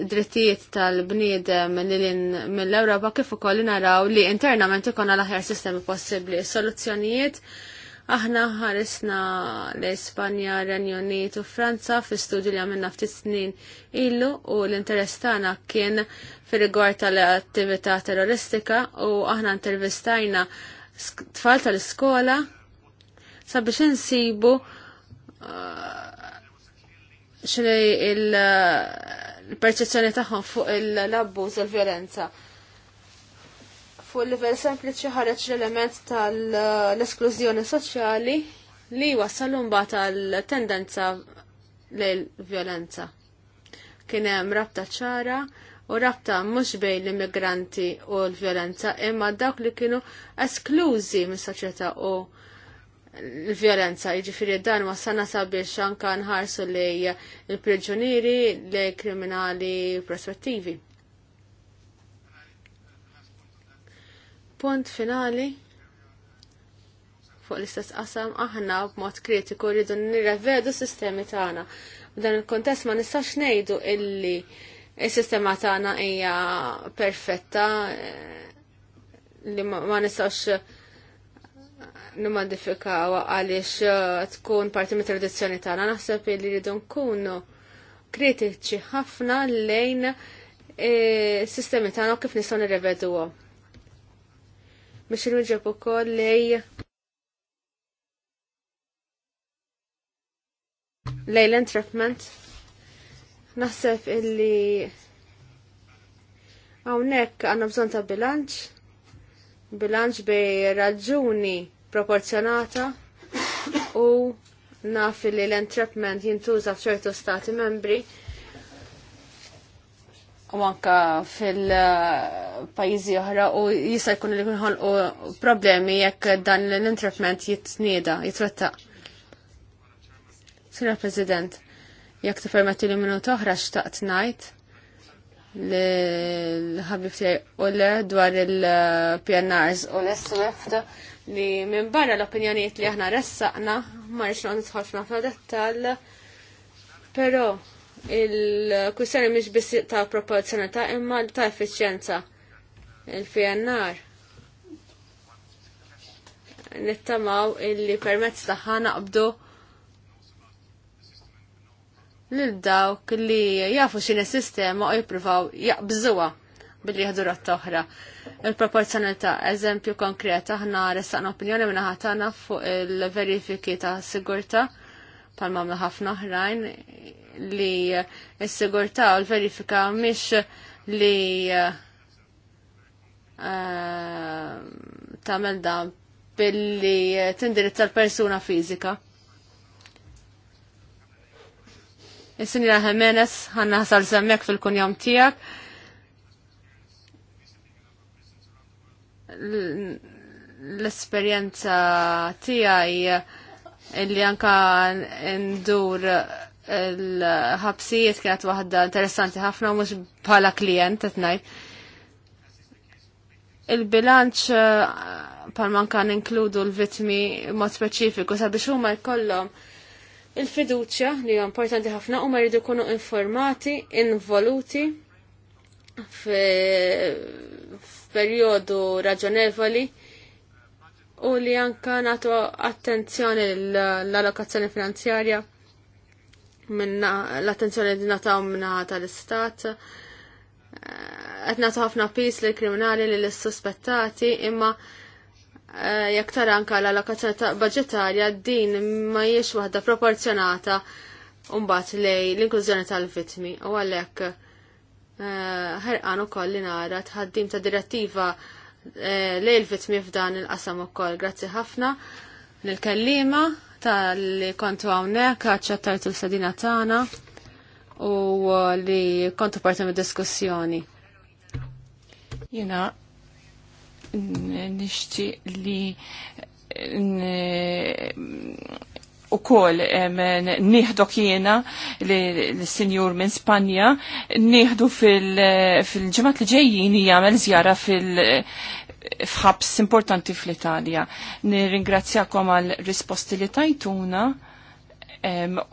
drittijiet tal-bniedem mill-Europa kif ukoll naraw li internament ikon l-aħjar sistemi possibbli. Soluzzjonijiet Aħna ħaresna l-Espanja, Renju Unit u Franza fi studju li għamilna ftit snin illu u l-interess tagħna kien fir-rigward tal-attività terroristika u aħna intervistajna tfal tal-iskola sabiex insibu uh, xli il-perċezzjoni uh, tagħhom fuq l-abbuż u l il abbuż u l vjolenza Fuq livell sempliċi ħareġ l-element tal-esklużjoni soċjali li wasal mbagħad tal-tendenza lejn violenza. Kien hemm rabta ċara u rabta mhux bejn l-immigranti u l-violenza imma dawk li kienu esklużi mis-soċjetà u l-violenza, jiġifieri dan wasalna sabiex anka nħarsu lej il-prigjonieri, lej kriminali prospettivi. Punt finali fuq l-istess qasam aħna b'mod kritiku rridu nirrevedu s-sistemi tagħna. F'dan il-kontest ma nistax ngħidu illi s-sistema tagħna hija perfetta eh, li ma nistax eh, nimodifikaw għaliex eh, tkun parti mit tradizzjoni tagħna. Naħseb li rridu nkunu kritiċi ħafna lejn sistemi tagħna u kif nistgħu nirreveduhom biex u ukoll lej lej l-entrapment. Naħseb illi hawnhekk għandna bżonn ta' bilanċ, bilanċ bej raġuni proporzjonata u naf li l-entrapment jintuża f'ċertu stati membri u anka fil-pajizi oħra u jisa jkun li kunħol u problemi jekk dan l-intrapment jitnieda, jitwetta. Sina President, jekk t li minu toħra xtaqt najt l-ħabib tijaj u le dwar il-PNRs u l-SWIFT li minn barra l-opinjoniet li aħna ressaqna marriċ l-għon nitħolfna fl-dettal, pero il-kwistjoni mhix biss ta' proporzjonalità imma ta' effiċjenza il-PNR. Nittamaw illi permezz tagħha naqbdu lil dawk li jafu x'inhi sistema u jippruvaw jaqbżuwa billi jieħdu rotta oħra. Il-proporzjonalità, eżempju konkret, aħna ressaqna opinjoni minna ħatana fuq il-verifiki ta' sigurta' pal mamla ħafna ħrajn li s-sigurta u l-verifika mhix li eh, tagħmel dan billi tindirizza l-persuna fizika. Is-sinjora Jimenez ħanna ħasar semmek fil-kunjom tiegħek. L-esperjenza tiegħi li anka ndur l ħabsijiet kienet waħda interessanti ħafna mhux bħala klient qed ngħid. Il-bilanċ eh, palman manka inkludu l-vitmi mod speċifiku sabiex huma jkollhom il-fiduċja li huwa importanti ħafna huma jridu jkunu informati, involuti f'perjodu raġonevoli u li anka natu attenzjoni l-allokazzjoni finanzjarja minna l-attenzjoni di nataw minna tal-istat eh, għetna ħafna pis li kriminali li l sospettati imma eh, jekk tara anka l-allokazzjoni budgetarja din ma jiex waħda proporzjonata Umbat li l-inklużjoni tal-vitmi u għallek eh, ħerqan u koll li nara tħaddim ta' direttiva li l fit f'dan il-qasam ukoll. Grazzi ħafna l-kellima tal-li kontu għawnek, għacċattajtu l-sadina tagħna u li kontu parta mid diskussjoni Jena, nishti li u kol nieħdok jena l-senjur minn Spanja, nieħdu fil-ġemat li ġejjin jgħamil zjara fil- fħabs importanti fl-Italja. Nirringrazzjakom għal risposti li tajtuna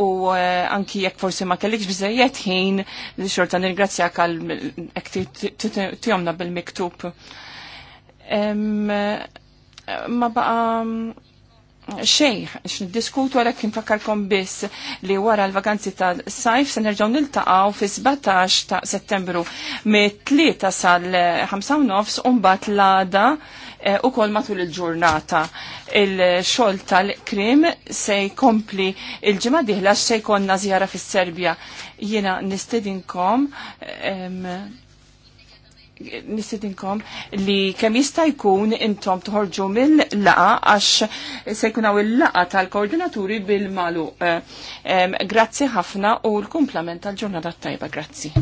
u eh, anki jekk forsi ma kellix bżejjed ħin li xorta nirringrazzjak għal tijomna bil-miktub. Ma baqa xejn, x'niddiskutu għalhekk infakkarkom biss li wara l-vakanzi ta' sajf se nerġgħu niltaqgħu fi 17 ta' Settembru mit-3 sal-5 nofs u mbagħad l-għada eh, u kol matul il-ġurnata. Il-xol tal-krim se jkompli il-ġimma diħla se jkonna zjara fis-Serbja. Jiena nistedinkom Nistidinkom li kem jista jkun intom tħorġu mill-laqa għax se jkunaw il-laqa tal-koordinaturi bil-malu. Eh, grazzi ħafna u l-kumplament tal-ġurnata tajba, grazzi.